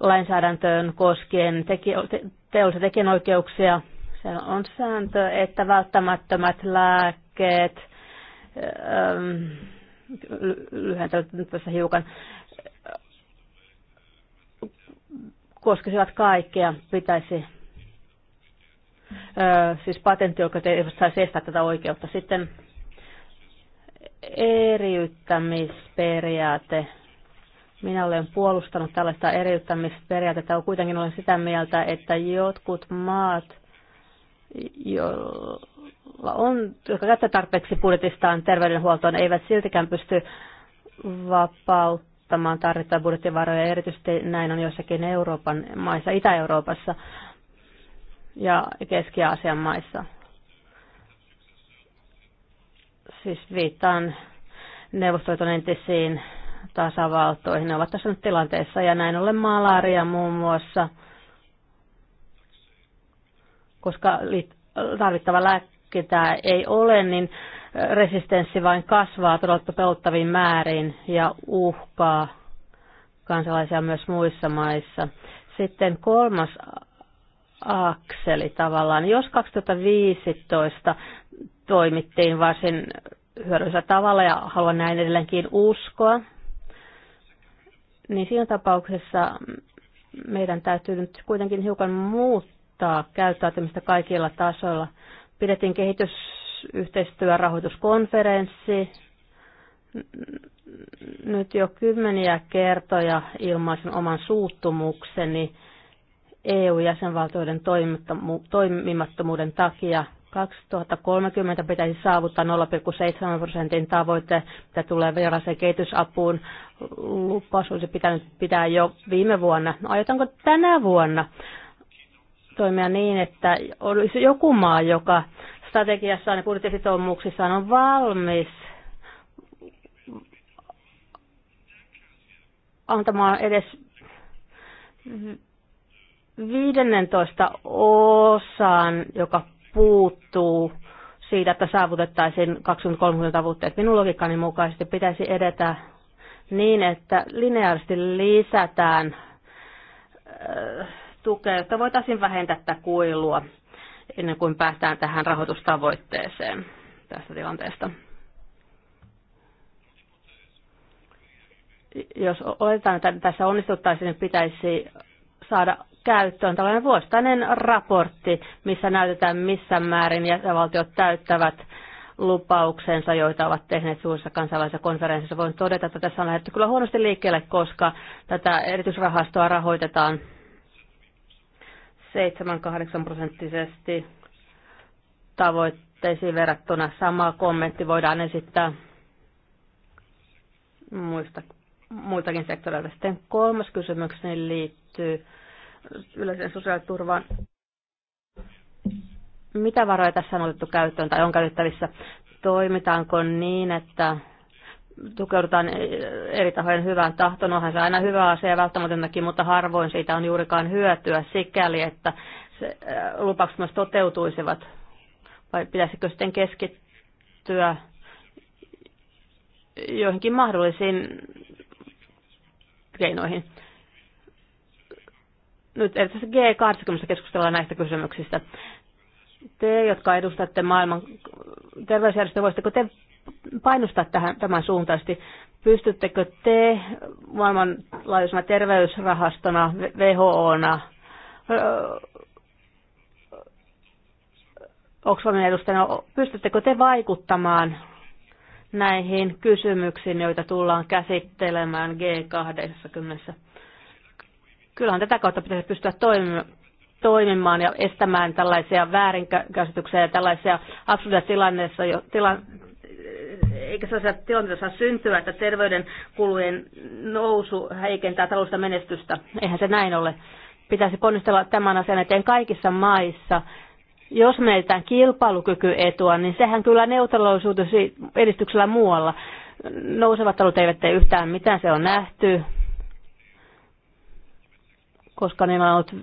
lainsäädäntöön koskien teollisia tekijänoikeuksia. Se on sääntö, että välttämättömät lääkkeet, lyhentänyt nyt tässä hiukan, koskisivat kaikkea, pitäisi siis patenttioikeudet joka saisi estää tätä oikeutta. Sitten eriyttämisperiaate. Minä olen puolustanut tällaista eriyttämisperiaatetta. Kuitenkin olen sitä mieltä, että jotkut maat, joilla on, jotka käyttävät tarpeeksi budjetistaan terveydenhuoltoon, eivät siltikään pysty vapauttamaan tarvittavia budjettivaroja. Erityisesti näin on jossakin Euroopan maissa, Itä-Euroopassa ja Keski-Aasian maissa. Siis viittaan neuvostoliiton entisiin tasavaltoihin. Ne ovat tässä nyt tilanteessa ja näin ollen malaria muun muassa, koska tarvittava lääketää ei ole, niin resistenssi vain kasvaa todella pelottaviin määrin ja uhkaa kansalaisia myös muissa maissa. Sitten kolmas akseli tavallaan. Jos 2015 toimittiin varsin hyödyllisellä tavalla ja haluan näin edelleenkin uskoa, niin siinä tapauksessa meidän täytyy nyt kuitenkin hiukan muuttaa käyttäytymistä kaikilla tasoilla. Pidettiin kehitysyhteistyörahoituskonferenssi. Nyt jo kymmeniä kertoja ilmaisin oman suuttumukseni EU-jäsenvaltioiden toimimattomuuden takia 2030 pitäisi saavuttaa 0,7 prosentin tavoite, mitä tulee vieraaseen kehitysapuun. Lupaus olisi pitänyt pitää jo viime vuonna. No, aiotaanko tänä vuonna toimia niin, että olisi joku maa, joka strategiassaan ja budjettisitoumuksissaan on valmis antamaan edes 15 osaan, joka puuttuu siitä, että saavutettaisiin 2030 tavoitteet. Minun logiikkani mukaisesti pitäisi edetä niin, että lineaarisesti lisätään äh, tukea, jotta voitaisiin vähentää tätä kuilua ennen kuin päästään tähän rahoitustavoitteeseen tästä tilanteesta. Jos oletetaan, että tässä onnistuttaisiin, niin pitäisi saada käyttöön tällainen vuostainen raportti, missä näytetään missä määrin jäsenvaltiot täyttävät lupauksensa, joita ovat tehneet suurissa kansainvälisissä konferenssissa. Voin todeta, että tässä on lähdetty kyllä huonosti liikkeelle, koska tätä erityisrahastoa rahoitetaan 7-8 prosenttisesti tavoitteisiin verrattuna. Sama kommentti voidaan esittää muista, muiltakin sektoreilta. Sitten kolmas kysymykseni liittyy yleiseen sosiaaliturvaan. Mitä varoja tässä on otettu käyttöön tai on käytettävissä? Toimitaanko niin, että tukeudutaan eri tahojen hyvään tahtoon? Onhan se aina hyvä asia välttämätöntäkin, mutta harvoin siitä on juurikaan hyötyä sikäli, että se, äh, lupaukset myös toteutuisivat. Vai pitäisikö sitten keskittyä joihinkin mahdollisiin keinoihin? nyt erityisesti G20 keskustellaan näistä kysymyksistä. Te, jotka edustatte maailman terveysjärjestöä, voisitteko te painostaa tähän, tämän suuntaisesti? Pystyttekö te maailmanlaajuisena terveysrahastona, WHOna, Oxfamin edustajana, pystyttekö te vaikuttamaan näihin kysymyksiin, joita tullaan käsittelemään G20? Kyllähän tätä kautta pitäisi pystyä toimimaan ja estämään tällaisia väärinkäsityksiä ja tällaisia absurdeja tilanteessa, jo, tila, eikä sellaisia tilanteita saa syntyä, että terveydenkulujen nousu heikentää taloudellista menestystä. Eihän se näin ole. Pitäisi ponnistella tämän asian eteen kaikissa maissa. Jos meiltään kilpailukykyetua, niin sehän kyllä neutraloisuutensa edistyksellä muualla. Nousevat taloudet eivät tee yhtään mitään, se on nähty koska niillä on ollut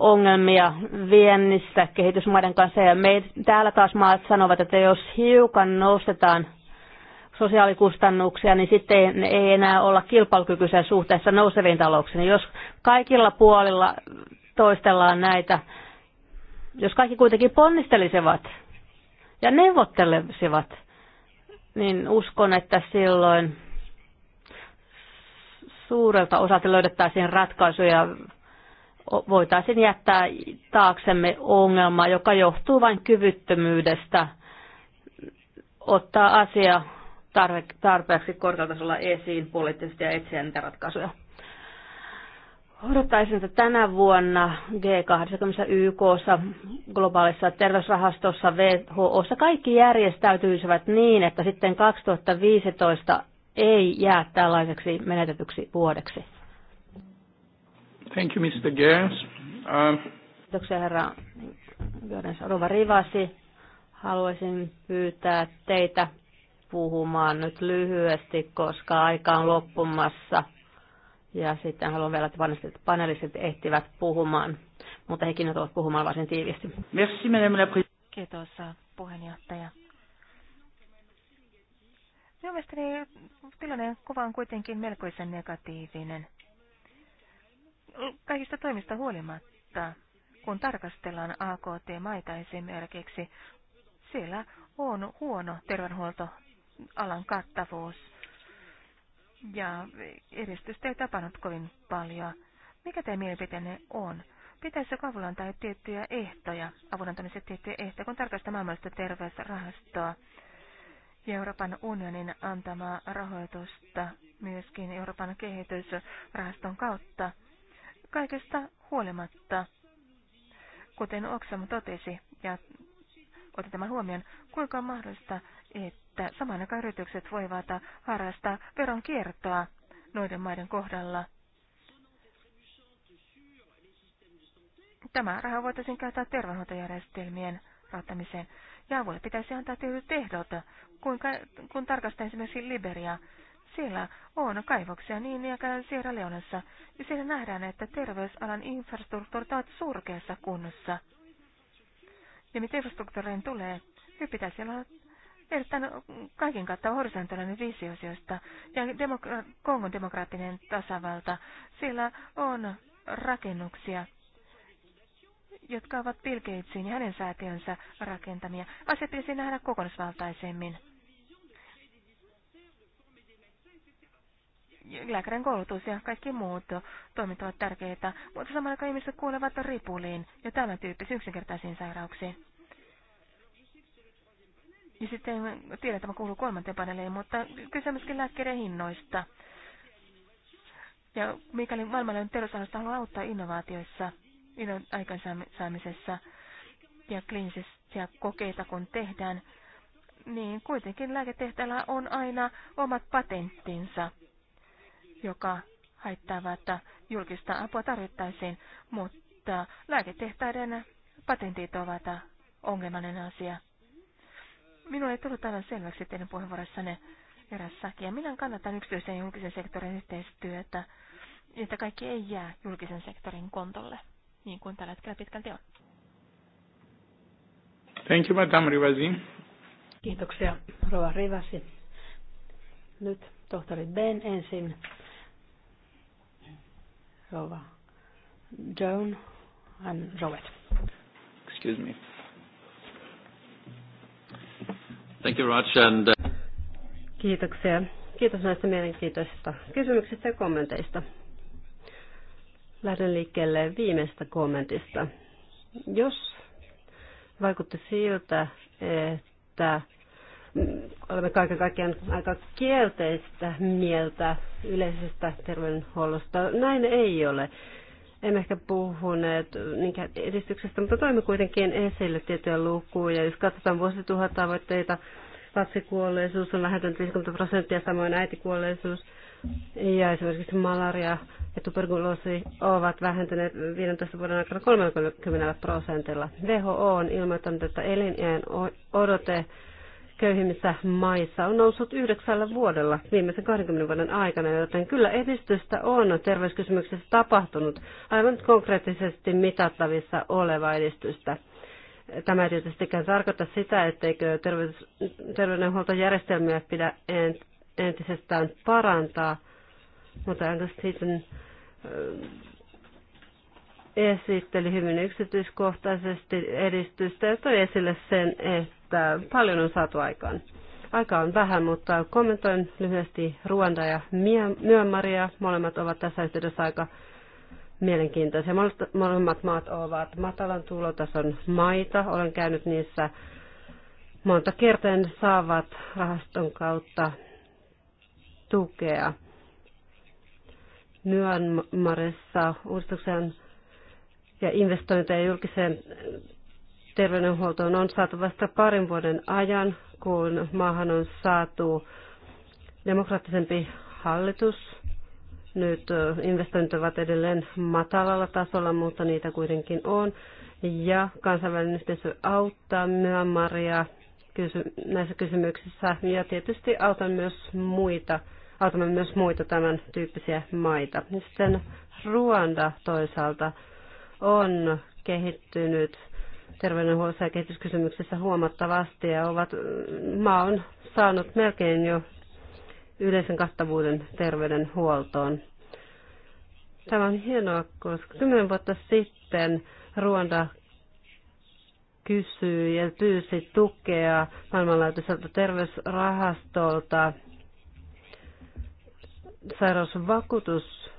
ongelmia viennissä kehitysmaiden kanssa. Ja me täällä taas maat sanovat, että jos hiukan nostetaan sosiaalikustannuksia, niin sitten ei enää olla kilpailukykyisen suhteessa nouseviin talouksiin. Jos kaikilla puolilla toistellaan näitä, jos kaikki kuitenkin ponnistelisivat ja neuvottelisivat, niin uskon, että silloin suurelta osalta löydettäisiin ratkaisuja voitaisiin jättää taaksemme ongelma, joka johtuu vain kyvyttömyydestä ottaa asia tarpeeksi korkeatasolla esiin poliittisesti ja etsiä niitä ratkaisuja. Odottaisin, että tänä vuonna G20 YK globaalissa terveysrahastossa, WHO kaikki järjestäytyisivät niin, että sitten 2015 ei jää tällaiseksi menetetyksi vuodeksi. Thank you, Mr. Gers. Um, Kiitoksia, herra Gerns. Rova Rivasi, haluaisin pyytää teitä puhumaan nyt lyhyesti, koska aika on loppumassa. Ja sitten haluan vielä, että panelistit ehtivät puhumaan, mutta hekin nyt ovat puhumaan varsin tiiviisti. Merci, madame Kiitos, äh, puheenjohtaja. mielestäni tilanne kuva on kuitenkin melkoisen negatiivinen kaikista toimista huolimatta, kun tarkastellaan AKT-maita esimerkiksi, siellä on huono terveydenhuoltoalan kattavuus ja edistystä ei tapannut kovin paljon. Mikä tämä mielipiteenne on? Pitäisikö avulla antaa tiettyjä ehtoja, avun antamisen tiettyjä ehtoja, kun tarkastaa maailmallista terveysrahastoa ja Euroopan unionin antamaa rahoitusta myöskin Euroopan kehitysrahaston kautta? Kaikesta huolimatta, kuten Oksam totesi, ja otin tämän huomioon, kuinka on mahdollista, että samaan aikaan yritykset voivat harrastaa veronkiertoa noiden maiden kohdalla. Tämä raha voitaisiin käyttää terveydenhuoltojärjestelmien rahoittamiseen. Ja avulle pitäisi antaa tietyt ehdot, kun tarkastaa esimerkiksi Liberia. Siellä on kaivoksia niin ja Sierra Leonessa, ja siellä nähdään, että terveysalan infrastruktuurit ovat surkeassa kunnossa. Ja mitä infrastruktuuriin tulee, niin pitäisi olla erittäin kaiken kautta horisontaalinen visio ja demokra- Kongon demokraattinen tasavalta. Siellä on rakennuksia, jotka ovat Bill Gatesin ja hänen säätiönsä rakentamia. Asiat pitäisi nähdä kokonaisvaltaisemmin. lääkärin koulutus ja kaikki muut toimet ovat tärkeitä, mutta samalla aikaan ihmiset kuolevat ripuliin ja tämän tyyppisiin yksinkertaisiin sairauksiin. Ja sitten tiedän, tämä kuuluu kolmanteen paneeliin, mutta kyse myöskin lääkkeiden hinnoista. Ja mikäli maailmanlainen terveysalasta haluaa auttaa innovaatioissa, aikaansaamisessa ja kliinisissä kokeita kun tehdään, niin kuitenkin lääketehtävällä on aina omat patenttinsa joka haittaava, että julkista apua tarvittaisiin, mutta lääketehtaiden patentit ovat ongelmallinen asia. Minulle ei tullut aivan selväksi teidän puheenvuorossanne erässäkin, ja minä kannatan yksityisen ja julkisen sektorin yhteistyötä, että kaikki ei jää julkisen sektorin kontolle, niin kuin tällä hetkellä pitkälti on. Thank you, Madame Rivasi. Kiitoksia, Rova Rivasi. Nyt tohtori Ben ensin. Rova Joan and Robert. Excuse me. Thank you, Raj, and... Uh, Kiitoksia. Kiitos näistä mielenkiintoisista kysymyksistä ja kommenteista. Lähden liikkeelle viimeistä kommentista. Jos vaikutti siltä, että olemme kaiken kaikkiaan aika kielteistä mieltä yleisestä terveydenhuollosta. Näin ei ole. Emme ehkä puhuneet niinkään edistyksestä, mutta toimme kuitenkin esille tiettyjä lukuja. Jos katsotaan tavoitteita, lapsikuolleisuus on vähentynyt 50 prosenttia, samoin äitikuolleisuus ja esimerkiksi malaria ja tuberkuloosi ovat vähentyneet 15 vuoden aikana 30 prosentilla. WHO on ilmoittanut, että elinjään odote köyhimmissä maissa on noussut yhdeksällä vuodella viimeisen 20 vuoden aikana, joten kyllä edistystä on terveyskysymyksessä tapahtunut aivan konkreettisesti mitattavissa oleva edistystä. Tämä ei tietystikään tarkoita sitä, etteikö terveydenhuoltojärjestelmiä pidä entisestään parantaa, mutta entäs sitten äh, esitteli hyvin yksityiskohtaisesti edistystä ja toi esille sen, että että paljon on saatu aikaan. Aika on vähän, mutta kommentoin lyhyesti Ruanda ja Myönmaria. Molemmat ovat tässä yhteydessä aika mielenkiintoisia. Molemmat maat ovat matalan tulotason maita. Olen käynyt niissä monta kertaa saavat rahaston kautta tukea. Myönmarissa uudistuksen ja investointeja julkiseen terveydenhuoltoon on saatu vasta parin vuoden ajan, kun maahan on saatu demokraattisempi hallitus. Nyt investoinnit ovat edelleen matalalla tasolla, mutta niitä kuitenkin on. Ja kansainvälinen yhteisö auttaa Myanmaria näissä kysymyksissä ja tietysti autan myös muita, autamme myös muita tämän tyyppisiä maita. Sitten Ruanda toisaalta on kehittynyt terveydenhuollossa ja kehityskysymyksissä huomattavasti ja ovat, maa on saanut melkein jo yleisen kattavuuden terveydenhuoltoon. Tämä on hienoa, koska kymmenen vuotta sitten Ruanda kysyi ja pyysi tukea maailmanlaajuiselta terveysrahastolta sairausvakuutus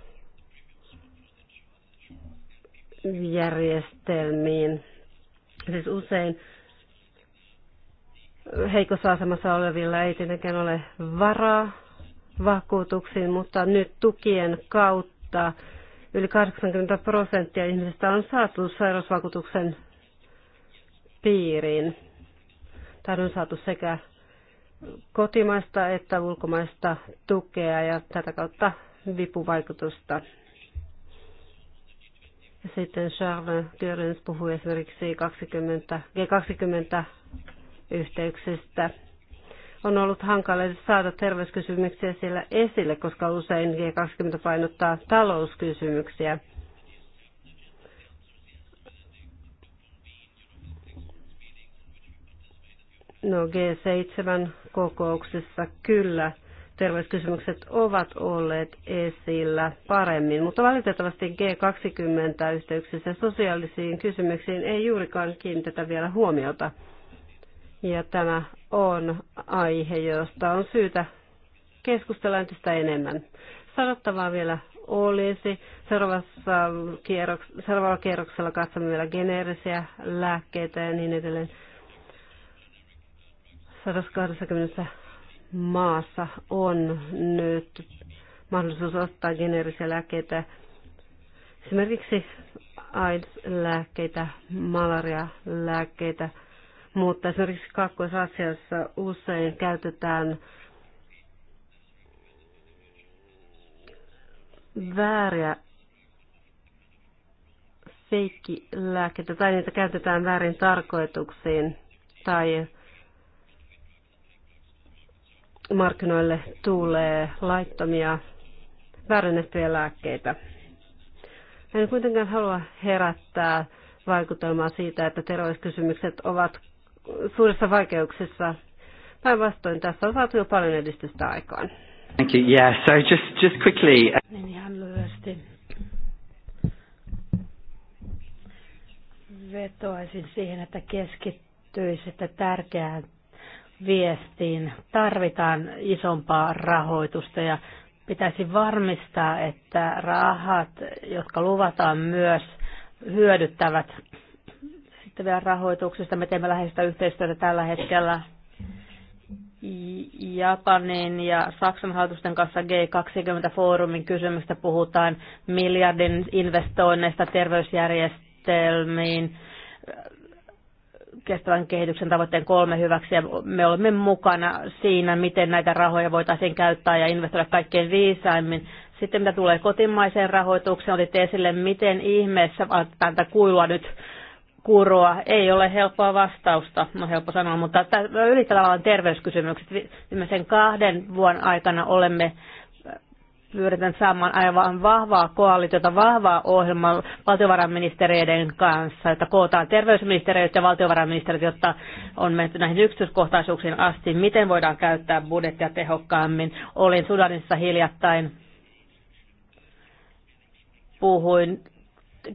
järjestelmiin. Siis usein heikossa asemassa olevilla ei tietenkään ole varaa vakuutuksiin, mutta nyt tukien kautta yli 80 prosenttia ihmisistä on saatu sairausvakuutuksen piiriin. Tämä on saatu sekä kotimaista että ulkomaista tukea ja tätä kautta vipuvaikutusta ja sitten Charles Görens puhui esimerkiksi 20, G20-yhteyksistä. On ollut hankala saada terveyskysymyksiä siellä esille, koska usein G20 painottaa talouskysymyksiä. No G7-kokouksessa kyllä terveyskysymykset ovat olleet esillä paremmin, mutta valitettavasti G20-yhteyksissä sosiaalisiin kysymyksiin ei juurikaan kiinnitetä vielä huomiota. Ja tämä on aihe, josta on syytä keskustella entistä enemmän. Sanottavaa vielä olisi. Seuraavassa kierroks, seuraavalla kierroksella katsomme vielä geneerisiä lääkkeitä ja niin edelleen. 120 maassa on nyt mahdollisuus ottaa geneerisiä lääkkeitä, esimerkiksi AIDS-lääkkeitä, malaria-lääkkeitä, mutta esimerkiksi kaakkois usein käytetään vääriä feikkilääkkeitä tai niitä käytetään väärin tarkoituksiin tai markkinoille tulee laittomia väärennettyjä lääkkeitä. En kuitenkaan halua herättää vaikutelmaa siitä, että terveyskysymykset ovat suurissa vaikeuksissa. Päinvastoin tässä on saatu jo paljon edistystä aikaan. Thank you. Yeah, so just, just quickly. Uh, niin ihan lyhyesti. Vetoaisin siihen, että keskittyisitte tärkeään viestiin tarvitaan isompaa rahoitusta ja pitäisi varmistaa, että rahat, jotka luvataan myös, hyödyttävät sitten vielä rahoituksesta. Me teemme läheistä yhteistyötä tällä hetkellä Japanin ja Saksan hallitusten kanssa G20-foorumin kysymystä puhutaan miljardin investoinneista terveysjärjestelmiin kestävän kehityksen tavoitteen kolme hyväksi ja me olemme mukana siinä, miten näitä rahoja voitaisiin käyttää ja investoida kaikkein viisaimmin. Sitten mitä tulee kotimaiseen rahoitukseen, otitte esille, miten ihmeessä tätä kuilua nyt kuroa. Ei ole helppoa vastausta, no helppo sanoa, mutta yli tavallaan terveyskysymykset. Viimeisen kahden vuoden aikana olemme pyritään saamaan aivan vahvaa koalitiota, vahvaa ohjelmaa valtiovarainministeriöiden kanssa, että kootaan terveysministeriöt ja valtiovarainministeriöt, jotta on menty näihin yksityiskohtaisuuksiin asti, miten voidaan käyttää budjettia tehokkaammin. Olin Sudanissa hiljattain, puhuin,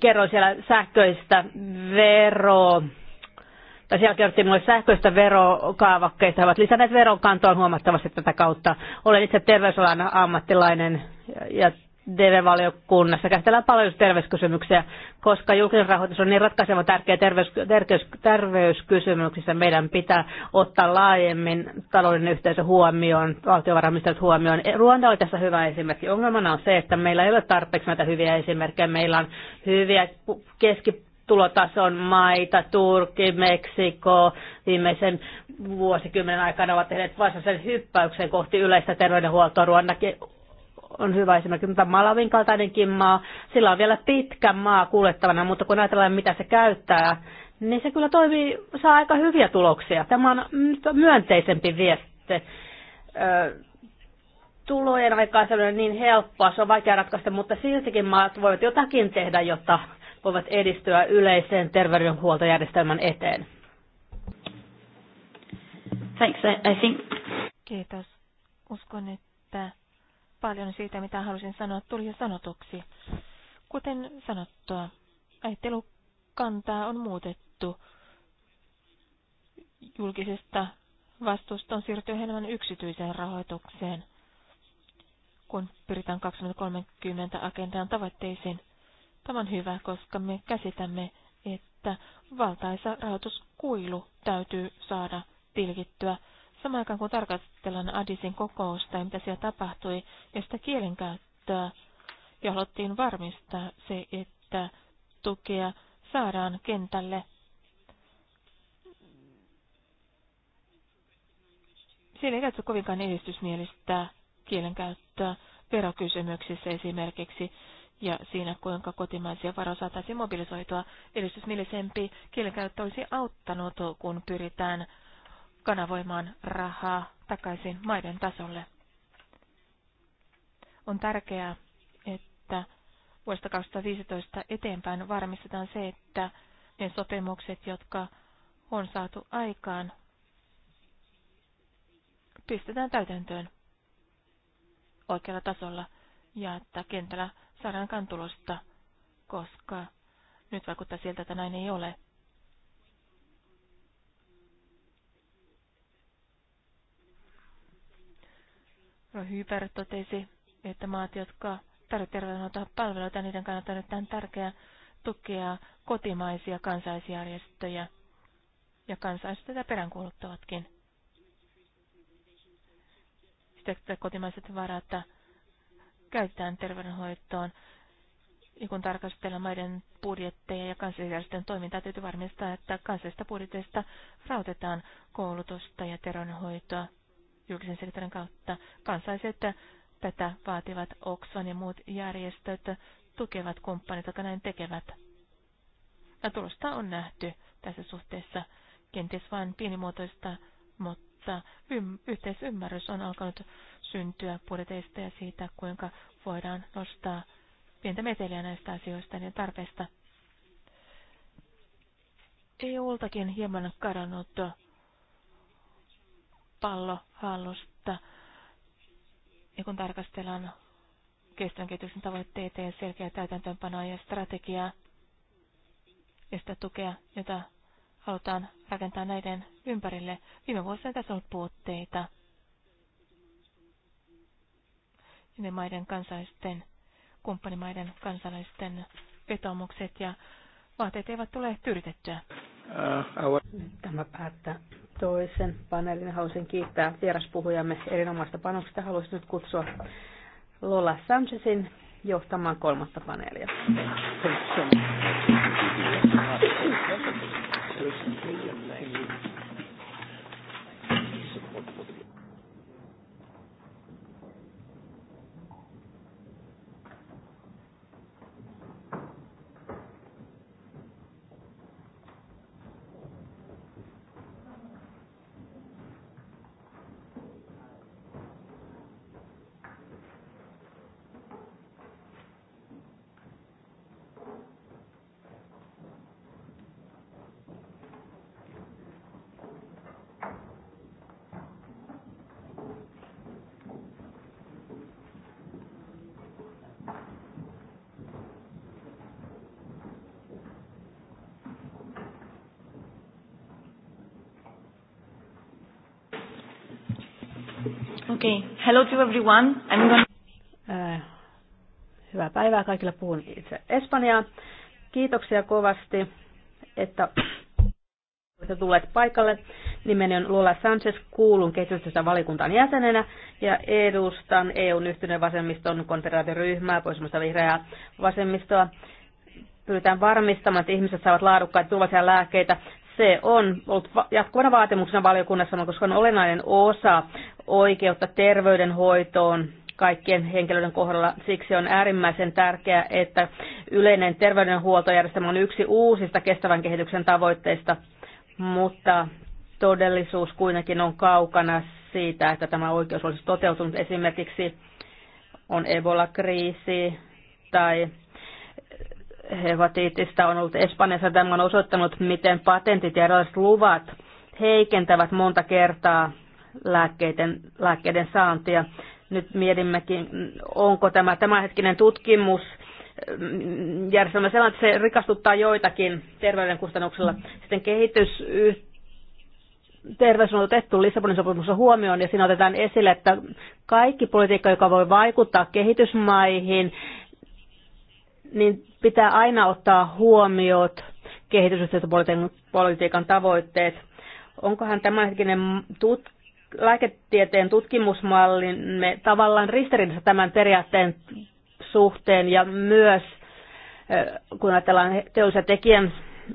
kerroin siellä sähköistä vero tai siellä kerrottiin minulle sähköistä verokaavakkeista. He ovat lisänneet veronkantoa huomattavasti tätä kautta. Olen itse terveysalan ammattilainen ja TV-valiokunnassa käsitellään paljon terveyskysymyksiä, koska julkinen rahoitus on niin ratkaiseva tärkeä terveys, terveys, terveyskysymyksissä. Meidän pitää ottaa laajemmin taloudellinen yhteisö huomioon, valtiovarainministeriöt huomioon. E, Ruanda oli tässä hyvä esimerkki. Ongelmana on se, että meillä ei ole tarpeeksi näitä hyviä esimerkkejä. Meillä on hyviä keski tulotason maita, Turkki, Meksiko, viimeisen vuosikymmenen aikana ovat tehneet sen hyppäyksen kohti yleistä terveydenhuoltoa. Ruonnakin on hyvä esimerkki, mutta Malavin kaltainenkin maa, sillä on vielä pitkä maa kuljettavana, mutta kun ajatellaan, mitä se käyttää, niin se kyllä toimii, saa aika hyviä tuloksia. Tämä on myönteisempi viesti. Tulojen aikaa se on niin helppoa, se on vaikea ratkaista, mutta siltikin maat voivat jotakin tehdä, jotta voivat edistyä yleisen terveydenhuoltojärjestelmän eteen. Thanks, I think. Kiitos. Uskon, että paljon siitä, mitä halusin sanoa, tuli jo sanotuksi. Kuten sanottua, ajattelukantaa on muutettu. Julkisesta vastuusta on siirtynyt enemmän yksityiseen rahoitukseen, kun pyritään 2030 agendan tavoitteisiin. Tämä on hyvä, koska me käsitämme, että valtaisa rahoituskuilu täytyy saada tilkittyä. Samaan aikaan kun tarkastellaan Adisin kokousta ja mitä siellä tapahtui ja sitä kielenkäyttöä, ja haluttiin varmistaa se, että tukea saadaan kentälle. Siellä ei käytetty kovinkaan edistysmielistä kielenkäyttöä verokysymyksissä esimerkiksi ja siinä, kuinka kotimaisia varoja saataisiin mobilisoitua. Edistysmielisempi kielenkäyttö olisi auttanut, kun pyritään kanavoimaan rahaa takaisin maiden tasolle. On tärkeää, että vuodesta 2015 eteenpäin varmistetaan se, että ne sopimukset, jotka on saatu aikaan, pistetään täytäntöön oikealla tasolla ja että kentällä saadaankaan tulosta, koska nyt vaikuttaa siltä, että näin ei ole. Hyper totesi, että maat, jotka tarvitsevat palveluita, niiden kannattaa nyt tämän tärkeää tukea kotimaisia kansaisjärjestöjä. Ja kansaiset tätä peräänkuuluttavatkin. Sitten kotimaiset varat käytetään terveydenhoitoon. Ja kun tarkastellaan maiden budjetteja ja kansallisjärjestön toimintaa, täytyy varmistaa, että kansallisista budjeteista rautetaan koulutusta ja terveydenhoitoa julkisen sektorin kautta. Kansalliset tätä vaativat Oxfam ja muut järjestöt tukevat kumppanit, jotka näin tekevät. Ja tulosta on nähty tässä suhteessa, kenties vain pienimuotoista, mutta mutta ym- yhteisymmärrys on alkanut syntyä budjeteista ja siitä, kuinka voidaan nostaa pientä meteliä näistä asioista ja tarpeista. EU-ltakin hieman kadonnut pallohallusta. Ja kun tarkastellaan kestävän kehityksen tavoitteita ja selkeää täytäntöönpanoa ja strategiaa ja sitä tukea, jota halutaan rakentaa näiden ympärille. Viime vuosina tässä on ollut puutteita niiden maiden kansalaisten, kumppanimaiden kansalaisten vetomukset ja vaateet eivät tule tyydytettyä. Uh, Tämä päättää toisen paneelin. Haluaisin kiittää vieraspuhujamme erinomaista panoksista. Haluaisin nyt kutsua Lola Sanchezin johtamaan kolmatta paneelia. Thank you so much first and three. Hello to everyone. I'm gonna... Äh, hyvää päivää kaikille. Puhun itse Espanjaa. Kiitoksia kovasti, että olette tulleet paikalle. Nimeni on Lola Sanchez, kuulun kehitystystä valikuntaan jäsenenä ja edustan EUn yhtyneen vasemmiston konfederaatioryhmää, poistumista vihreää vasemmistoa. Pyritään varmistamaan, että ihmiset saavat laadukkaita turvallisia lääkkeitä se on ollut jatkuvana vaatimuksena valiokunnassa, koska on olennainen osa oikeutta terveydenhoitoon kaikkien henkilöiden kohdalla. Siksi on äärimmäisen tärkeää, että yleinen terveydenhuoltojärjestelmä on yksi uusista kestävän kehityksen tavoitteista, mutta todellisuus kuitenkin on kaukana siitä, että tämä oikeus olisi toteutunut. Esimerkiksi on Ebola-kriisi tai hevatiitista on ollut Espanjassa. Tämä on osoittanut, miten patentit ja erilaiset luvat heikentävät monta kertaa lääkkeiden, lääkkeiden saantia. Nyt mietimmekin, onko tämä tämänhetkinen tutkimus mm, järjestelmä sellainen, että se rikastuttaa joitakin terveyden kustannuksella. Sitten kehitys terveys on otettu Lissabonin sopimuksessa huomioon ja siinä otetaan esille, että kaikki politiikka, joka voi vaikuttaa kehitysmaihin, niin pitää aina ottaa huomiot kehitysyhteistyöpolitiikan tavoitteet. Onkohan tämänhetkinen tut- lääketieteen tutkimusmallimme tavallaan ristiriidassa tämän periaatteen suhteen ja myös kun ajatellaan teollisen tekijän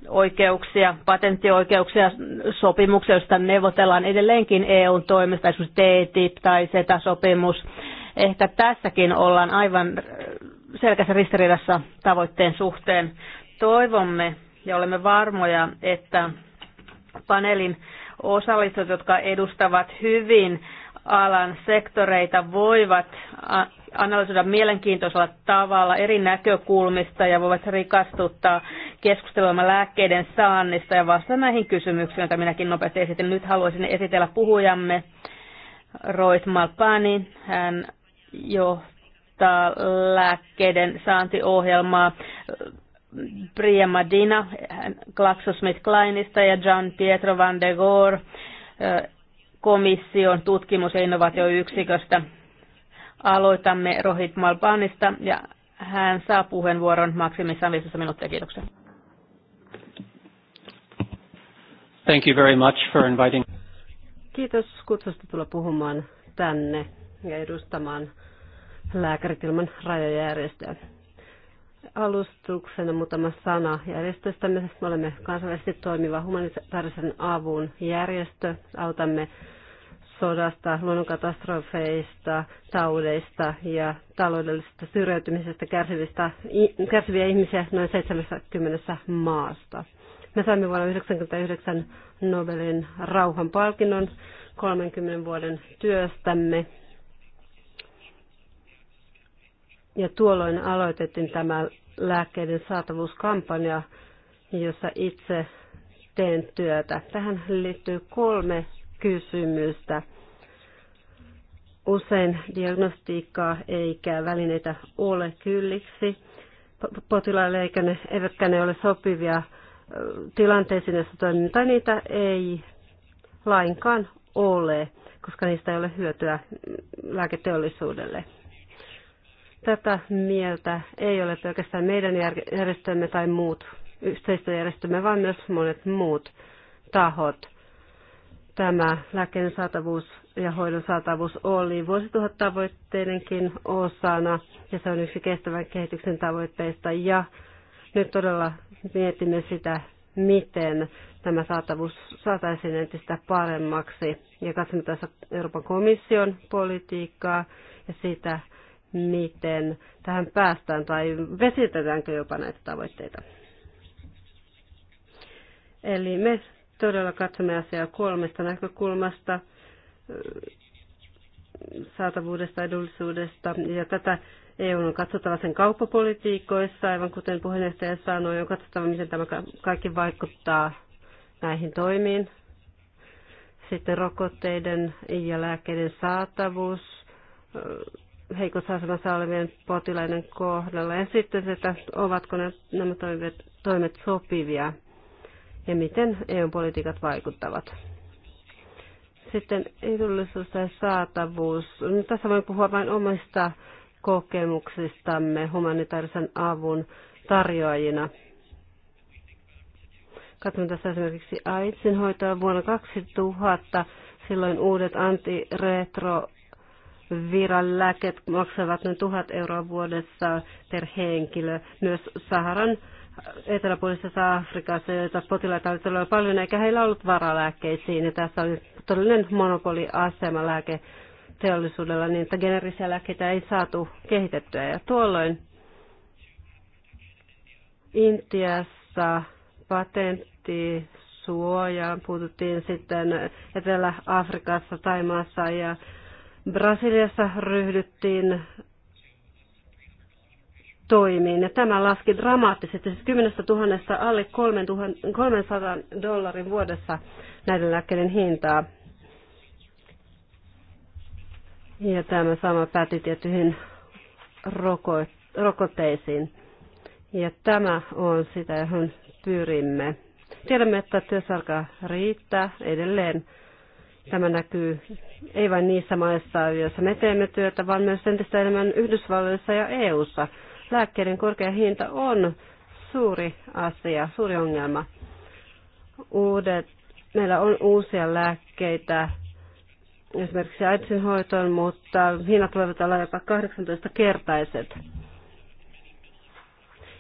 oikeuksia, patenttioikeuksia, sopimuksia, joista neuvotellaan edelleenkin EUn toimesta, esimerkiksi TTIP tai SETA-sopimus. Ehkä tässäkin ollaan aivan selkeässä ristiriidassa tavoitteen suhteen. Toivomme ja olemme varmoja, että paneelin osallistujat, jotka edustavat hyvin alan sektoreita, voivat analysoida mielenkiintoisella tavalla eri näkökulmista ja voivat rikastuttaa keskustelua lääkkeiden saannista ja vastata näihin kysymyksiin, joita minäkin nopeasti esitin. Nyt haluaisin esitellä puhujamme Roit Malpani. Hän johtaa lääkkeiden saantiohjelmaa Priya Madina GlaxoSmithKlineista ja John Pietro van de Goor komission tutkimus- ja innovaatioyksiköstä. Aloitamme Rohit Malpanista ja hän saa puheenvuoron maksimissaan 15 minuuttia. Kiitoksia. Thank you very much for inviting. Kiitos kutsusta tulla puhumaan tänne ja edustamaan Lääkärit ilman rajajärjestöä alustuksena muutama sana järjestöstä. Me olemme kansainvälisesti toimiva humanitaarisen avun järjestö. Autamme sodasta, luonnonkatastrofeista, taudeista ja taloudellisesta syrjäytymisestä kärsivistä, kärsiviä ihmisiä noin 70 maasta. Me saimme vuonna 1999 Nobelin rauhanpalkinnon 30 vuoden työstämme Ja tuolloin aloitettiin tämä lääkkeiden saatavuuskampanja, jossa itse teen työtä. Tähän liittyy kolme kysymystä. Usein diagnostiikkaa eikä välineitä ole kylliksi. Potilaille eikä ne, eivätkä ne ole sopivia tilanteisiin, joissa toiminta niitä ei lainkaan ole, koska niistä ei ole hyötyä mm, lääketeollisuudelle. Tätä mieltä ei ole pelkästään meidän järjestömme tai muut yhteistyöjärjestömme, vaan myös monet muut tahot. Tämä lääkkeen saatavuus ja hoidon saatavuus oli vuosituhattavoitteidenkin osana, ja se on yksi kestävän kehityksen tavoitteista. Ja nyt todella mietimme sitä, miten tämä saatavuus saataisiin entistä paremmaksi. Ja katsomme tässä Euroopan komission politiikkaa ja sitä, miten tähän päästään tai vesitetäänkö jopa näitä tavoitteita. Eli me todella katsomme asiaa kolmesta näkökulmasta, saatavuudesta, edullisuudesta, ja tätä EU on katsottava sen kauppapolitiikoissa, aivan kuten puheenjohtaja sanoi, on katsottava, miten tämä kaikki vaikuttaa näihin toimiin. Sitten rokotteiden ja lääkkeiden saatavuus, heikossa asemassa olevien potilaiden kohdalla. Ja sitten se, että ovatko ne, nämä toimet, toimet sopivia ja miten EU-politiikat vaikuttavat. Sitten edullisuus tai saatavuus. No, tässä voin puhua vain omista kokemuksistamme humanitaarisen avun tarjoajina. Katson tässä esimerkiksi AIDSin hoitoa vuonna 2000. Silloin uudet antiretro viralääkkeet maksavat noin tuhat euroa vuodessa per henkilö. Myös Saharan eteläpuolisessa Afrikassa, joita potilaita oli todella paljon, eikä heillä ollut varalääkkeisiin. Ja tässä oli todellinen monopoliasema lääketeollisuudella, niin että generisiä lääkkeitä ei saatu kehitettyä. Ja tuolloin Intiassa patentti suojaan puututtiin sitten Etelä-Afrikassa, Taimaassa ja Brasiliassa ryhdyttiin toimiin ja tämä laski dramaattisesti siis 10 000 alle 300 dollarin vuodessa näiden lääkkeiden hintaa. Ja tämä sama päätti tiettyihin roko, rokotteisiin. Ja tämä on sitä, johon pyrimme. Tiedämme, että työsarkaa riittää edelleen. Tämä näkyy ei vain niissä maissa, joissa me teemme työtä, vaan myös entistä enemmän Yhdysvalloissa ja EU:ssa. Lääkkeiden korkea hinta on suuri asia, suuri ongelma. Uudet, meillä on uusia lääkkeitä esimerkiksi AIDSin hoitoon, mutta hinnat voivat olla jopa 18-kertaiset.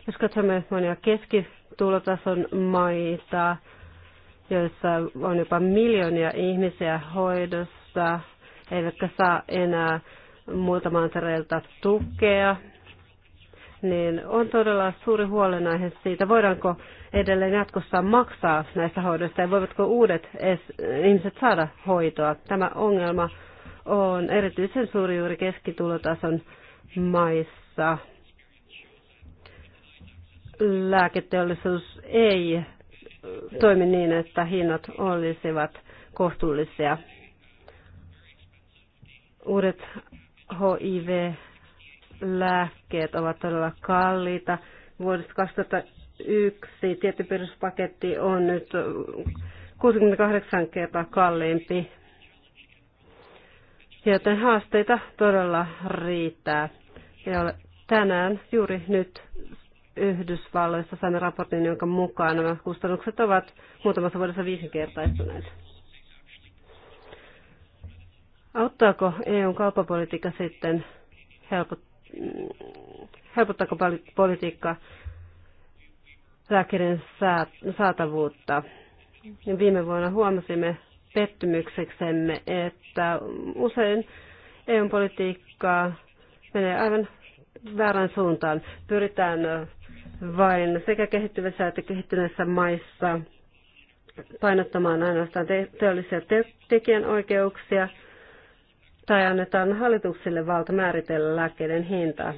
Jos katsomme monia keskitulotason maita, joissa on jopa miljoonia ihmisiä hoidossa, eivätkä saa enää muutaman mantereilta tukea, niin on todella suuri huolenaihe siitä, voidaanko edelleen jatkossa maksaa näistä hoidoista ja voivatko uudet ihmiset saada hoitoa. Tämä ongelma on erityisen suuri juuri keskitulotason maissa. Lääketeollisuus ei toimi niin, että hinnat olisivat kohtuullisia. Uudet HIV-lääkkeet ovat todella kalliita. Vuodesta 2001 tietty peruspaketti on nyt 68 kertaa kalliimpi. Joten haasteita todella riittää. Ja tänään juuri nyt Yhdysvalloissa saimme raportin, jonka mukaan nämä kustannukset ovat muutamassa vuodessa viisinkertaistuneet. Auttaako EUn kauppapolitiikka sitten, helpot, helpottaako politiikka lääkkeiden saatavuutta? Viime vuonna huomasimme pettymykseksemme, että usein EUn politiikkaa menee aivan väärän suuntaan. Pyritään vain sekä kehittyvissä että kehittyneissä maissa painottamaan ainoastaan te- teollisia te- tekijänoikeuksia tai annetaan hallituksille valta määritellä lääkkeiden hintaa.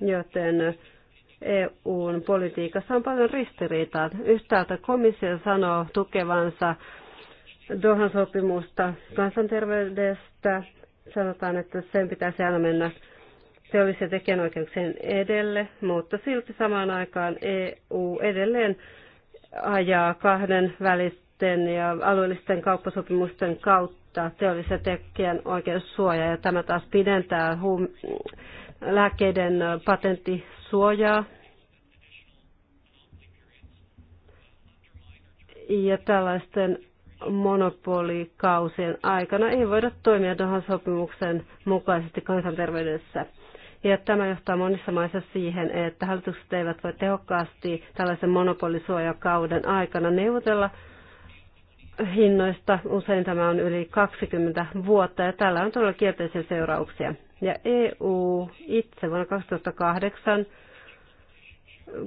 Joten EUn politiikassa on paljon ristiriitaa. Yhtäältä komissio sanoo tukevansa Dohan sopimusta kansanterveydestä. Sanotaan, että sen pitäisi aina mennä teollisia tekijänoikeuksien edelle, mutta silti samaan aikaan EU edelleen ajaa kahden välisten ja alueellisten kauppasopimusten kautta teollisia oikeussuoja ja tämä taas pidentää huum- lääkkeiden patenttisuojaa. Ja tällaisten monopolikausien aikana ei voida toimia tuohon sopimuksen mukaisesti kansanterveydessä. Ja tämä johtaa monissa maissa siihen, että hallitukset eivät voi tehokkaasti tällaisen monopolisuojakauden aikana neuvotella hinnoista. Usein tämä on yli 20 vuotta ja tällä on todella kielteisiä seurauksia. Ja EU itse vuonna 2008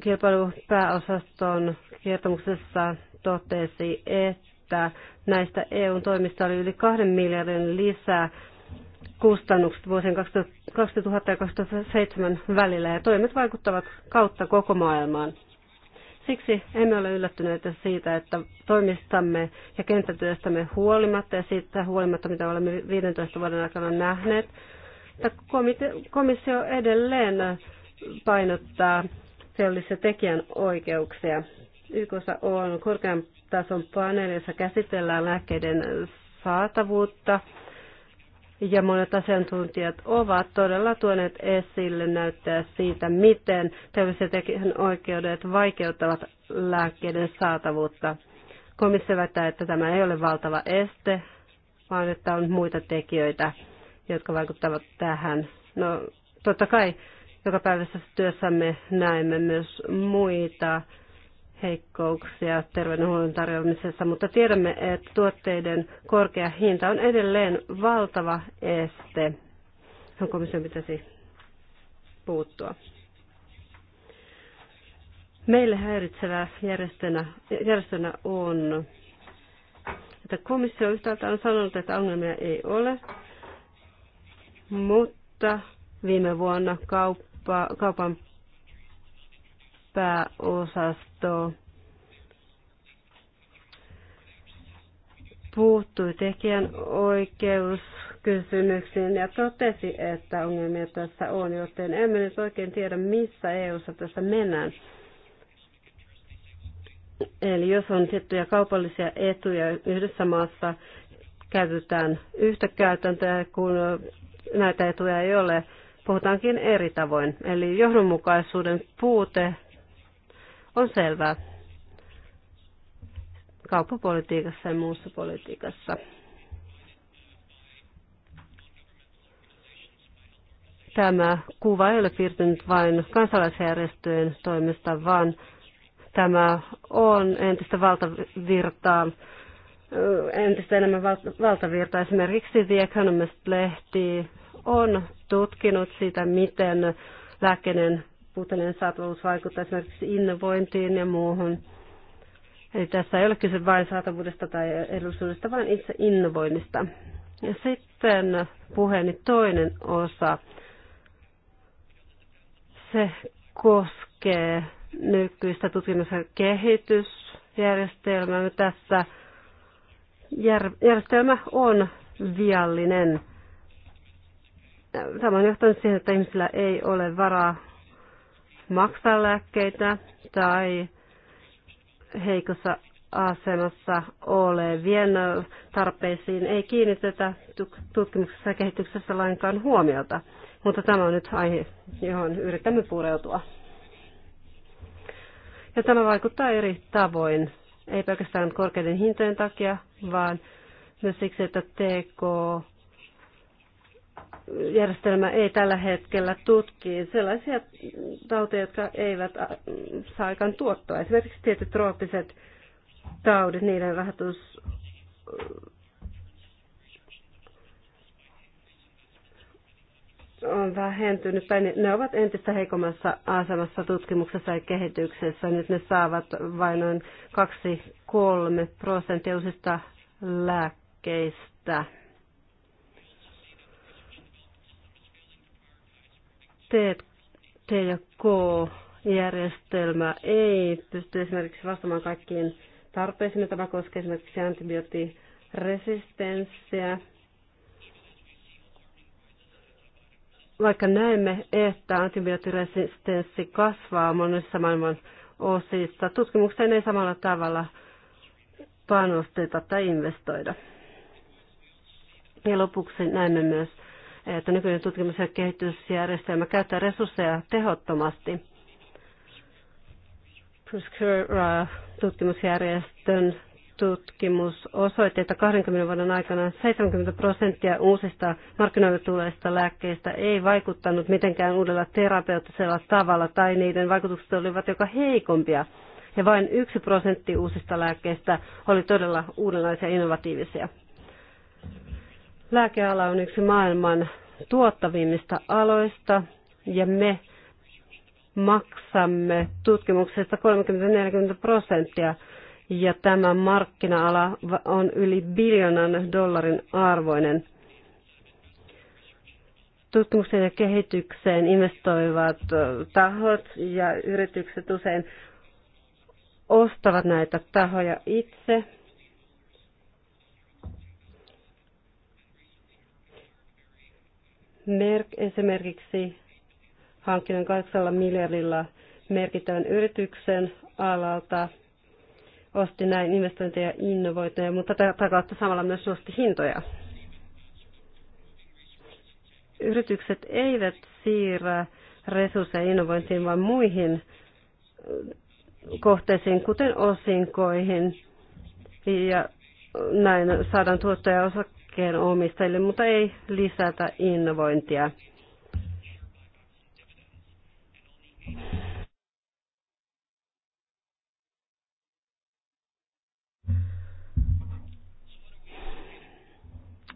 kilpailupääosaston kertomuksessa totesi, että näistä EU toimista oli yli kahden miljardin lisää kustannukset vuosien 2000 ja 2007 välillä ja toimet vaikuttavat kautta koko maailmaan. Siksi emme ole yllättyneitä siitä, että toimistamme ja kenttätyöstämme huolimatta ja siitä huolimatta, mitä olemme 15 vuoden aikana nähneet, että komissio edelleen painottaa teollisia tekijän oikeuksia. YKssa on korkean tason paneelissa käsitellään lääkkeiden saatavuutta ja monet asiantuntijat ovat todella tuoneet esille näyttää siitä, miten teolliset oikeudet vaikeuttavat lääkkeiden saatavuutta. Komissio väittää, että tämä ei ole valtava este, vaan että on muita tekijöitä, jotka vaikuttavat tähän. No, totta kai joka päivässä työssämme näemme myös muita heikkouksia terveydenhuollon tarjoamisessa, mutta tiedämme, että tuotteiden korkea hinta on edelleen valtava este, johon komission pitäisi puuttua. Meille häiritsevä järjestönä, järjestönä on, että komissio yhtäältä on sanonut, että ongelmia ei ole, mutta viime vuonna kauppa, kaupan pääosasto puuttui tekijän oikeuskysymyksiin ja totesi, että ongelmia tässä on, joten emme nyt oikein tiedä, missä EU-ssa tässä mennään. Eli jos on tiettyjä kaupallisia etuja yhdessä maassa, käytetään yhtä käytäntöä, kun näitä etuja ei ole, puhutaankin eri tavoin. Eli johdonmukaisuuden puute on selvää kauppapolitiikassa ja muussa politiikassa. Tämä kuva ei ole piirtynyt vain kansalaisjärjestöjen toimesta, vaan tämä on entistä valtavirtaa, entistä enemmän valtavirtaa. Esimerkiksi The Economist-lehti on tutkinut sitä, miten lääkkeiden puutteellinen saatavuus vaikuttaa esimerkiksi innovointiin ja muuhun. Eli tässä ei ole kyse vain saatavuudesta tai edullisuudesta, vaan itse innovoinnista. Ja sitten puheeni toinen osa. Se koskee nykyistä tutkimus- ja kehitysjärjestelmää. Tässä järjestelmä on viallinen. Tämä on johtanut siihen, että ihmisillä ei ole varaa maksaa lääkkeitä tai heikossa asemassa olevien tarpeisiin ei kiinnitetä tutkimuksessa ja kehityksessä lainkaan huomiota. Mutta tämä on nyt aihe, johon yritämme pureutua. Ja tämä vaikuttaa eri tavoin, ei pelkästään korkeiden hintojen takia, vaan myös siksi, että TK järjestelmä ei tällä hetkellä tutki sellaisia tauteja, jotka eivät äh, saa aikaan tuottoa. Esimerkiksi tietyt trooppiset taudit, niiden rahoitus äh, on vähentynyt, tai ne ovat entistä heikommassa asemassa tutkimuksessa ja kehityksessä. Nyt ne saavat vain noin 2-3 prosenttia uusista lääkkeistä. tk järjestelmä ei pysty esimerkiksi vastaamaan kaikkiin tarpeisiin. Tämä koskee esimerkiksi antibioottiresistenssiä. Vaikka näemme, että antibioottiresistenssi kasvaa monissa maailman osissa, tutkimukseen ei samalla tavalla panosteta tai investoida. Ja lopuksi näemme myös että nykyinen tutkimus- ja kehitysjärjestelmä käyttää resursseja tehottomasti. Tutkimusjärjestön tutkimus osoitti, että 20 vuoden aikana 70 prosenttia uusista markkinoilla lääkkeistä ei vaikuttanut mitenkään uudella terapeuttisella tavalla tai niiden vaikutukset olivat joka heikompia. Ja vain yksi prosentti uusista lääkkeistä oli todella uudenlaisia innovatiivisia. Lääkeala on yksi maailman tuottavimmista aloista ja me maksamme tutkimuksesta 30-40 prosenttia ja tämä markkina-ala on yli biljonan dollarin arvoinen. Tutkimukseen ja kehitykseen investoivat tahot ja yritykset usein ostavat näitä tahoja itse esimerkiksi hankkinen 8 miljardilla merkittävän yrityksen alalta, osti näin investointeja ja innovointeja, mutta tätä kautta samalla myös nosti hintoja. Yritykset eivät siirrä resursseja innovointiin, vaan muihin kohteisiin, kuten osinkoihin, ja näin saadaan tuottoja omistajille, mutta ei lisätä innovointia.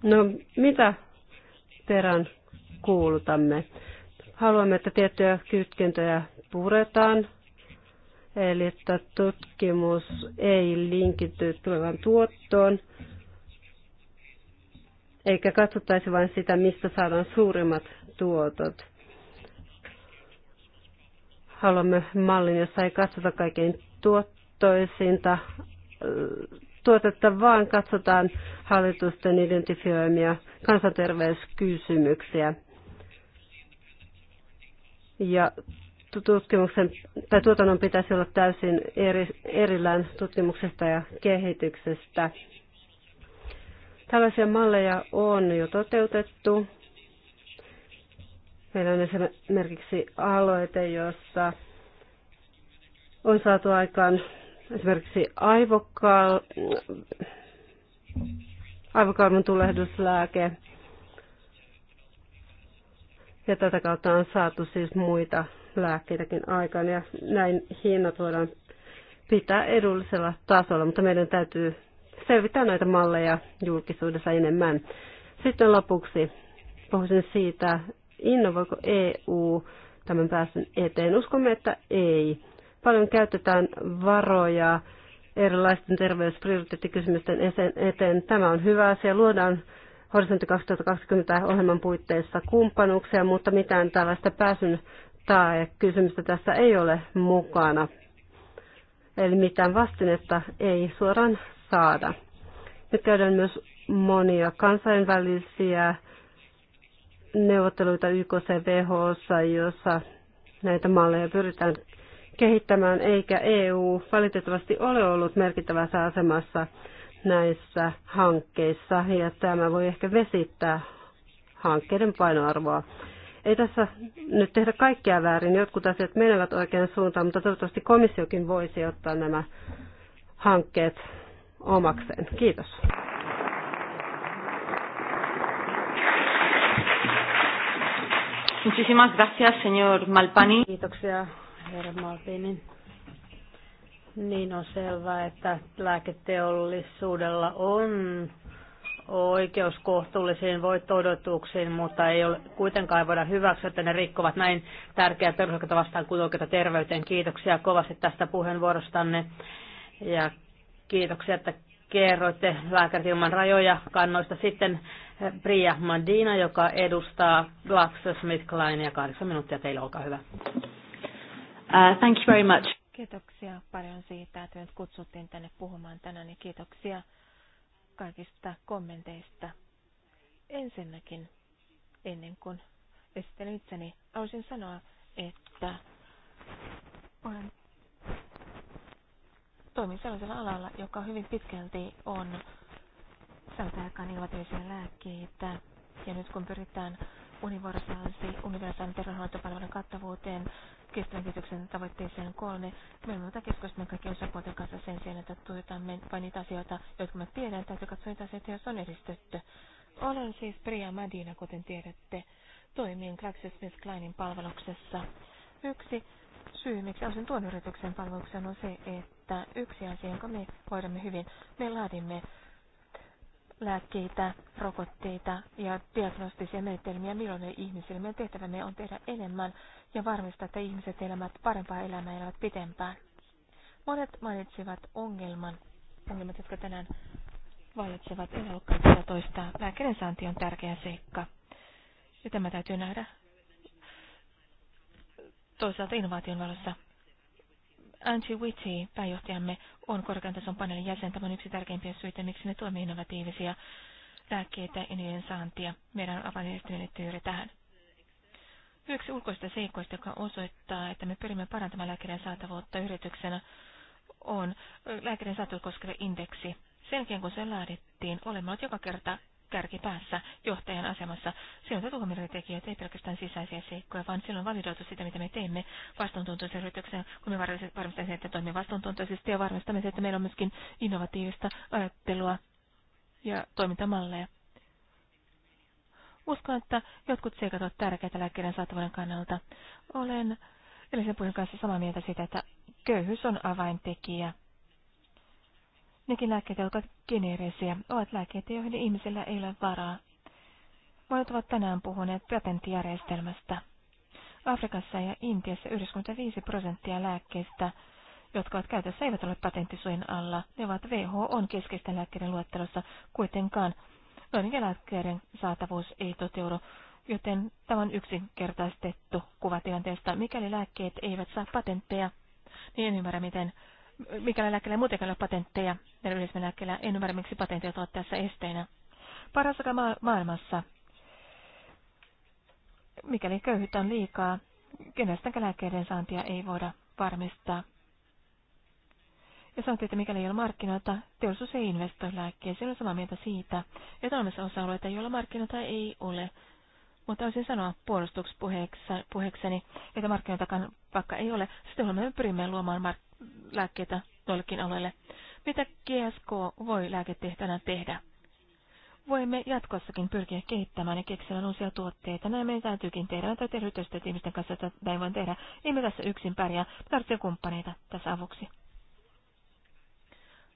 No mitä perän kuulutamme? Haluamme, että tiettyjä kytkentöjä puretaan, eli että tutkimus ei linkity tulevan tuottoon eikä katsottaisi vain sitä, mistä saadaan suurimmat tuotot. Haluamme mallin, jossa ei katsota kaikkein tuottoisinta tuotetta, vaan katsotaan hallitusten identifioimia kansanterveyskysymyksiä. Ja tutkimuksen tai tuotannon pitäisi olla täysin eri, erillään tutkimuksesta ja kehityksestä. Tällaisia malleja on jo toteutettu. Meillä on esimerkiksi aloite, jossa on saatu aikaan esimerkiksi aivokal- aivokalvon tulehduslääke. Ja tätä kautta on saatu siis muita lääkkeitäkin aikaan ja näin hinnat voidaan pitää edullisella tasolla, mutta meidän täytyy selvittää näitä malleja julkisuudessa enemmän. Sitten lopuksi puhuisin siitä, innovoiko EU tämän päästön eteen. Uskomme, että ei. Paljon käytetään varoja erilaisten terveysprioriteettikysymysten eteen. Tämä on hyvä asia. Luodaan Horisontti 2020 ohjelman puitteissa kumppanuuksia, mutta mitään tällaista pääsyn tai kysymystä tässä ei ole mukana. Eli mitään vastinetta ei suoraan saada. Nyt käydään myös monia kansainvälisiä neuvotteluita YKC WHOssa, jossa näitä malleja pyritään kehittämään, eikä EU valitettavasti ole ollut merkittävässä asemassa näissä hankkeissa, ja tämä voi ehkä vesittää hankkeiden painoarvoa. Ei tässä nyt tehdä kaikkea väärin, jotkut asiat menevät oikein suuntaan, mutta toivottavasti komissiokin voisi ottaa nämä hankkeet omakseen. Kiitos. Muchísimas gracias, señor Malpani. Kiitoksia, herra Malpini. Niin on selvää, että lääketeollisuudella on oikeus kohtuullisiin voittoodotuksiin, mutta ei ole, kuitenkaan ei voida hyväksyä, että ne rikkovat näin tärkeää perusoikeutta vastaan kuin oikeutta terveyteen. Kiitoksia kovasti tästä puheenvuorostanne ja Kiitoksia, että kerroitte Lääkärit ilman rajoja kannoista. Sitten eh, Priya Mandina, joka edustaa GlaxoSmithKline ja kahdeksan minuuttia teille, olkaa hyvä. Uh, thank you very much. Kiitoksia paljon siitä, että nyt kutsuttiin tänne puhumaan tänään ja kiitoksia kaikista kommenteista. Ensinnäkin, ennen kuin esittelen itseni, haluaisin sanoa, että olen toimin sellaisella alalla, joka hyvin pitkälti on sanotaan innovatiivisia lääkkeitä. Ja nyt kun pyritään universaaliin universaalin terveydenhuoltopalvelun kattavuuteen, kestävän kehityksen tavoitteeseen kolme, me olemme keskustelua kaikkien osapuolten kanssa sen sijaan, että tuetaan vain niitä asioita, jotka me tiedän, täytyy katsoa niitä asioita, joissa on edistetty. Olen siis Priya Madina, kuten tiedätte, toimin Glaxo Kleinin palveluksessa. Yksi syy, miksi olisin tuon yrityksen palveluksen on se, että että yksi asia, jonka me hoidamme hyvin, me laadimme lääkkeitä, rokotteita ja diagnostisia menetelmiä miljoonille ihmisille. Meidän tehtävämme on tehdä enemmän ja varmistaa, että ihmiset elämät parempaa elämää elävät pitempään. Monet mainitsivat ongelman, ongelmat, jotka tänään vallitsevat elokuvia toista. Lääkkeiden saanti on tärkeä seikka. Ja tämä täytyy nähdä toisaalta innovaation valossa. Angie Witty, pääjohtajamme, on korkean tason paneelin jäsen. Tämä on yksi tärkeimpiä syitä, miksi ne toimii innovatiivisia lääkkeitä ja niiden saantia. Meidän on juuri tähän. Yksi ulkoista seikoista, joka osoittaa, että me pyrimme parantamaan lääkkeiden saatavuutta yrityksenä, on lääkkeiden saatavuutta koskeva indeksi. Sen jälkeen, kun se laadittiin, olemme olleet joka kerta kärkipäässä johtajan asemassa. Silloin otetaan huomioon tekijöitä, ei pelkästään sisäisiä seikkoja, vaan silloin validoitu sitä, mitä me teemme vastuuntuntoisen yrityksen, kun me varmistamme sen, että toimii vastuuntuntoisesti ja varmistamme sen, että meillä on myöskin innovatiivista ajattelua ja toimintamalleja. Uskon, että jotkut seikat ovat tärkeitä lääkkeiden saatavuuden kannalta. Olen Elisen puheen kanssa samaa mieltä siitä, että köyhyys on avaintekijä – Nekin lääkkeet, jotka ovat geneerisiä, ovat lääkkeitä, joihin ihmisillä ei ole varaa. Monet ovat tänään puhuneet patenttijärjestelmästä. Afrikassa ja Intiassa 95 prosenttia lääkkeistä, jotka ovat käytössä, eivät ole patenttisuojan alla. Ne ovat WHO on keskeisten lääkkeiden luettelossa kuitenkaan. Noiden lääkkeiden saatavuus ei toteudu, joten tämä on yksinkertaistettu kuvatilanteesta. Mikäli lääkkeet eivät saa patentteja, niin en ymmärrä, miten mikäli lääkkeellä muutenkaan ole patentteja, ja yleisellä lääkkeellä en ymmärrä, miksi patentteja ovat tässä esteinä. Parasaka ma- maailmassa, mikäli köyhyyttä on liikaa, kenestäkään lääkkeiden saantia ei voida varmistaa. Ja sanottiin, että mikäli ei ole markkinoita, teollisuus ei investoi lääkkeeseen. Olen samaa mieltä siitä, että on olemassa osa-alueita, joilla markkinoita ei ole. Mutta olisin sanoa puolustuksen puheekseni, että markkinoitakaan vaikka ei ole, sitten me pyrimme luomaan mark- lääkkeitä tuollekin alueelle. Mitä GSK voi lääketehtävänä tehdä? Voimme jatkossakin pyrkiä kehittämään ja keksimään uusia tuotteita. Näin meidän täytyykin tehdä. Meidän täytyy yhteistyötä ihmisten kanssa, että näin voin tehdä. Emme tässä yksin pärjää. Tarvitsee kumppaneita tässä avuksi.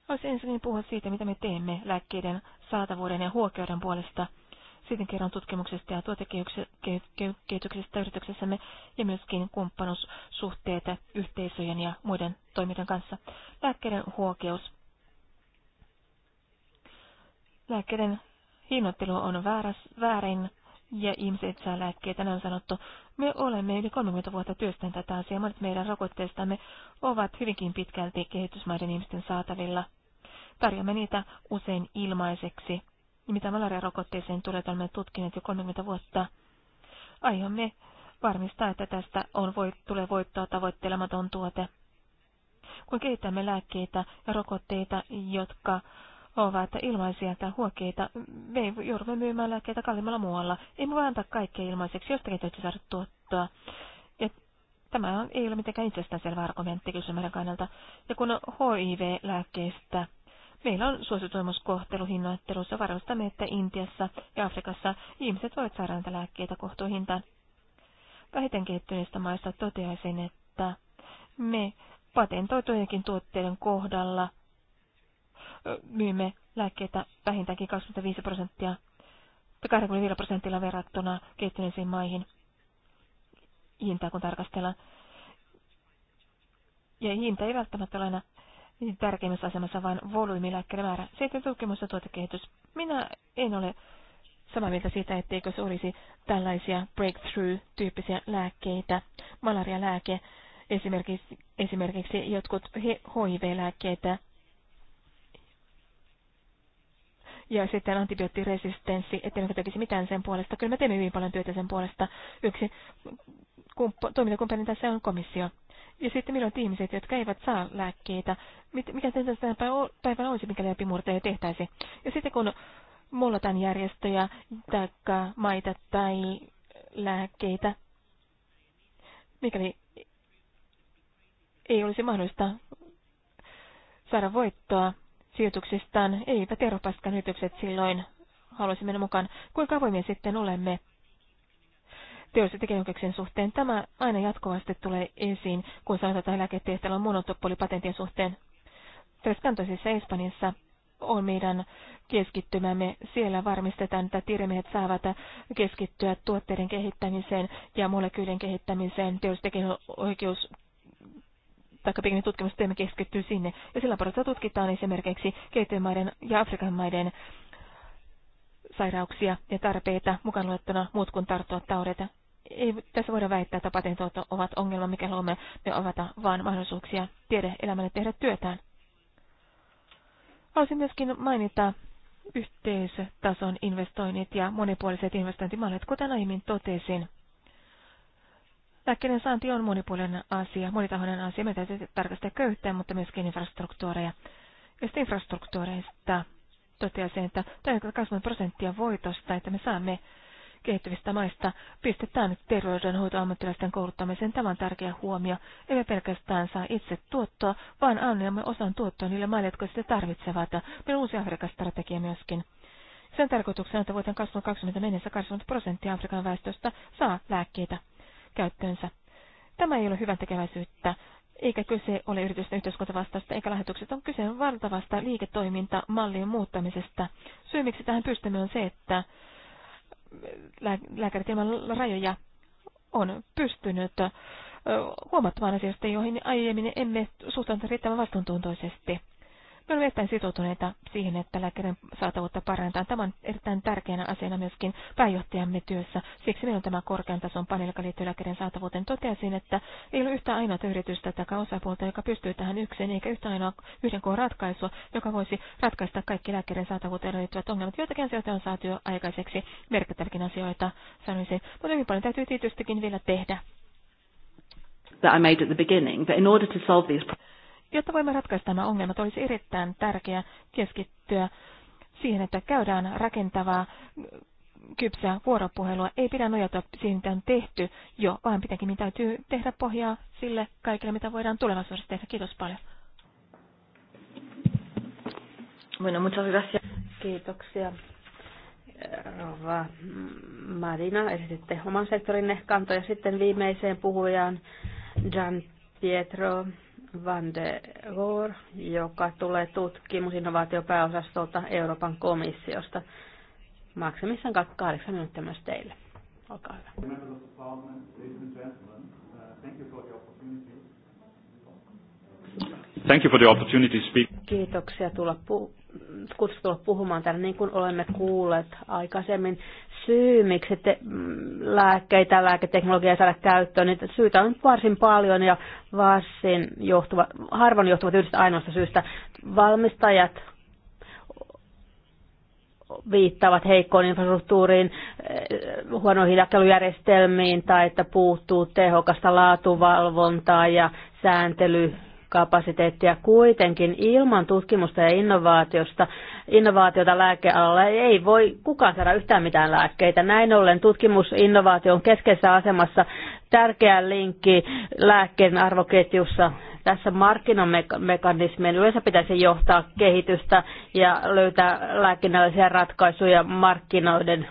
Olisi ensin puhua siitä, mitä me teemme lääkkeiden saatavuuden ja huokeuden puolesta – sitten kerron tutkimuksesta ja tuotekehityksestä yrityksessämme ja myöskin kumppanuussuhteita yhteisöjen ja muiden toimijoiden kanssa. Lääkkeiden huokeus. Lääkkeiden hinnoittelu on vääräs, väärin ja ihmiset saa lääkkeitä, näin on sanottu. Me olemme yli 30 vuotta työstäneet tätä asiaa. Monet meidän rokotteistamme ovat hyvinkin pitkälti kehitysmaiden ihmisten saatavilla. Tarjoamme niitä usein ilmaiseksi mitä rokotteeseen tulee, olemme tutkineet jo 30 vuotta. Aiomme varmistaa, että tästä on voi, tulee voittoa tavoittelematon tuote. Kun kehitämme lääkkeitä ja rokotteita, jotka ovat ilmaisia tai huokeita, me joudumme myymään lääkkeitä kalliimmalla muualla. Emme voi antaa kaikkea ilmaiseksi, jostakin täytyy saada tuottoa. Ja tämä ei ole mitenkään itsestäänselvä argumentti kysymällä kannalta. Ja kun HIV-lääkkeistä Meillä on suosituimuskohtelu hinnoittelussa. Varmistamme, että Intiassa ja Afrikassa ihmiset voivat saada näitä lääkkeitä kohtuuhintaan. Vähiten kehittyneistä maista toteaisin, että me patentoitujenkin tuotteiden kohdalla myymme lääkkeitä vähintäänkin 25 prosenttia 25 prosentilla verrattuna kehittyneisiin maihin hintaa, kun tarkastellaan. Ja hinta ei välttämättä ole aina niin tärkeimmässä asemassa vain volyymilääkkeiden määrä. Sitten tutkimus ja tuotekehitys. Minä en ole samaa mieltä siitä, etteikö se olisi tällaisia breakthrough-tyyppisiä lääkkeitä. malaria-lääke, esimerkiksi, esimerkiksi jotkut HIV-lääkkeitä ja sitten antibioottiresistenssi, ettei me tekisi mitään sen puolesta. Kyllä me teemme hyvin paljon työtä sen puolesta. Yksi kumppa, toimintakumppani tässä on komissio. Ja sitten milloin ihmiset, jotka eivät saa lääkkeitä, mikä sen tänä päivänä olisi, mikäli läpimurtoja tehtäisiin. Ja sitten kun mollataan järjestöjä taikka maita tai lääkkeitä, mikäli ei olisi mahdollista saada voittoa sijoituksistaan, eivät Euroopaskan yritykset silloin haluaisi mennä mukaan. Kuinka avoimia sitten olemme ja tekijänoikeuksien suhteen. Tämä aina jatkuvasti tulee esiin, kun sanotaan, että eläketehtävällä on monotopolipatentien suhteen. Treskantoisissa Espanjassa on meidän keskittymämme. Siellä varmistetaan, että tiedemiehet saavat keskittyä tuotteiden kehittämiseen ja molekyylien kehittämiseen. Teollistekijänoikeus tai pikemmin tutkimusteemme keskittyy sinne. Ja sillä parasta tutkitaan esimerkiksi kehittymaiden ja Afrikan maiden sairauksia ja tarpeita, mukaan luettuna muut kuin tarttua taudeita ei tässä voida väittää, että patentit ovat ongelma, mikä luomme ne avata, vaan mahdollisuuksia tiede-elämälle tehdä työtään. Haluaisin myöskin mainita yhteistason investoinnit ja monipuoliset investointimallit, kuten aiemmin totesin. Lääkkeiden saanti on monipuolinen asia, monitahoinen asia. Me täytyy tarkastaa köyhtää, mutta myöskin infrastruktuureja. Ja sitten infrastruktuureista toteaisin, että 20 prosenttia voitosta, että me saamme kehittyvistä maista pistetään terveydenhoitoammattilaisten kouluttamiseen. tämän tärkeä huomio. Emme pelkästään saa itse tuottoa, vaan annamme osan tuottoa niille maille, jotka sitä tarvitsevat. Meillä on uusi Afrikan strategia myöskin. Sen tarkoituksena, että vuoteen 2020 mennessä 80 prosenttia Afrikan väestöstä saa lääkkeitä käyttöönsä. Tämä ei ole hyvän tekeväisyyttä, eikä kyse ole yritysten yhteiskuntavastaista eikä lähetykset, on kyse valtavasta liiketoimintamallin muuttamisesta. Syy, miksi tähän pystymme, on se, että lääkärit ilman rajoja on pystynyt huomattamaan asiasta, joihin aiemmin emme suhtautuneet riittävän vastuuntuntoisesti. Me olemme erittäin sitoutuneita siihen, että lääkärin saatavuutta parantaa. Tämä on erittäin tärkeänä asiana myöskin pääjohtajamme työssä. Siksi minun tämä korkean tason paneeli, joka liittyy lääkärin saatavuuteen, toteasin, että ei ole yhtä ainoa yritystä tai osapuolta, joka pystyy tähän yksin, eikä yhtä ainoa yhden koon ratkaisua, joka voisi ratkaista kaikki lääkärin saatavuuteen liittyvät ongelmat. Joitakin asioita on saatu jo aikaiseksi, merkittäviäkin asioita sanoisin, mutta hyvin paljon täytyy tietystikin vielä tehdä. That I made at the beginning, but in order to solve these problems Jotta voimme ratkaista tämä ongelma, olisi erittäin tärkeää keskittyä siihen, että käydään rakentavaa kypsää vuoropuhelua. Ei pidä nojata siihen, mitä on tehty jo, vaan pitääkin mitä täytyy tehdä pohjaa sille kaikille, mitä voidaan tulevaisuudessa tehdä. Kiitos paljon. Bueno, muchas gracias. Kiitoksia. Rova Marina, esititte oman sektorinne kantoja. Sitten viimeiseen puhujaan Gian Pietro Van de Roor, joka tulee tutkimusinnovaatiopääosastolta Euroopan komissiosta. Maksimissaan kahdeksan minuuttia myös teille. Olkaa hyvä. Thank you for the opportunity to speak. Kiitoksia tulla pu- kutsuttu tulla puhumaan tänne, niin kuin olemme kuulleet aikaisemmin. Syy, miksi te, mm, lääkkeitä, lääketeknologiaa saada käyttöön, niin syitä on varsin paljon ja varsin johtuva, harvoin johtuvat yhdestä ainoasta syystä. Valmistajat viittaavat heikkoon infrastruktuuriin, eh, huonoihin jakelujärjestelmiin tai että puuttuu tehokasta laatuvalvontaa ja sääntely kapasiteettia. Kuitenkin ilman tutkimusta ja innovaatiosta, innovaatiota lääkealalla ei voi kukaan saada yhtään mitään lääkkeitä. Näin ollen tutkimusinnovaatio on keskeisessä asemassa tärkeä linkki lääkkeen arvoketjussa. Tässä markkinamekanismien yleensä pitäisi johtaa kehitystä ja löytää lääkinnällisiä ratkaisuja markkinoiden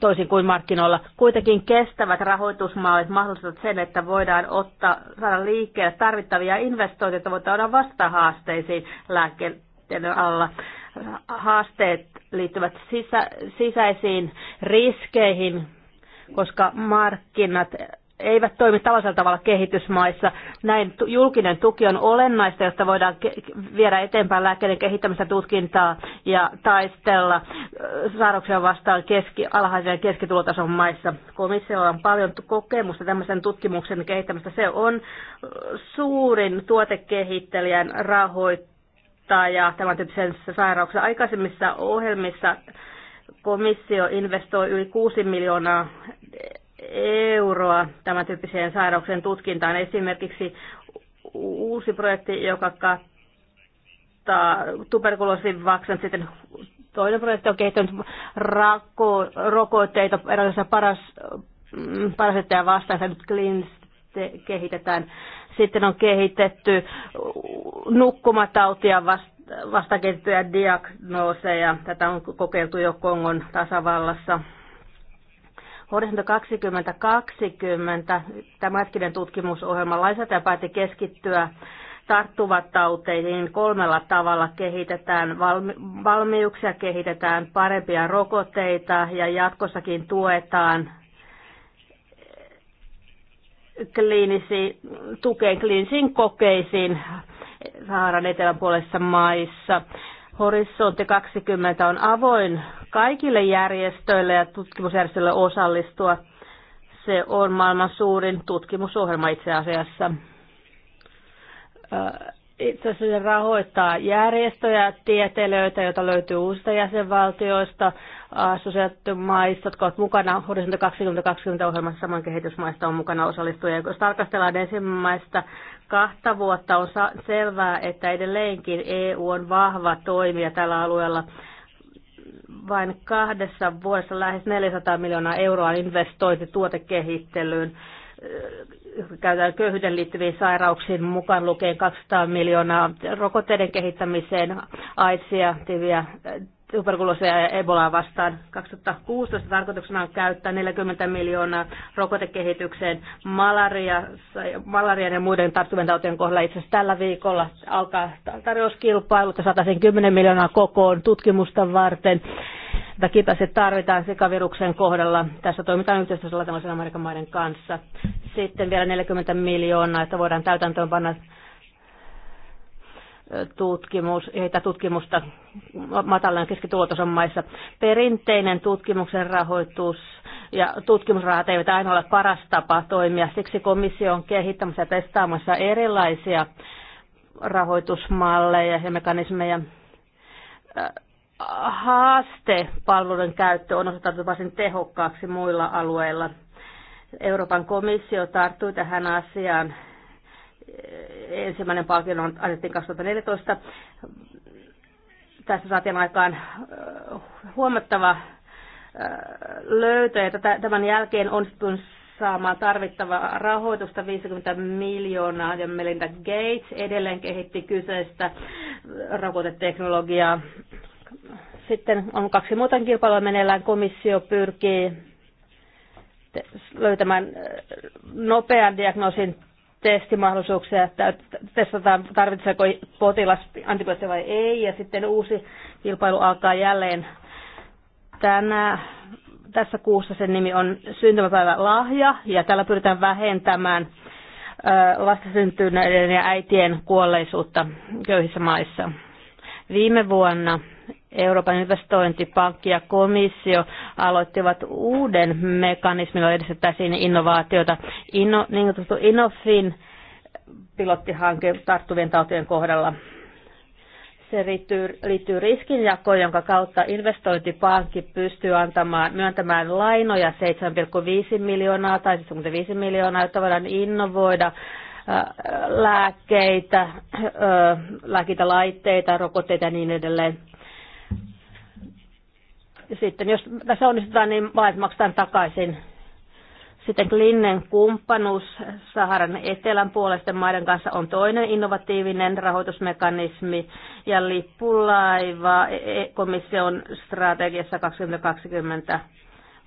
toisin kuin markkinoilla. Kuitenkin kestävät rahoitusmallit mahdollistavat sen, että voidaan ottaa, saada liikkeelle tarvittavia investointeja, että voidaan vastata haasteisiin lääkkeiden alla. Haasteet liittyvät sisä, sisäisiin riskeihin, koska markkinat eivät toimi tällaisella tavalla kehitysmaissa. Näin julkinen tuki on olennaista, jotta voidaan viedä eteenpäin lääkkeiden kehittämistä tutkintaa ja taistella sairauksia vastaan keski, alhaisen ja keskitulotason maissa. Komissiolla on paljon kokemusta tämmöisen tutkimuksen kehittämistä. Se on suurin tuotekehittelijän rahoittaja tämän tyyppisen sairauksen Aikaisemmissa ohjelmissa komissio investoi yli 6 miljoonaa euroa tämän tyyppiseen sairauksien tutkintaan. Esimerkiksi uusi projekti, joka kattaa tuberkuloosin vaksan sitten toinen projekti on kehittänyt rako, rokotteita erilaisia paras, mm, parasetteja vastaan, nyt klins kehitetään. Sitten on kehitetty nukkumatautia vastaan kehitettyjä diagnooseja. Tätä on kokeiltu jo Kongon tasavallassa. Horisonto 2020, tämä hetkinen tutkimusohjelma lainsäätäjä päätti keskittyä tarttuvat tauteihin kolmella tavalla kehitetään valmi- valmiuksia, kehitetään parempia rokotteita ja jatkossakin tuetaan kliinisi, tukeen kliinisiin kokeisiin Saharan eteläpuolessa maissa. Horisontti 20 on avoin kaikille järjestöille ja tutkimusjärjestöille osallistua. Se on maailman suurin tutkimusohjelma itse asiassa. Itse asiassa se rahoittaa järjestöjä, tieteilijöitä, joita löytyy uusista jäsenvaltioista, assosioitu maista, jotka ovat mukana Horisontti 2020 ohjelmassa saman kehitysmaista on mukana osallistuja. Jos tarkastellaan ensimmäistä kahta vuotta, on selvää, että edelleenkin EU on vahva toimija tällä alueella vain kahdessa vuodessa lähes 400 miljoonaa euroa investointi tuotekehittelyyn. Käytetään köyhyyden liittyviin sairauksiin mukaan lukien 200 miljoonaa rokotteiden kehittämiseen, AIDSia, tiviä, tuberkuloosia ja Ebolaa vastaan. 2016 tarkoituksena on käyttää 40 miljoonaa rokotekehitykseen malaria, malarian ja muiden tartuntatautien kohdalla. Itse asiassa tällä viikolla alkaa tarjouskilpailu, että saataisiin 10 miljoonaa kokoon tutkimusta varten. Tätä se tarvitaan sikaviruksen kohdalla. Tässä toimitaan yhteistyössä Latinalaisen Amerikan maiden kanssa. Sitten vielä 40 miljoonaa, että voidaan täytäntöön panna tutkimus, heitä tutkimusta matalan keskitulotason maissa. Perinteinen tutkimuksen rahoitus ja tutkimusrahat eivät aina ole paras tapa toimia. Siksi komissio on kehittämässä ja testaamassa erilaisia rahoitusmalleja ja mekanismeja. Äh, Haaste palveluiden käyttö on osoitettu varsin tehokkaaksi muilla alueilla. Euroopan komissio tarttui tähän asiaan ensimmäinen palkinto annettiin 2014. Tässä saatiin aikaan äh, huomattava äh, löytö, että tämän jälkeen onnistun saamaan tarvittavaa rahoitusta 50 miljoonaa, ja Melinda Gates edelleen kehitti kyseistä rokoteteknologiaa. Sitten on kaksi muuta kilpailua meneillään. Komissio pyrkii löytämään äh, nopean diagnoosin testimahdollisuuksia, että testataan tarvitseeko potilas antibiootteja vai ei, ja sitten uusi kilpailu alkaa jälleen tänä, tässä kuussa sen nimi on syntymäpäivä lahja, ja tällä pyritään vähentämään vastasyntyneiden ja äitien kuolleisuutta köyhissä maissa. Viime vuonna Euroopan investointipankki ja komissio aloittivat uuden mekanismin, jolla edistettäisiin innovaatiota. Inno, niin kutsuttu Innofin pilottihanke tarttuvien tautien kohdalla. Se liittyy, liittyy riskinjakoon, jonka kautta investointipankki pystyy antamaan, myöntämään lainoja 7,5 miljoonaa tai 75 miljoonaa, jotta voidaan innovoida äh, lääkkeitä, äh, lääkintälaitteita, rokotteita ja niin edelleen. Ja sitten jos tässä onnistutaan, niin vaat maksetaan takaisin. Sitten Klinnen kumppanuus Saharan etelän puolisten maiden kanssa on toinen innovatiivinen rahoitusmekanismi ja lippulaiva e, e, komission strategiassa 2020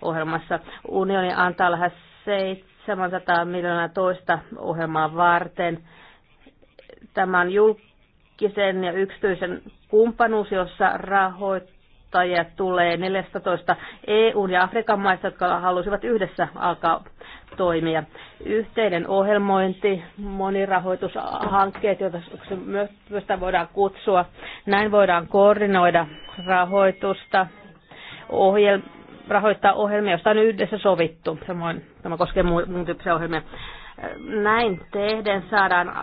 ohjelmassa. Unioni antaa lähes 700 miljoonaa toista ohjelmaa varten. Tämä on julkisen ja yksityisen kumppanuus, jossa rahoit maahanmuuttajia tulee 14 EU- ja Afrikan maista, jotka halusivat yhdessä alkaa toimia. Yhteinen ohjelmointi, monirahoitushankkeet, joita myös voidaan kutsua. Näin voidaan koordinoida rahoitusta, ohjel, rahoittaa ohjelmia, joista on yhdessä sovittu. Samoin tämä koskee muun tyyppisiä ohjelmia näin tehden saadaan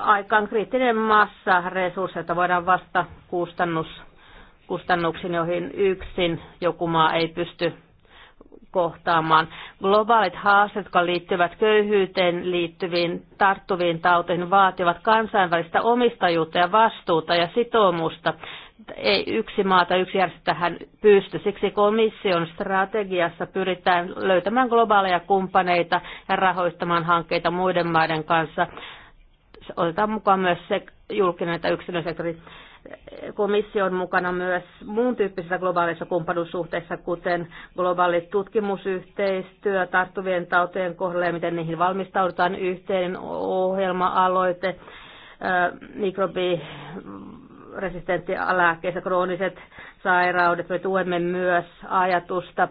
aikaan kriittinen massa resursseja, voidaan vasta kustannus kustannuksiin, joihin yksin joku maa ei pysty kohtaamaan. Globaalit haasteet, jotka liittyvät köyhyyteen liittyviin tarttuviin tauteihin, vaativat kansainvälistä omistajuutta ja vastuuta ja sitoumusta. Ei yksi maata, yksi järjestö tähän pysty. Siksi komission strategiassa pyritään löytämään globaaleja kumppaneita ja rahoittamaan hankkeita muiden maiden kanssa. Otetaan mukaan myös se julkinen että yksityinen sektori komission mukana myös muun tyyppisissä globaalissa kumppanuussuhteissa, kuten globaali tutkimusyhteistyö, tarttuvien tautien kohdalla ja miten niihin valmistaudutaan, yhteinen ohjelma-aloite, mikrobiresistenttialääkkeissä krooniset sairaudet. Me tuemme myös ajatusta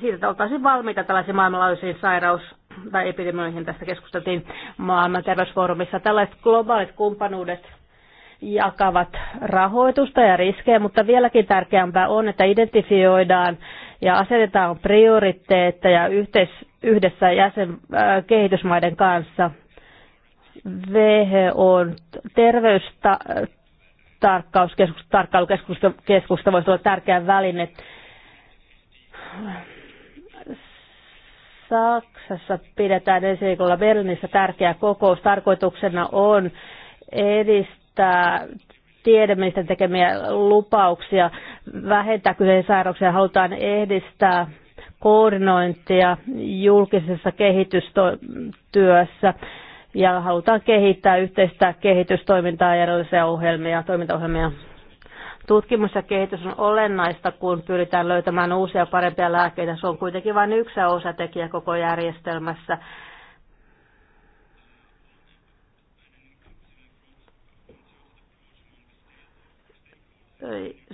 siitä, että oltaisiin valmiita tällaisiin maailmanlaajuisiin sairaus- tai epidemioihin. Tästä keskusteltiin maailman terveysfoorumissa. Tällaiset globaalit kumppanuudet jakavat rahoitusta ja riskejä, mutta vieläkin tärkeämpää on, että identifioidaan ja asetetaan prioriteetteja yhteis, yhdessä jäsen, äh, kehitysmaiden kanssa. WHOn terveystarkkailukeskusta voisi olla tärkeä väline Saksassa pidetään ensi viikolla Berliinissä tärkeä kokous. Tarkoituksena on edistää tiedemiesten tekemiä lupauksia, vähentää kyseisiä sairauksia, halutaan edistää koordinointia julkisessa kehitystyössä ja halutaan kehittää yhteistä kehitystoimintaa ja erilaisia ohjelmia, toimintaohjelmia. Tutkimus kehitys on olennaista, kun pyritään löytämään uusia parempia lääkkeitä. Se on kuitenkin vain yksi osatekijä koko järjestelmässä.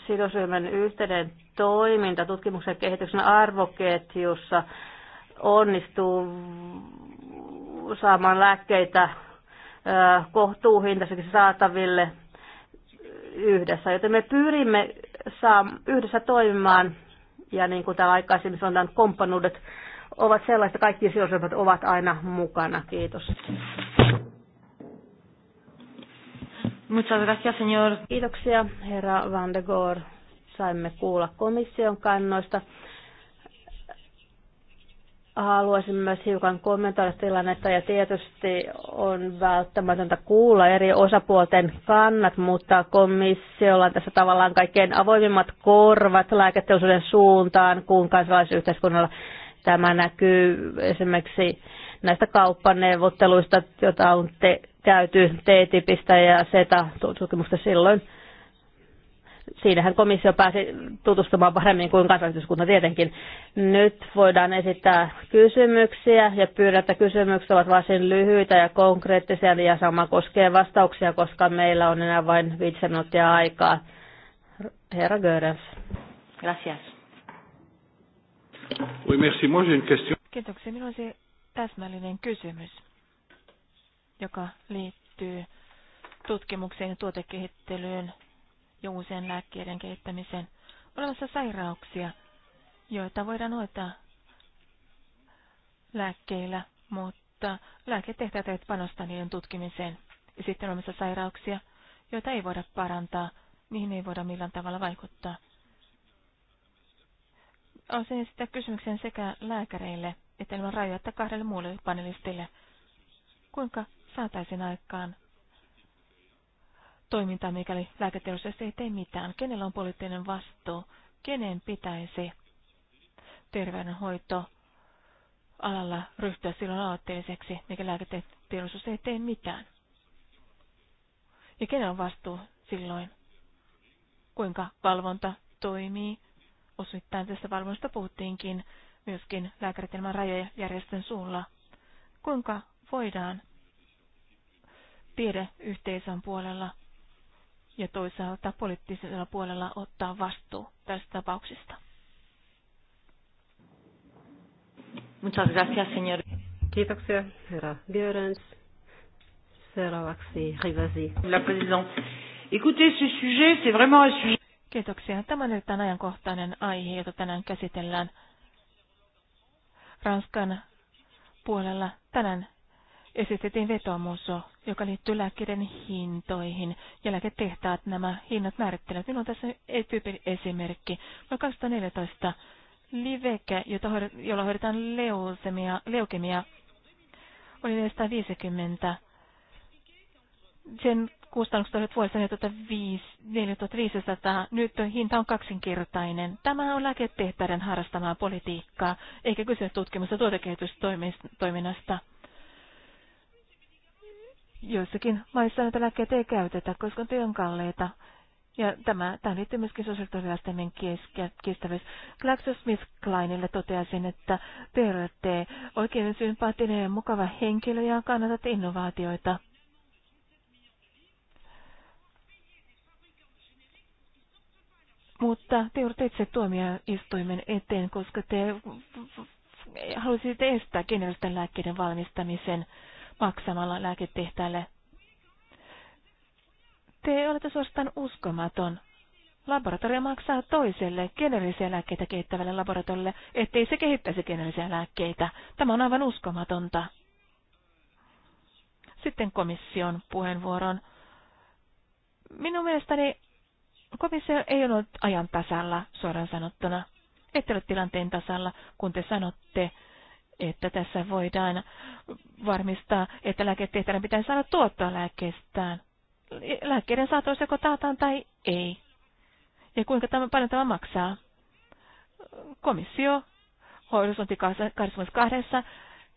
sidosryhmän yhteinen toiminta tutkimuksen kehityksen arvoketjussa onnistuu saamaan lääkkeitä kohtuuhintaisiksi saataville yhdessä, joten me pyrimme saa yhdessä toimimaan, ja niin kuin täällä aikaisemmin sanotaan, komppanuudet ovat sellaista, kaikki sijoitusryhmät ovat aina mukana. Kiitos. Muchas gracias, señor. Kiitoksia, herra Van de Gore. Saimme kuulla komission kannoista. Haluaisin myös hiukan kommentoida tilannetta ja tietysti on välttämätöntä kuulla eri osapuolten kannat, mutta komissiolla on tässä tavallaan kaikkein avoimimmat korvat lääketeollisuuden suuntaan kuin kansalaisyhteiskunnalla. Tämä näkyy esimerkiksi näistä kauppaneuvotteluista, joita on te- käyty TTIPistä ja SETA-tutkimusta silloin Siinähän komissio pääsi tutustumaan paremmin kuin kansallisyyskunta tietenkin. Nyt voidaan esittää kysymyksiä ja pyydä, että kysymykset ovat varsin lyhyitä ja konkreettisia ja sama koskee vastauksia, koska meillä on enää vain viisi minuuttia aikaa. Herra Görens. Gracias. Oui, merci. Moi, j'ai une question. Kiitoksia. Minulla olisi täsmällinen kysymys, joka liittyy tutkimukseen ja tuotekehittelyyn ja uusien lääkkeiden kehittämiseen. Olemassa sairauksia, joita voidaan hoitaa lääkkeillä, mutta lääketehtävät eivät panosta niiden tutkimiseen. Ja sitten olemassa sairauksia, joita ei voida parantaa, niihin ei voida millään tavalla vaikuttaa. Olisin esittää kysymyksen sekä lääkäreille että ilman rajoitta kahdelle muulle panelistille. Kuinka saataisiin aikaan toimintaa, mikäli lääketeollisuus ei tee mitään. Kenellä on poliittinen vastuu? Kenen pitäisi terveydenhoito alalla ryhtyä silloin aloitteelliseksi, mikä lääketeollisuus ei tee mitään? Ja kenellä on vastuu silloin? Kuinka valvonta toimii? Osittain tästä valvonnasta puhuttiinkin myöskin lääkäritilman rajajärjestön suulla. Kuinka voidaan tiedeyhteisön puolella ja toisaalta poliittisella puolella ottaa vastuu tästä tapauksesta. Muchas gracias, señor. Kiitoksia, herra Björens. Seuraavaksi Rivasi. La présidente. Écoutez, ce sujet, c'est vraiment un sujet. Kiitoksia. Tämä on erittäin ajankohtainen aihe, jota tänään käsitellään Ranskan puolella. Tänään esitettiin vetomus, joka liittyy lääkkeiden hintoihin ja lääketehtaat nämä hinnat määrittelevät. Minulla on tässä tyypin esimerkki. No 2014 liveke, jota jolla hoidetaan leusemia, leukemia, oli 450. Sen kustannukset olivat vuodessa 4500. Nyt hinta on kaksinkertainen. Tämä on lääketehtaiden harrastamaa politiikkaa, eikä kyse tutkimus- ja tuotekehitystoiminnasta. Joissakin maissa näitä lääkkeitä ei käytetä, koska on kalleita. Ja tämä, tämä liittyy myöskin sosiaaliturvajärjestelmien kestävyys. GlaxoSmithKlineille toteaisin, että te oikein sympaattinen ja mukava henkilö ja kannatat innovaatioita. Mutta te joudutte itse tuomioistuimen eteen, koska te halusitte estää geneeristen lääkkeiden valmistamisen maksamalla lääketehtäälle. Te olette suorastaan uskomaton. Laboratorio maksaa toiselle geneerisiä lääkkeitä kehittävälle laboratorille, ettei se kehittäisi geneerisiä lääkkeitä. Tämä on aivan uskomatonta. Sitten komission puheenvuoron. Minun mielestäni komissio ei ollut ajan tasalla, suoraan sanottuna. Ette ole tilanteen tasalla, kun te sanotte, että tässä voidaan varmistaa, että lääketieteen pitää saada tuottoa lääkkeestään. Lääkkeiden saatavuus joko taataan tai ei. Ja kuinka tämä, paljon tämä maksaa? Komissio, horisontti 22,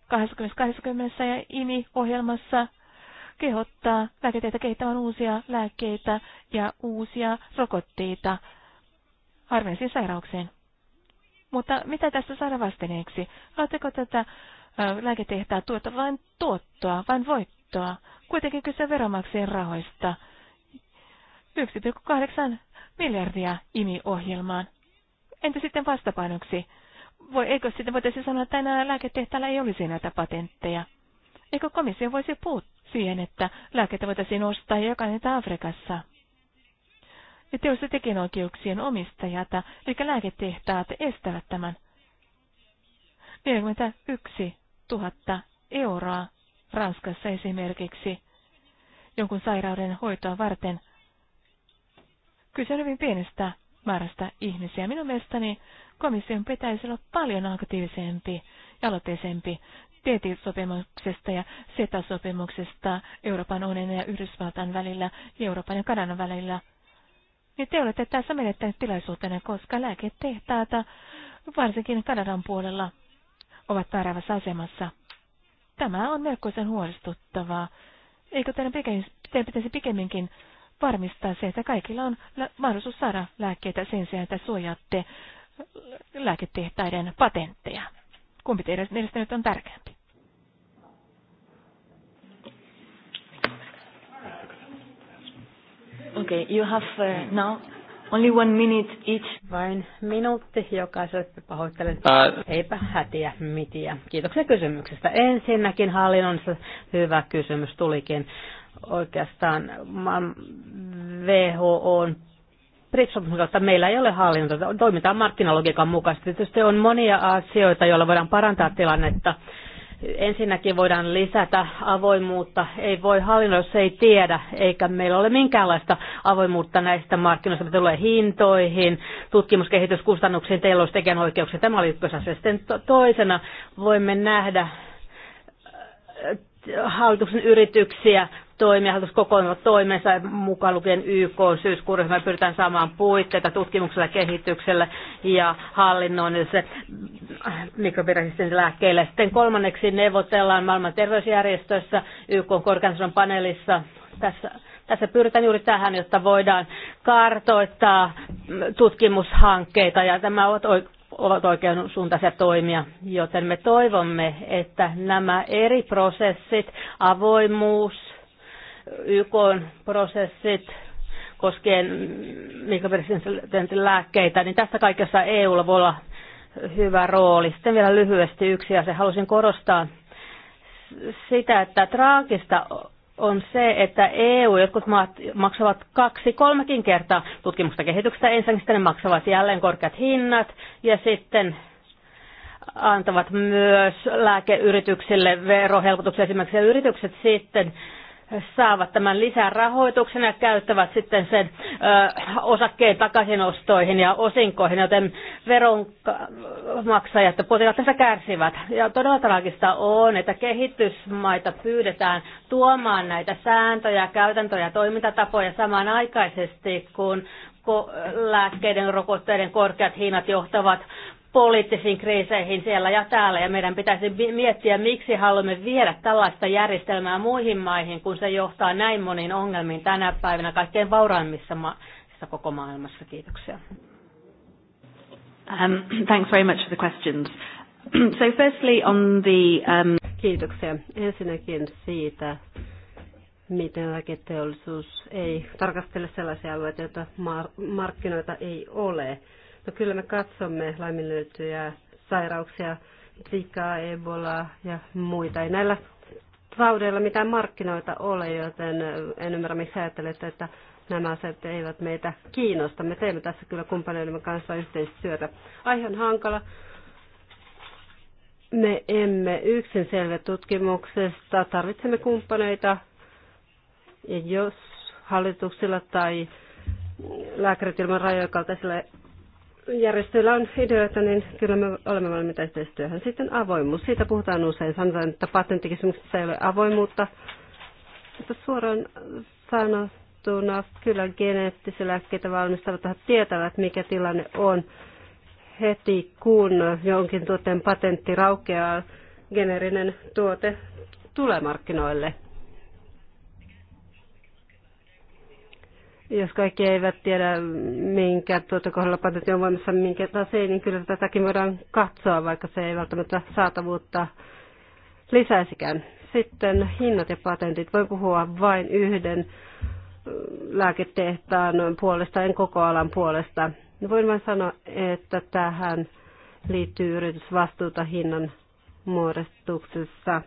2020 ja IMI-ohjelmassa kehottaa lääketieteitä kehittämään uusia lääkkeitä ja uusia rokotteita harvinaisiin sairauksiin. Mutta mitä tässä saada vastineeksi? Oletteko tätä lääketehtaa tuota vain tuottoa, vain voittoa? Kuitenkin kyse veromaksien rahoista. 1,8 miljardia imi ohjelmaan. Entä sitten vastapainoksi? Voi, eikö sitten voitaisiin sanoa, että enää lääketehtäällä ei olisi näitä patentteja? Eikö komissio voisi puuttua siihen, että lääkettä voitaisiin ostaa jokainen Afrikassa? ja teollis- ja tekijänoikeuksien omistajat, eli lääketehtaat, estävät tämän 41 000 euroa Ranskassa esimerkiksi jonkun sairauden hoitoa varten. Kyse on hyvin pienestä määrästä ihmisiä. Minun mielestäni komission pitäisi olla paljon aktiivisempi ja aloitteisempi TTIP-sopimuksesta ja CETA-sopimuksesta Euroopan unionin ja Yhdysvaltain välillä ja Euroopan ja Kanadan välillä – ja te olette tässä menettäneet tilaisuutena, koska lääketehtaata varsinkin Kanadan puolella, ovat väärävässä asemassa. Tämä on melkoisen huolestuttavaa. Eikö teidän, pikemmin, teidän pitäisi pikemminkin varmistaa se, että kaikilla on mahdollisuus saada lääkkeitä sen sijaan, että suojaatte lääketehtaiden patentteja? Kumpi teidän mielestä nyt on tärkeämpi? Okay, you have uh, now only one minute each. Vain minuutti jokaiselle pahoittelen. Uh. Eipä hätiä mitiä. Kiitoksia kysymyksestä. Ensinnäkin hallinnollista hyvä kysymys tulikin. Oikeastaan WHO on brexit meillä ei ole hallinto, Toimitaan markkinalogiikan mukaisesti. Tietysti on monia asioita, joilla voidaan parantaa tilannetta Ensinnäkin voidaan lisätä avoimuutta. Ei voi hallinnoida, jos ei tiedä, eikä meillä ole minkäänlaista avoimuutta näistä markkinoista, mitä tulee hintoihin, tutkimuskehityskustannuksiin, teillä tekijänoikeuksia. Tämä oli ykkösasia. Sitten toisena voimme nähdä äh, hallituksen yrityksiä toimia, hallitus kokoontuvat toimensa mukaan lukien YK syyskuuryhmä pyritään saamaan puitteita tutkimuksella, kehityksellä ja hallinnoinnille mikrobiresistenssin lääkkeille. Sitten kolmanneksi neuvotellaan maailman terveysjärjestössä YK korkean paneelissa tässä tässä pyritään juuri tähän, jotta voidaan kartoittaa tutkimushankkeita ja tämä ovat oikeansuuntaisia oikean toimia, joten me toivomme, että nämä eri prosessit, avoimuus, YK-prosessit koskien mikroperäisten lääkkeitä, niin tässä kaikessa EUlla voi olla hyvä rooli. Sitten vielä lyhyesti yksi asia. Haluaisin korostaa sitä, että traagista on se, että EU, jotkut maat maksavat kaksi, kolmekin kertaa tutkimusta kehityksestä. Ensinnäkin ne maksavat jälleen korkeat hinnat ja sitten antavat myös lääkeyrityksille verohelpotuksia. Esimerkiksi yritykset sitten saavat tämän lisärahoituksen ja käyttävät sitten sen ö, osakkeen takaisinostoihin ja osinkoihin, joten veronmaksajat ja potilaat tässä kärsivät. Ja todella traagista on, että kehitysmaita pyydetään tuomaan näitä sääntöjä, käytäntöjä ja toimintatapoja samanaikaisesti, kun lääkkeiden rokotteiden korkeat hinnat johtavat poliittisiin kriiseihin siellä ja täällä, ja meidän pitäisi miettiä, miksi haluamme viedä tällaista järjestelmää muihin maihin, kun se johtaa näin moniin ongelmiin tänä päivänä kaikkein vauraimmissa maissa koko maailmassa. Kiitoksia. Um, thanks very much for the questions. so firstly on the... Um... Kiitoksia. Ensinnäkin siitä, miten lääketeollisuus ei tarkastele sellaisia alueita, joita markkinoita ei ole No kyllä me katsomme laiminlyötyjä sairauksia, Zikaa, Ebolaa ja muita. Ei näillä taudeilla mitään markkinoita ole, joten en ymmärrä, miksi ajattelet, että nämä asiat eivät meitä kiinnosta. Me teemme tässä kyllä kumppaneidemme kanssa yhteistyötä. Aihe on hankala. Me emme yksin selviä tutkimuksesta. Tarvitsemme kumppaneita. Ja jos hallituksilla tai lääkärit ilman rajojen kaltaisilla järjestöillä on ideoita, niin kyllä me olemme valmiita yhteistyöhön. Sitten avoimuus. Siitä puhutaan usein. Sanotaan, että patenttikysymyksessä ei ole avoimuutta. Mutta suoraan sanottuna kyllä geneettisiä lääkkeitä valmistavat tietävät, mikä tilanne on heti, kun jonkin tuotteen patentti raukeaa, generinen tuote tulee markkinoille. Jos kaikki eivät tiedä, minkä tuota kohdalla patentti on voimassa, minkä taas ei, niin kyllä tätäkin voidaan katsoa, vaikka se ei välttämättä saatavuutta lisäisikään. Sitten hinnat ja patentit. Voin puhua vain yhden lääketehtaan puolesta, en koko alan puolesta. Voin vain sanoa, että tähän liittyy yritysvastuuta hinnan muodostuksessa.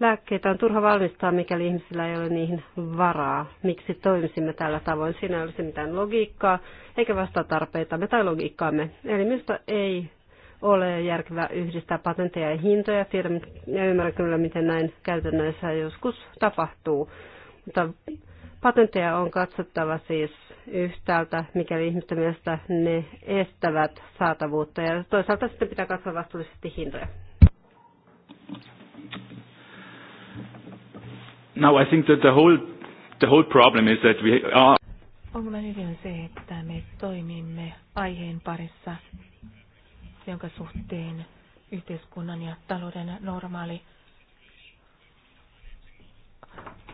Lääkkeitä on turha valmistaa, mikäli ihmisillä ei ole niihin varaa. Miksi toimisimme tällä tavoin? Siinä ei olisi mitään logiikkaa, eikä vastaa tarpeitamme tai logiikkaamme. Eli minusta ei ole järkevää yhdistää patentteja ja hintoja. Tiedän ja ymmärrän kyllä, miten näin käytännössä joskus tapahtuu. Mutta patentteja on katsottava siis yhtäältä, mikäli ihmisten mielestä ne estävät saatavuutta. Ja toisaalta sitten pitää katsoa vastuullisesti hintoja. Now I think that the whole, the whole problem is that we are... Ongelma hyvin on se, että me toimimme aiheen parissa, jonka suhteen yhteiskunnan ja talouden normaali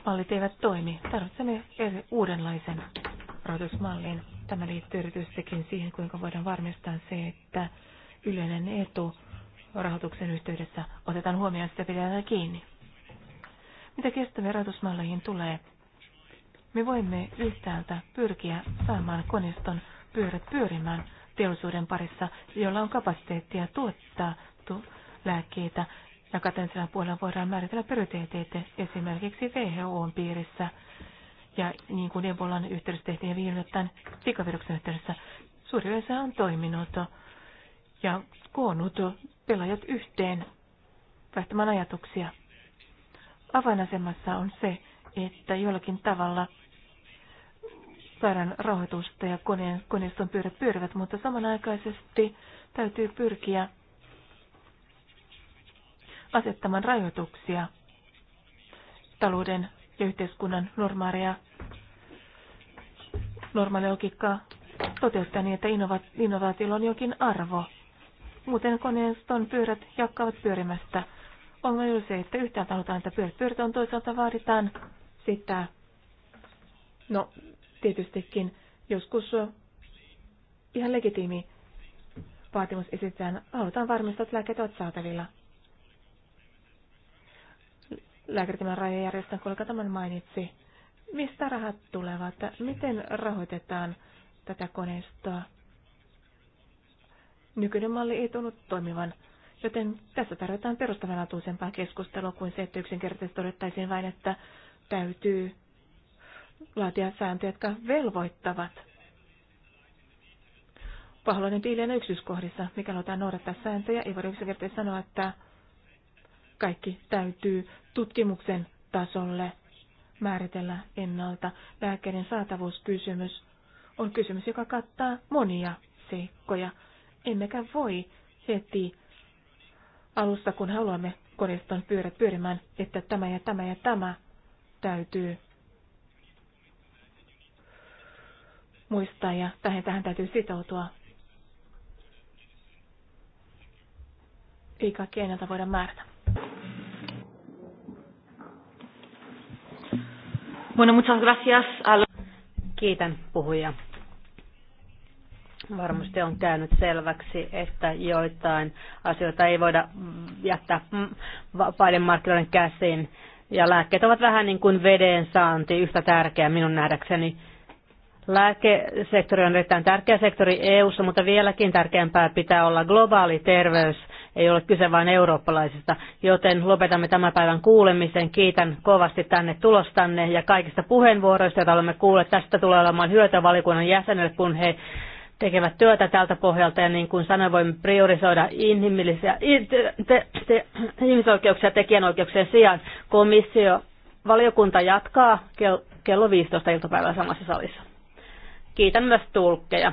mallit eivät toimi. Tarvitsemme uudenlaisen rahoitusmallin. Tämä liittyy erityisesti siihen, kuinka voidaan varmistaa se, että yleinen etu rahoituksen yhteydessä otetaan huomioon sitä pidetään kiinni. Mitä kestäviin rahoitusmalleihin tulee, me voimme yhtäältä pyrkiä saamaan koneiston pyörät pyörimään teollisuuden parissa, jolla on kapasiteettia tuottaa tu- lääkkeitä. Ja katentisella puolella voidaan määritellä prioriteetit esimerkiksi WHOn piirissä. Ja niin kuin Ebolan yhteydessä tehtiin viime tämän sikaviruksen yhteydessä, suuri yleensä on toiminut ja koonnut pelaajat yhteen vaihtamaan ajatuksia avainasemassa on se, että jollakin tavalla saadaan rahoitusta ja koneen, koneiston pyörät pyörivät, mutta samanaikaisesti täytyy pyrkiä asettamaan rajoituksia talouden ja yhteiskunnan normaaleja, normaalia logiikkaa toteuttaa niin, että innovaatiolla on jokin arvo. Muuten koneiston pyörät jakavat pyörimästä. Ongelma on juuri se, että yhtäältä halutaan, että pyörät pyörät on, toisaalta vaaditaan sitä. No, tietystikin joskus ihan legitiimi vaatimus esitetään. Halutaan varmistaa, että lääkkeet ovat saatavilla. Lääkäritimän rajajärjestön kollega tämän mainitsi. Mistä rahat tulevat? Miten rahoitetaan tätä koneistoa? Nykyinen malli ei tunnu toimivan. Joten tässä tarvitaan perustavanlaatuisempaa keskustelua kuin se, että yksinkertaisesti todettaisiin vain, että täytyy laatia sääntöjä, jotka velvoittavat paholainen piilien yksityiskohdissa, mikä luotaan noudattaa sääntöjä. Ei voida yksinkertaisesti sanoa, että kaikki täytyy tutkimuksen tasolle määritellä ennalta. Lääkkeiden saatavuuskysymys on kysymys, joka kattaa monia seikkoja. Emmekä voi heti alussa, kun haluamme koneiston pyörät pyörimään, että tämä ja tämä ja tämä täytyy muistaa ja tähän, tähän täytyy sitoutua. Ei kaikki ennalta voida määrätä. Bueno, muchas gracias. Kiitän puhuja. Varmasti on käynyt selväksi, että joitain asioita ei voida jättää mm, vapaiden markkinoiden käsiin. Ja lääkkeet ovat vähän niin kuin veden saanti, yhtä tärkeä minun nähdäkseni. Lääkesektori on erittäin tärkeä sektori EU:ssa, mutta vieläkin tärkeämpää pitää olla globaali terveys. Ei ole kyse vain eurooppalaisista, joten lopetamme tämän päivän kuulemisen. Kiitän kovasti tänne tulostanne ja kaikista puheenvuoroista, joita olemme kuulleet. Tästä tulee olemaan hyötyä valikunnan jäsenille, kun he tekevät työtä tältä pohjalta ja niin kuin sanoin, voimme priorisoida inhimillisiä, te, te, ihmisoikeuksia tekijänoikeuksien sijaan. Komissio, valiokunta jatkaa kello 15 iltapäivällä samassa salissa. Kiitän myös tulkkeja.